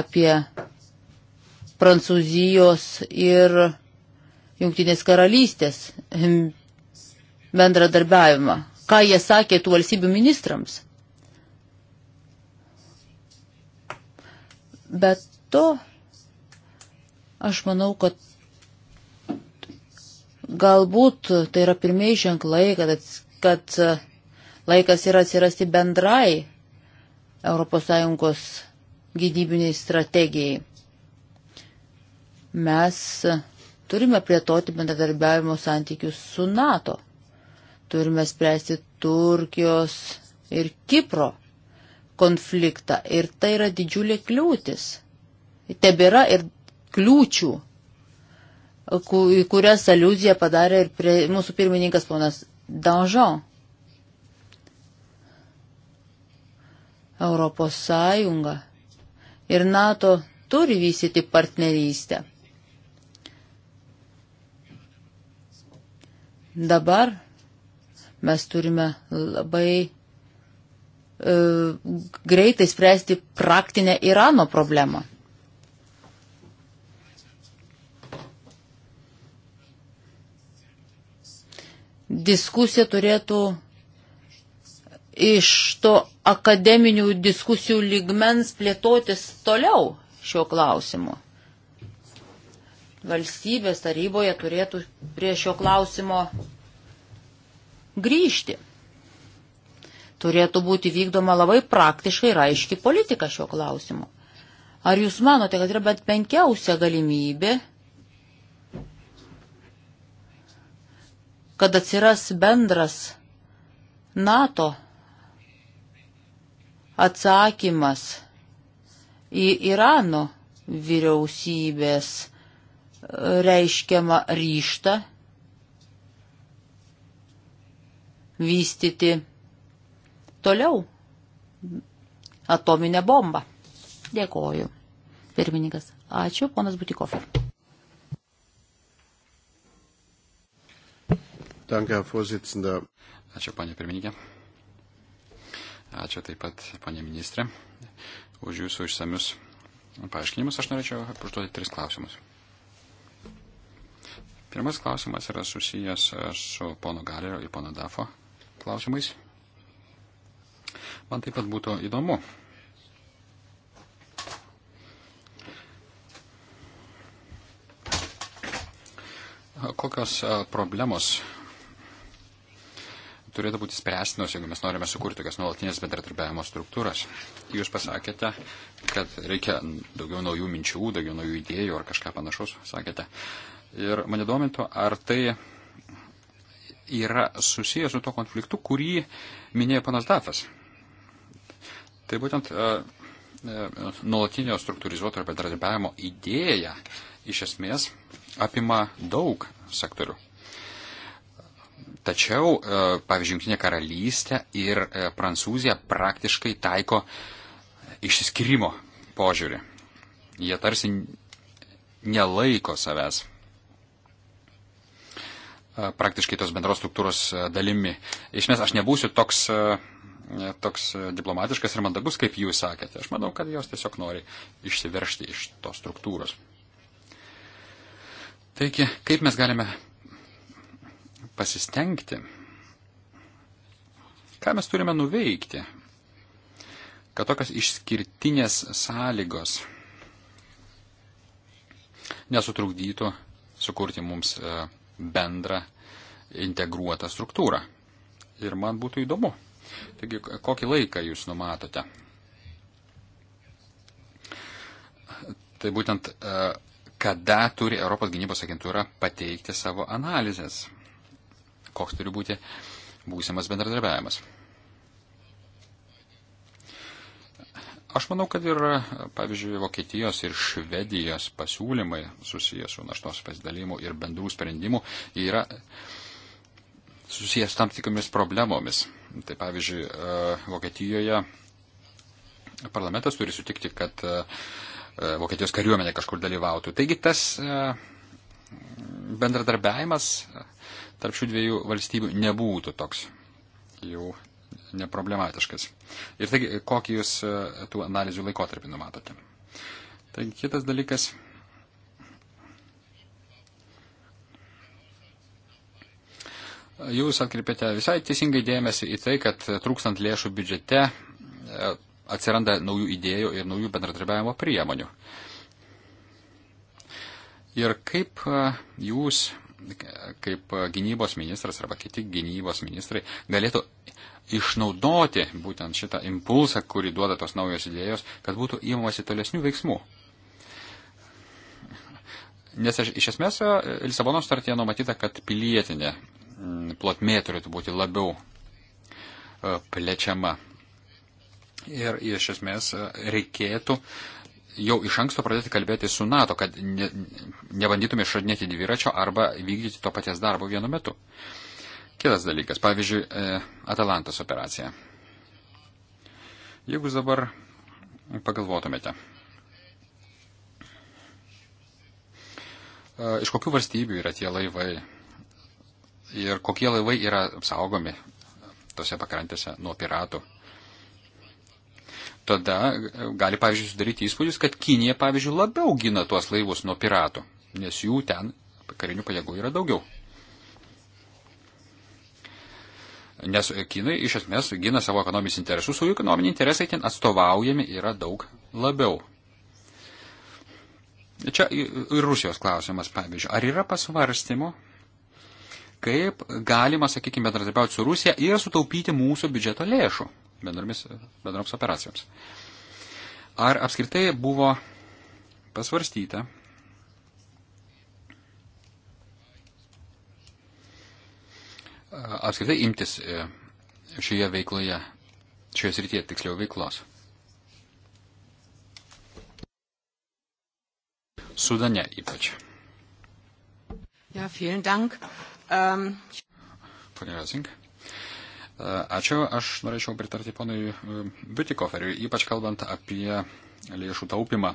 apie Prancūzijos ir Junktinės karalystės ehm, bendradarbiavimą. Ką jie sakė tų valstybių ministrams? Bet to aš manau, kad galbūt tai yra pirmieji ženklai, kad, kad e, laikas yra atsirasti bendrai ES gynybiniai strategijai. Mes Turime plėtoti bendradarbiavimo santykius su NATO. Turime spręsti Turkijos ir Kipro konfliktą. Ir tai yra didžiulė kliūtis. Tebėra ir kliūčių, į kurias aluzija padarė ir prie, mūsų pirmininkas ponas Danžan. Europos Sąjunga ir NATO turi vystyti partnerystę. Dabar mes turime labai e, greitai spręsti praktinę Irano problemą. Diskusija turėtų iš to akademinių diskusijų lygmens plėtotis toliau šiuo klausimu valstybės taryboje turėtų prie šio klausimo grįžti. Turėtų būti vykdoma labai praktiškai ir aiški politika šio klausimu. Ar jūs manote, kad yra bent penkiausia galimybė, kad atsiras bendras NATO atsakymas į Irano vyriausybės reiškiamą ryštą vystyti toliau atominę bombą. Dėkoju. Pirmininkas. Ačiū, ponas Butikofer. Danke, Herr Vorsitzender. Ačiū, panė pirmininkė. Ačiū taip pat, panė ministrė, už jūsų išsamius paaiškinimus. Aš norėčiau užduoti tris klausimus. Pirmas klausimas yra susijęs e, su pono Galerio ir pono Dafo klausimais. Man taip pat būtų įdomu. Kokios e, problemos turėtų būti spręstinos, jeigu mes norime sukurti tokias nuolatinės bendradarbiavimo struktūras. Jūs pasakėte, kad reikia daugiau naujų minčių, daugiau naujų idėjų ar kažką panašaus, sakėte. Uh, Ir mane domintų, ar tai yra susijęs su to konfliktu, kurį minėjo panas Dafas. Tai būtent e, e, nuolatinio struktūrizuoto ir bendradarbiavimo idėja iš esmės apima daug sektorių. Tačiau, e, pavyzdžiui, Junktinė karalystė ir Prancūzija praktiškai taiko išsiskirimo požiūrį. Jie tarsi nelaiko savęs praktiškai tos bendros struktūros dalimi. Iš mes aš nebūsiu toks, toks diplomatiškas ir mandagus, kaip jūs sakėte. Aš manau, kad jos tiesiog nori išsiveršti iš tos struktūros. Taigi, kaip mes galime pasistengti, ką mes turime nuveikti, kad tokios išskirtinės sąlygos nesutrukdytų sukurti mums bendrą integruotą struktūrą. Ir man būtų įdomu. Taigi, kokį laiką jūs numatote? Tai būtent, e, kada turi Europos gynybos agentūra pateikti savo analizės? Koks turi būti būsimas bendradarbiavimas? Aš manau, kad ir, pavyzdžiui, Vokietijos ir Švedijos pasiūlymai susijęs su naštos pasidalymu ir bendrų sprendimų yra susijęs tam tikromis problemomis. Tai pavyzdžiui, e, Vokietijoje parlamentas turi sutikti, kad e, e, Vokietijos kariuomenė kažkur dalyvautų. Taigi tas bendradarbiavimas tarp šių dviejų valstybių nebūtų toks jau neproblematiškas. Ir taigi, kokį jūs e, tų analizių laikotarpį numatote? Taigi, kitas dalykas. Jūs atkreipėte visai teisingai dėmesį į tai, kad trūkstant lėšų biudžete e, atsiranda naujų idėjų ir naujų bendradarbiavimo priemonių. Ir kaip e, jūs, kaip gynybos ministras arba kiti gynybos ministrai, galėtų išnaudoti būtent šitą impulsą, kurį duoda tos naujos idėjos, kad būtų įmamasi tolesnių veiksmų. Nes iš esmės e, Lisabono startyje numatyta, kad pilietinė mm, plotmė turėtų būti labiau e, plečiama. Ir iš esmės e, reikėtų jau iš anksto pradėti kalbėti su NATO, kad ne, nebandytume išradinėti dviračio arba vykdyti to paties darbo vienu metu. Uh, Kitas dalykas, pavyzdžiui, e, Atalantos operacija. Jeigu dabar pagalvotumėte, e, iš kokių valstybių yra tie laivai ir kokie laivai yra apsaugomi tose pakrantėse nuo piratų. Tada e, gali, pavyzdžiui, sudaryti įspūdis, kad Kinija, pavyzdžiui, labiau gina tuos laivus nuo piratų, nes jų ten karinių pajėgų yra daugiau. Nes Kinai iš esmės gina savo ekonominius interesus, o jų ekonominiai interesai ten atstovaujami yra daug labiau. Čia ir Rusijos klausimas, pavyzdžiui. Ar yra pasvarstymų, kaip galima, sakykime, bendradarbiauti su Rusija ir sutaupyti mūsų biudžeto lėšų bendromis, bendroms operacijoms? Ar apskritai buvo pasvarstyta, apskritai imtis e, šioje veikloje, šioje srityje tiksliau veiklos. Sudane ypač. Ja, vielen Dank. Um... Ähm, Pane Razink. E, ačiū, aš norėčiau pritarti ponui e, Biutikoferiui, ypač kalbant apie lėšų taupimą,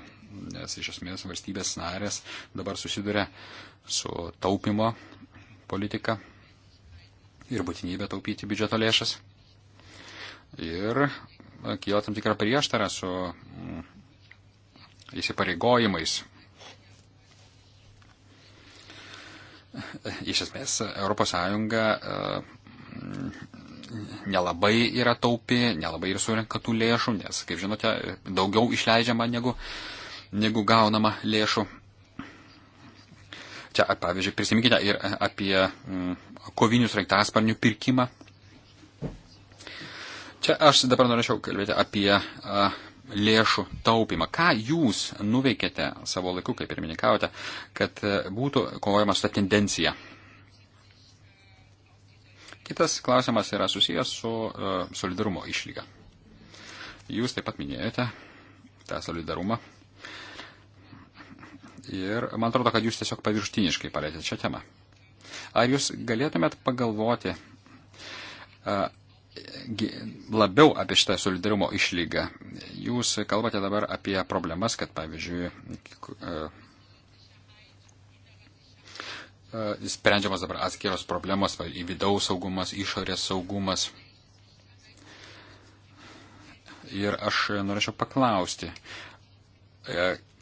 nes iš esmės valstybės narės dabar susiduria su taupimo politika, ir būtinybę taupyti biudžeto lėšas. Ir kyla tam tikra prieštara su mm, įsipareigojimais. Iš esmės, ES mm, nelabai yra taupi, nelabai ir surinka tų lėšų, nes, kaip žinote, daugiau išleidžiama negu, negu gaunama lėšų. Čia, pavyzdžiui, prisiminkite ir e, apie mm, kovinių sraigtasparnių pirkimą. Čia aš dabar norėčiau kalbėti apie a, lėšų taupimą. Ką jūs nuveikėte savo laiku, kaip ir mininkavote, kad e, būtų kovojama su ta tendencija? Kitas klausimas yra susijęs su uh, solidarumo išlyga. Jūs taip pat minėjote tą solidarumą Ir man atrodo, kad jūs tiesiog paviršutiniškai palėtėte šią temą. Ar jūs galėtumėt pagalvoti a, labiau apie šitą solidarumo išlygą? Jūs kalbate dabar apie problemas, kad pavyzdžiui, a, a, sprendžiamas dabar atskiros problemos, va, į vidaus saugumas, išorės saugumas. Ir aš norėčiau paklausti,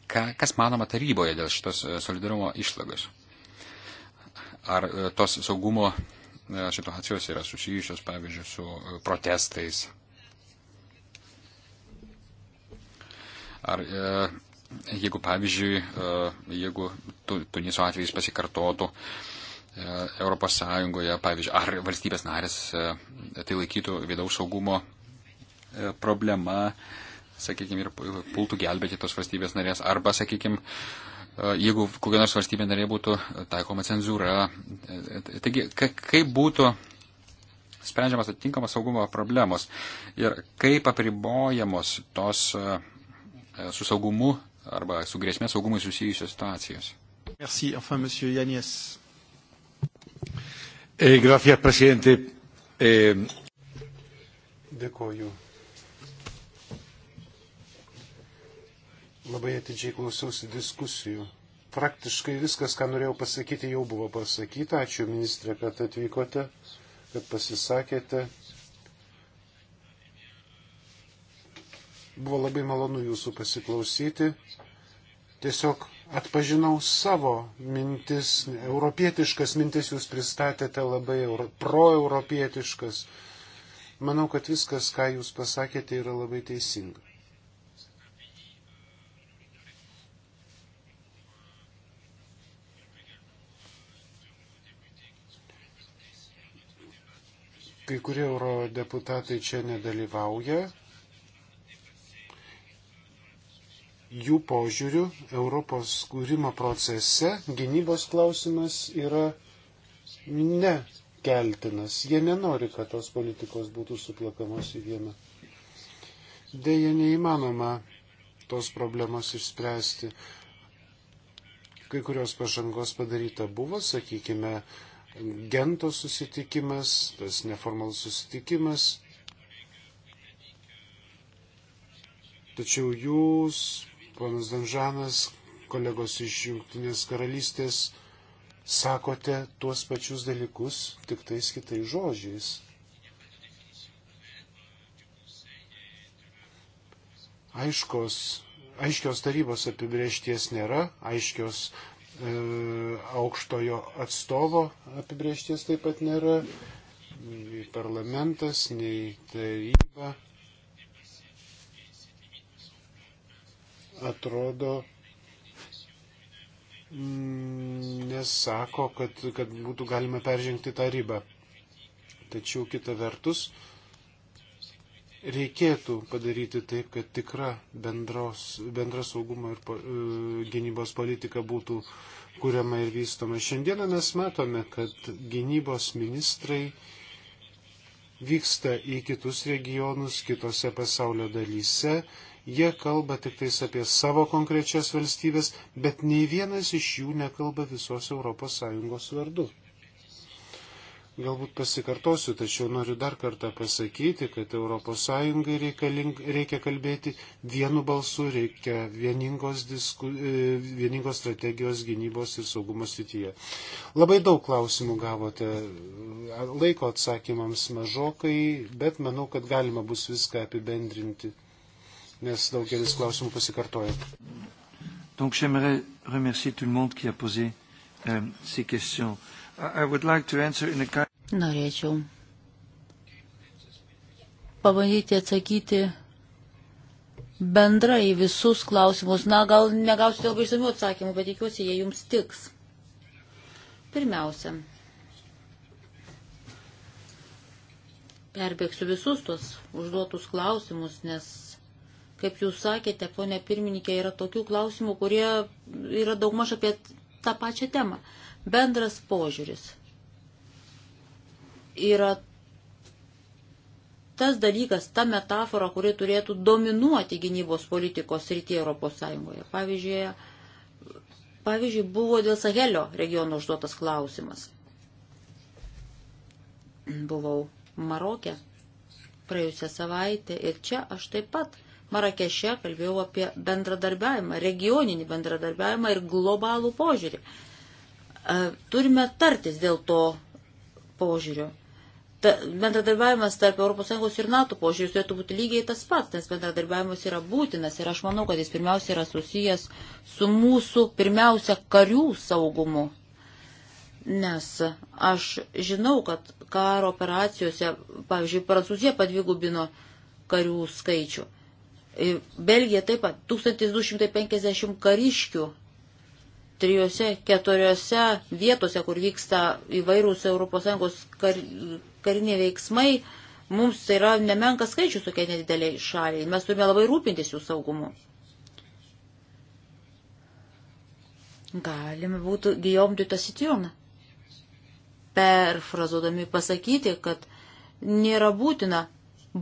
Ka, kas manoma taryboje dėl šitos e, solidarumo išlagos? Ar e, tos saugumo e, situacijos yra susijusios, pavyzdžiui, su protestais? Ar jeigu, pavyzdžiui, jeigu Tuniso atvejais pasikartotų Europos Sąjungoje, pavyzdžiui, ar valstybės narės tai laikytų vidaus saugumo problema? sakykime, ir pultų gelbėti tos valstybės narės. Arba, sakykime, jeigu kokia nors valstybė narė būtų taikoma cenzūra. E, e, taigi, kaip būtų sprendžiamas atitinkamas saugumo problemos ir kaip apribojamos tos e, su saugumu arba su grėsmė saugumui susijusios situacijos. Merci, enfin, monsieur Janės. Eh, gracias, presidente. Eh... Dėkoju, Labai atidžiai klausiausi diskusijų. Praktiškai viskas, ką norėjau pasakyti, jau buvo pasakyta. Ačiū ministrė, kad atvykote, kad pasisakėte. Buvo labai malonu jūsų pasiklausyti. Tiesiog atpažinau savo mintis, europietiškas mintis jūs pristatėte labai euro, proeuropietiškas. Manau, kad viskas, ką jūs pasakėte, yra labai teisinga. kai kurie eurodeputatai čia nedalyvauja, jų požiūrių Europos kūrimo procese gynybos klausimas yra nekeltinas. Jie nenori, kad tos politikos būtų suplakamos į vieną. Deja, neįmanoma tos problemos išspręsti. Kai kurios pažangos padaryta buvo, sakykime, Gento susitikimas, tas neformalus susitikimas. Tačiau jūs, ponas Danžanas, kolegos iš Junktinės karalystės, sakote tuos pačius dalykus, tik tais kitais žodžiais. Aiškos aiškios tarybos apibriešties nėra, aiškios E, aukštojo atstovo apibriešties taip pat nėra, nei parlamentas, nei taryba. Atrodo, mm, nesako, kad, kad būtų galima peržengti tą ribą. Tačiau kita vertus, reikėtų padaryti taip, kad tikra bendros, bendra saugumo ir po, e, gynybos politika būtų kuriama ir vystoma. Šiandieną mes matome, kad gynybos ministrai vyksta į kitus regionus, kitose pasaulio dalyse. Jie kalba tik tais apie savo konkrečias valstybės, bet nei vienas iš jų nekalba visos ES vardu. Galbūt pasikartosiu, tačiau noriu dar kartą pasakyti, kad ES reikia kalbėti vienu balsu, reikia vieningos, disku, e, vieningos strategijos gynybos ir saugumo srityje. Labai daug klausimų gavote, laiko atsakymams mažokai, bet manau, kad galima bus viską apibendrinti, nes daugelis klausimų pasikartoja. Donc j'aimerais remercier tout le monde qui a posé euh, ces questions. Euh, Like a... Norėčiau pabandyti atsakyti bendrai visus klausimus. Na, gal negausite labai išsamių atsakymų, bet tikiuosi, jie jums tiks. Pirmiausia, perbėgsiu visus tos užduotus klausimus, nes, kaip jūs sakėte, ponė pirmininkė, yra tokių klausimų, kurie yra daugmaž apie tą pačią temą. Uh, Bendras požiūris yra tas dalykas, ta metafora, kuri turėtų dominuoti gynybos politikos rytyje Europos Sąjungoje. Pavyzdžiui, pavyzdžiui, buvo dėl Sahelio regiono užduotas klausimas. Buvau Marokė praėjusią savaitę ir čia aš taip pat Marakeše kalbėjau apie bendradarbiavimą, regioninį bendradarbiavimą ir globalų požiūrį. Turime tartis dėl to požiūrio. Ta, bendradarbiavimas tarp ES ir NATO požiūrės turėtų būti lygiai tas pats, nes bendradarbiavimas yra būtinas ir aš manau, kad jis pirmiausia yra susijęs su mūsų pirmiausia karių saugumu. Nes aš žinau, kad karo operacijose, pavyzdžiui, Prancūzija padvigubino karių skaičių. Belgija taip pat 1250 kariškių trijose, keturiose vietose, kur vyksta įvairūs ES kar, kariniai veiksmai, mums tai yra nemenkas skaičius tokia nedideliai šaliai. Mes turime labai rūpintis jų saugumu. Galime būtų Gijom Dutasitjon perfrazuodami pasakyti, kad nėra būtina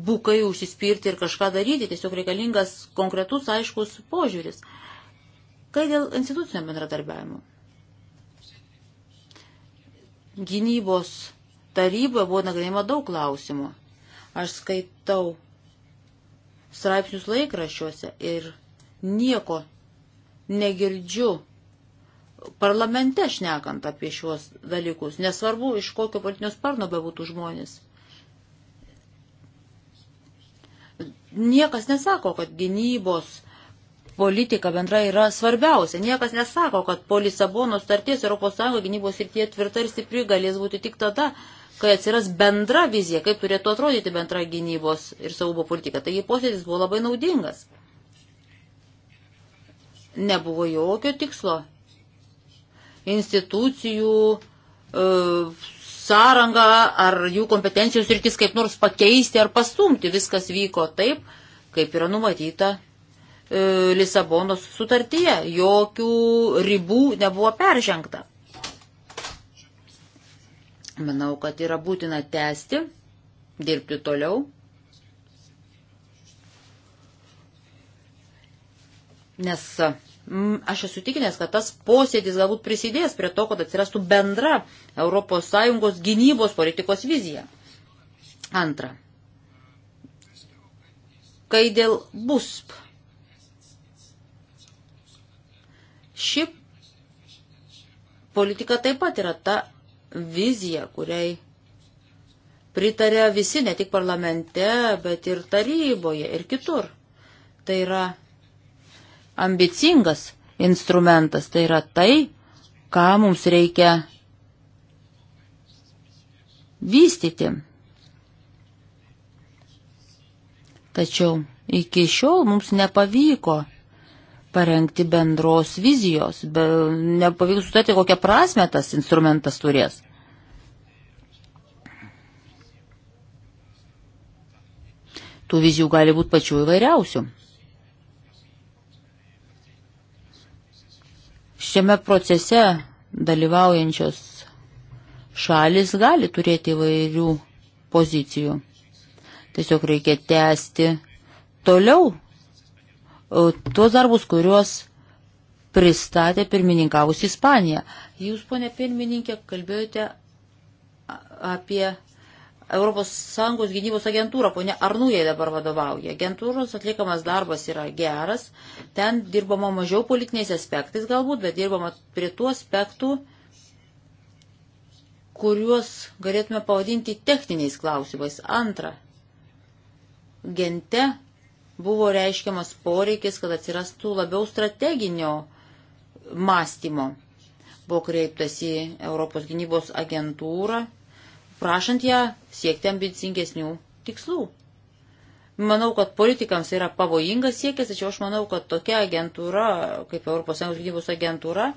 bukai užsispirti ir kažką daryti, tiesiog reikalingas konkretus aiškus požiūris. Kai dėl institucinio bendradarbiavimo. Gynybos taryboje buvo nagrinėjama daug klausimų. Aš skaitau straipsnius laikraščiuose ir nieko negirdžiu parlamente šnekant apie šiuos dalykus, nesvarbu, iš kokio politinio sparno bebūtų žmonės. Niekas nesako, kad gynybos politika bendra yra svarbiausia. Niekas nesako, kad po Lisabono starties ES gynybos ir tie tvirta ir stipri galės būti tik tada, kai atsiras bendra vizija, kaip turėtų atrodyti bendra gynybos ir saugumo politika. Taigi posėdis buvo labai naudingas. Nebuvo jokio tikslo. Institucijų uh, e, sąrangą ar jų kompetencijos rytis kaip nors pakeisti ar pastumti. Viskas vyko taip, kaip yra numatyta E, Lisabonos sutartyje, jokių ribų nebuvo peržengta. Manau, kad yra būtina tęsti, dirbti toliau. Nes mm, aš esu tikinęs, kad tas posėdis galbūt prisidės prie to, kad atsirastų bendra ES gynybos politikos vizija. Antra. Kai dėl BUSP Ši politika taip pat yra ta vizija, kuriai pritarė visi, ne tik parlamente, bet ir taryboje ir kitur. Tai yra ambicingas instrumentas, tai yra tai, ką mums reikia vystyti. Tačiau iki šiol mums nepavyko parengti bendros vizijos, be, nepavyks sutarti, kokią prasme tas instrumentas turės. Tų vizijų gali būti pačių įvairiausių. Šiame procese dalyvaujančios šalis gali turėti įvairių pozicijų. Tiesiog reikia tęsti toliau E, tuos darbus, kuriuos pristatė pirmininkavus Ispaniją. Jūs, ponė pirmininkė, kalbėjote apie ES gynybos agentūrą, ponė Arnūjai dabar vadovauja. Agentūros atliekamas darbas yra geras, ten dirbama mažiau politiniais aspektais galbūt, bet dirbama prie tų aspektų, kuriuos galėtume pavadinti techniniais klausimais. Antra, gente buvo reiškiamas poreikis, kad atsirastų labiau strateginio mąstymo. Buvo kreiptas į Europos gynybos agentūrą, prašant ją siekti ambicingesnių tikslų. Manau, kad politikams yra pavojingas siekis, tačiau aš manau, kad tokia agentūra, kaip ES gynybos agentūra,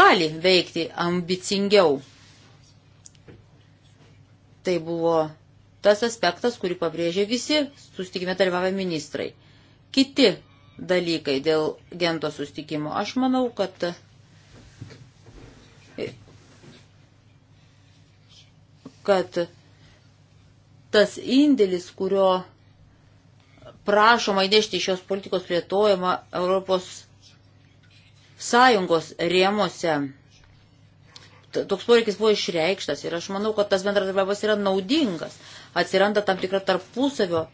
gali veikti ambicingiau. Tai buvo tas aspektas, kurį pabrėžė visi sustikime dalyvavę ministrai. Kiti dalykai dėl gento sustikimo. Aš manau, kad kad tas indėlis, kurio prašoma įnešti šios politikos plėtojimą Europos sąjungos rėmose. Toks poreikis buvo išreikštas ir aš manau, kad tas bendradarbiavimas yra naudingas atsiranda tam tikra tarpusavio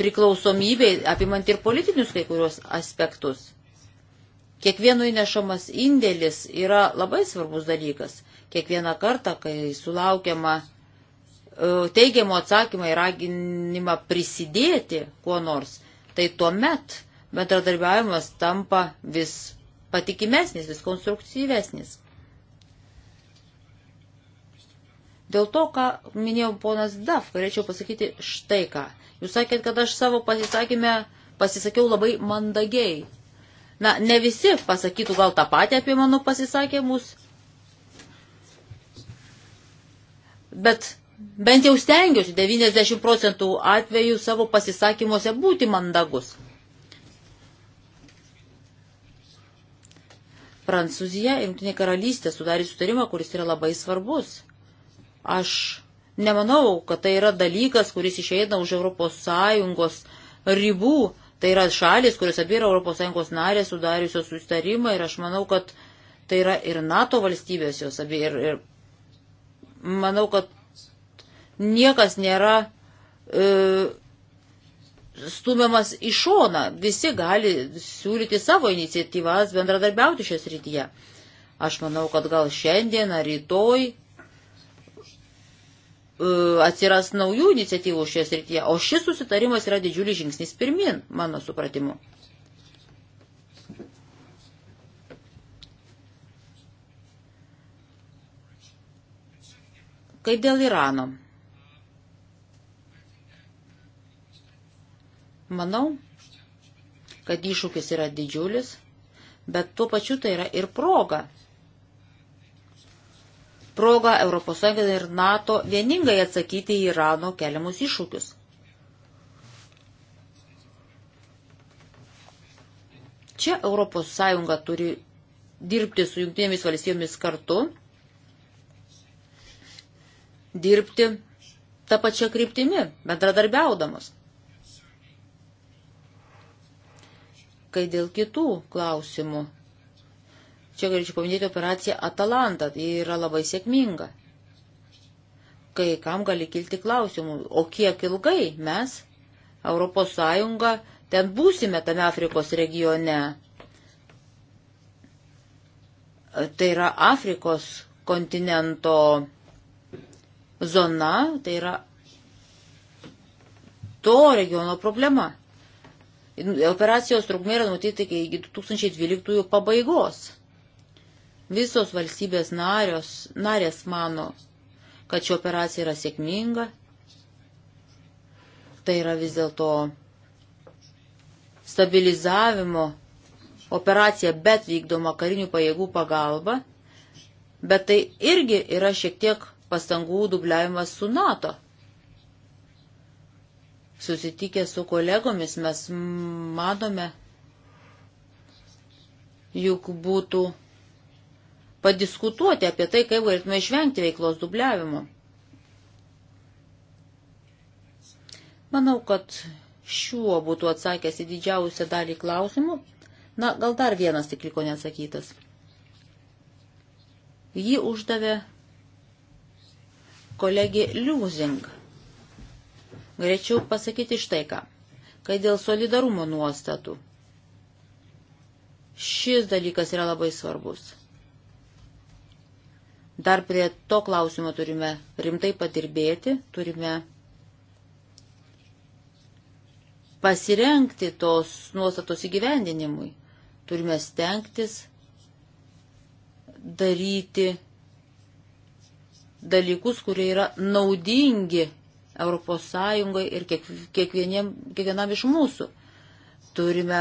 priklausomybė, apimant ir politinius kai kurios aspektus. Kiekvieno įnešamas indėlis yra labai svarbus dalykas. Kiekvieną kartą, kai sulaukiama e, teigiamo atsakymą ir raginimą prisidėti kuo nors, tai tuomet bendradarbiavimas tampa vis patikimesnis, vis konstruktyvesnis. Dėl to, ką minėjo ponas Daf, galėčiau pasakyti štai ką. Jūs sakėt, kad aš savo pasisakymę pasisakiau labai mandagiai. Na, ne visi pasakytų gal tą patį apie mano pasisakymus, bet bent jau stengiuosi 90 procentų atvejų savo pasisakymuose būti mandagus. Prancūzija ir Junktinė karalystė sudarė sutarimą, kuris yra labai svarbus. Aš nemanau, kad tai yra dalykas, kuris išeina už ES ribų. Tai yra šalis, kuris abi yra ES narės sudariusios sustarimą ir aš manau, kad tai yra ir NATO valstybės jos abi. Ir, ir manau, kad niekas nėra e, stumiamas į šoną. Visi gali siūlyti savo iniciatyvas bendradarbiauti šią srityje. Aš manau, kad gal šiandien ar rytoj E, atsiras naujų iniciatyvų šioje srityje, o šis susitarimas yra didžiulis žingsnis pirmin, mano supratimu. Kaip dėl Irano? Manau, kad iššūkis yra didžiulis, bet tuo pačiu tai yra ir proga progą ES ir NATO vieningai atsakyti į Irano keliamus iššūkius. Čia ES turi dirbti su jungtinėmis valstybėmis kartu, dirbti tą pačią kryptimį, bendradarbiaudamos. Kai dėl kitų klausimų Čia galėčiau paminėti operaciją Atalanta, tai yra labai sėkminga. Kai kam gali kilti klausimų, o kiek ilgai mes, Europos Sąjunga, ten būsime tame Afrikos regione. Tai yra Afrikos kontinento zona, tai yra to regiono problema. Operacijos trukmė yra numatyta iki 2012 pabaigos. Visos valstybės narios, narės mano, kad ši operacija yra sėkminga. Tai yra vis dėlto stabilizavimo operacija, bet vykdoma karinių pajėgų pagalba. Bet tai irgi yra šiek tiek pastangų dubliavimas su NATO. Susitikę su kolegomis mes matome, juk būtų padiskutuoti apie tai, kaip galėtume išvengti veiklos dubliavimo. Manau, kad šiuo būtų atsakęs į didžiausią dalį klausimų. Na, gal dar vienas tik liko neatsakytas. Jį uždavė kolegė Liuzing. Galėčiau pasakyti štai ką, kai dėl solidarumo nuostatų. Šis dalykas yra labai svarbus. Dar prie to klausimo turime rimtai padirbėti, turime pasirenkti tos nuostatos įgyvendinimui. Turime stengtis daryti dalykus, kurie yra naudingi Europos Sąjungai ir kiek, kiekvienam iš mūsų. Turime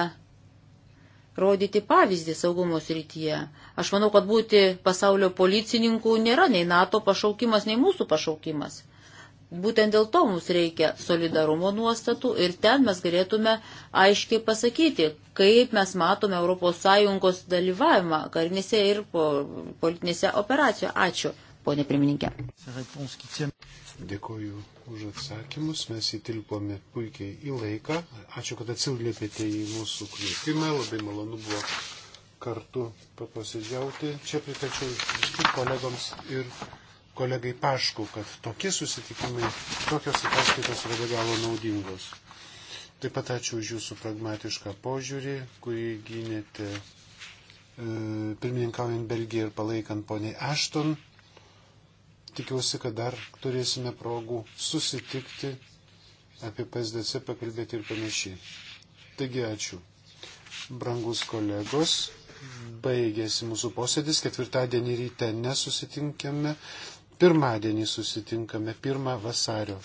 rodyti pavyzdį saugumo srityje. Aš manau, kad būti pasaulio policininku nėra nei NATO pašaukimas, nei mūsų pašaukimas. Būtent dėl to mums reikia solidarumo nuostatų ir ten mes galėtume aiškiai pasakyti, kaip mes matome ES dalyvavimą karinėse ir politinėse operacijose. Ačiū, ponė pirmininkė. Dėkoju už atsakymus, mes įtilpome puikiai į laiką. Ačiū, kad atsilgėpėte į mūsų kvietimą, labai malonu buvo kartu paposėdžiauti. Čia pritačiau visų kolegoms ir kolegai Pašku, kad tokie susitikimai, tokios ataskaitos yra be galo naudingos. Taip pat ačiū už jūsų pragmatišką požiūrį, kurį gynėte e, pirmininkaujant Belgiją ir palaikant poniai Ashton. Tikiuosi, kad dar turėsime progų susitikti apie PSDC pakalbėti ir panašiai. Taigi ačiū. Brangus kolegos, baigėsi mūsų posėdis, ketvirtadienį ryte nesusitinkame, pirmadienį susitinkame 1 vasario.